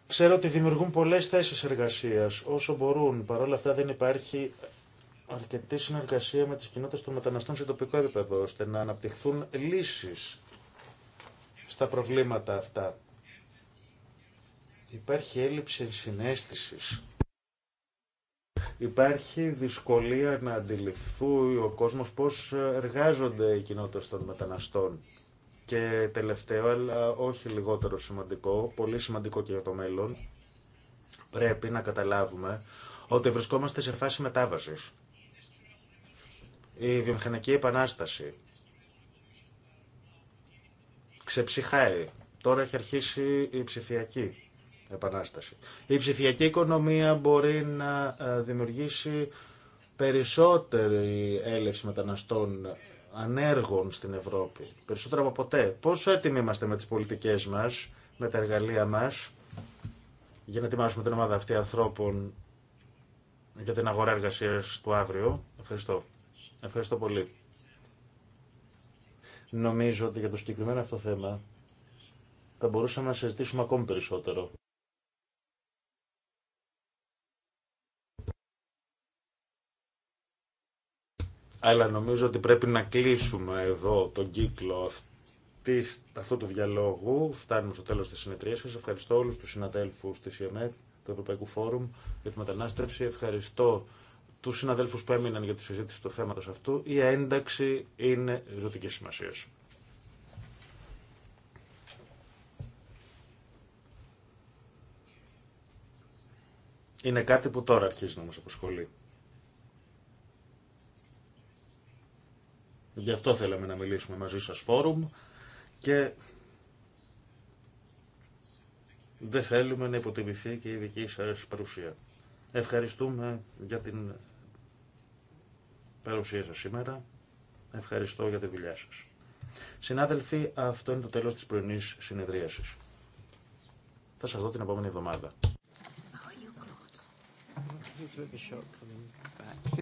Speaker 2: ξέρω ότι δημιουργούν πολλές θέσεις εργασίας όσο μπορούν. Παρ' όλα αυτά δεν υπάρχει αρκετή συνεργασία με τις κοινότητες των μεταναστών σε τοπικό επίπεδο, ώστε να αναπτυχθούν λύσεις στα προβλήματα αυτά. Υπάρχει έλλειψη συνέστησης Υπάρχει δυσκολία να αντιληφθούν ο κόσμος πώς εργάζονται οι κοινότητες των μεταναστών. Και τελευταίο, αλλά όχι λιγότερο σημαντικό, πολύ σημαντικό και για το μέλλον, πρέπει να καταλάβουμε ότι βρισκόμαστε σε φάση μετάβασης. Η βιομηχανική επανάσταση ξεψυχάει. Τώρα έχει αρχίσει η ψηφιακή επανάσταση. Η ψηφιακή οικονομία μπορεί να ε, δημιουργήσει περισσότερη έλευση μεταναστών ανέργων στην Ευρώπη, περισσότερο από ποτέ. Πόσο έτοιμοι είμαστε με τις πολιτικές μας, με τα εργαλεία μας, για να ετοιμάσουμε την ομάδα αυτή ανθρώπων για την αγορά εργασία του αύριο. Ευχαριστώ. Ευχαριστώ πολύ. Νομίζω ότι για το συγκεκριμένο αυτό θέμα θα μπορούσαμε να συζητήσουμε ακόμη περισσότερο. αλλά νομίζω ότι πρέπει να κλείσουμε εδώ τον κύκλο αυτού του διαλόγου. Φτάνουμε στο τέλος της συνεδρίας σας. Ευχαριστώ όλους τους συναδέλφους της ΕΜΕΤ, του Ευρωπαϊκού Φόρουμ για τη μετανάστευση. Ευχαριστώ τους συναδέλφους που έμειναν για τη συζήτηση του θέματος αυτού. Η ένταξη είναι ζωτική σημασία. Είναι κάτι που τώρα αρχίζει να μας αποσχολεί. Γι' αυτό θέλαμε να μιλήσουμε μαζί σας φόρουμ και δεν θέλουμε να υποτιμηθεί και η δική σας παρουσία. Ευχαριστούμε για την παρουσία σας σήμερα. Ευχαριστώ για τη δουλειά σας. Συνάδελφοι, αυτό είναι το τέλος της πρωινής συνεδρίασης. Θα σας δω την επόμενη εβδομάδα.
Speaker 4: Oh,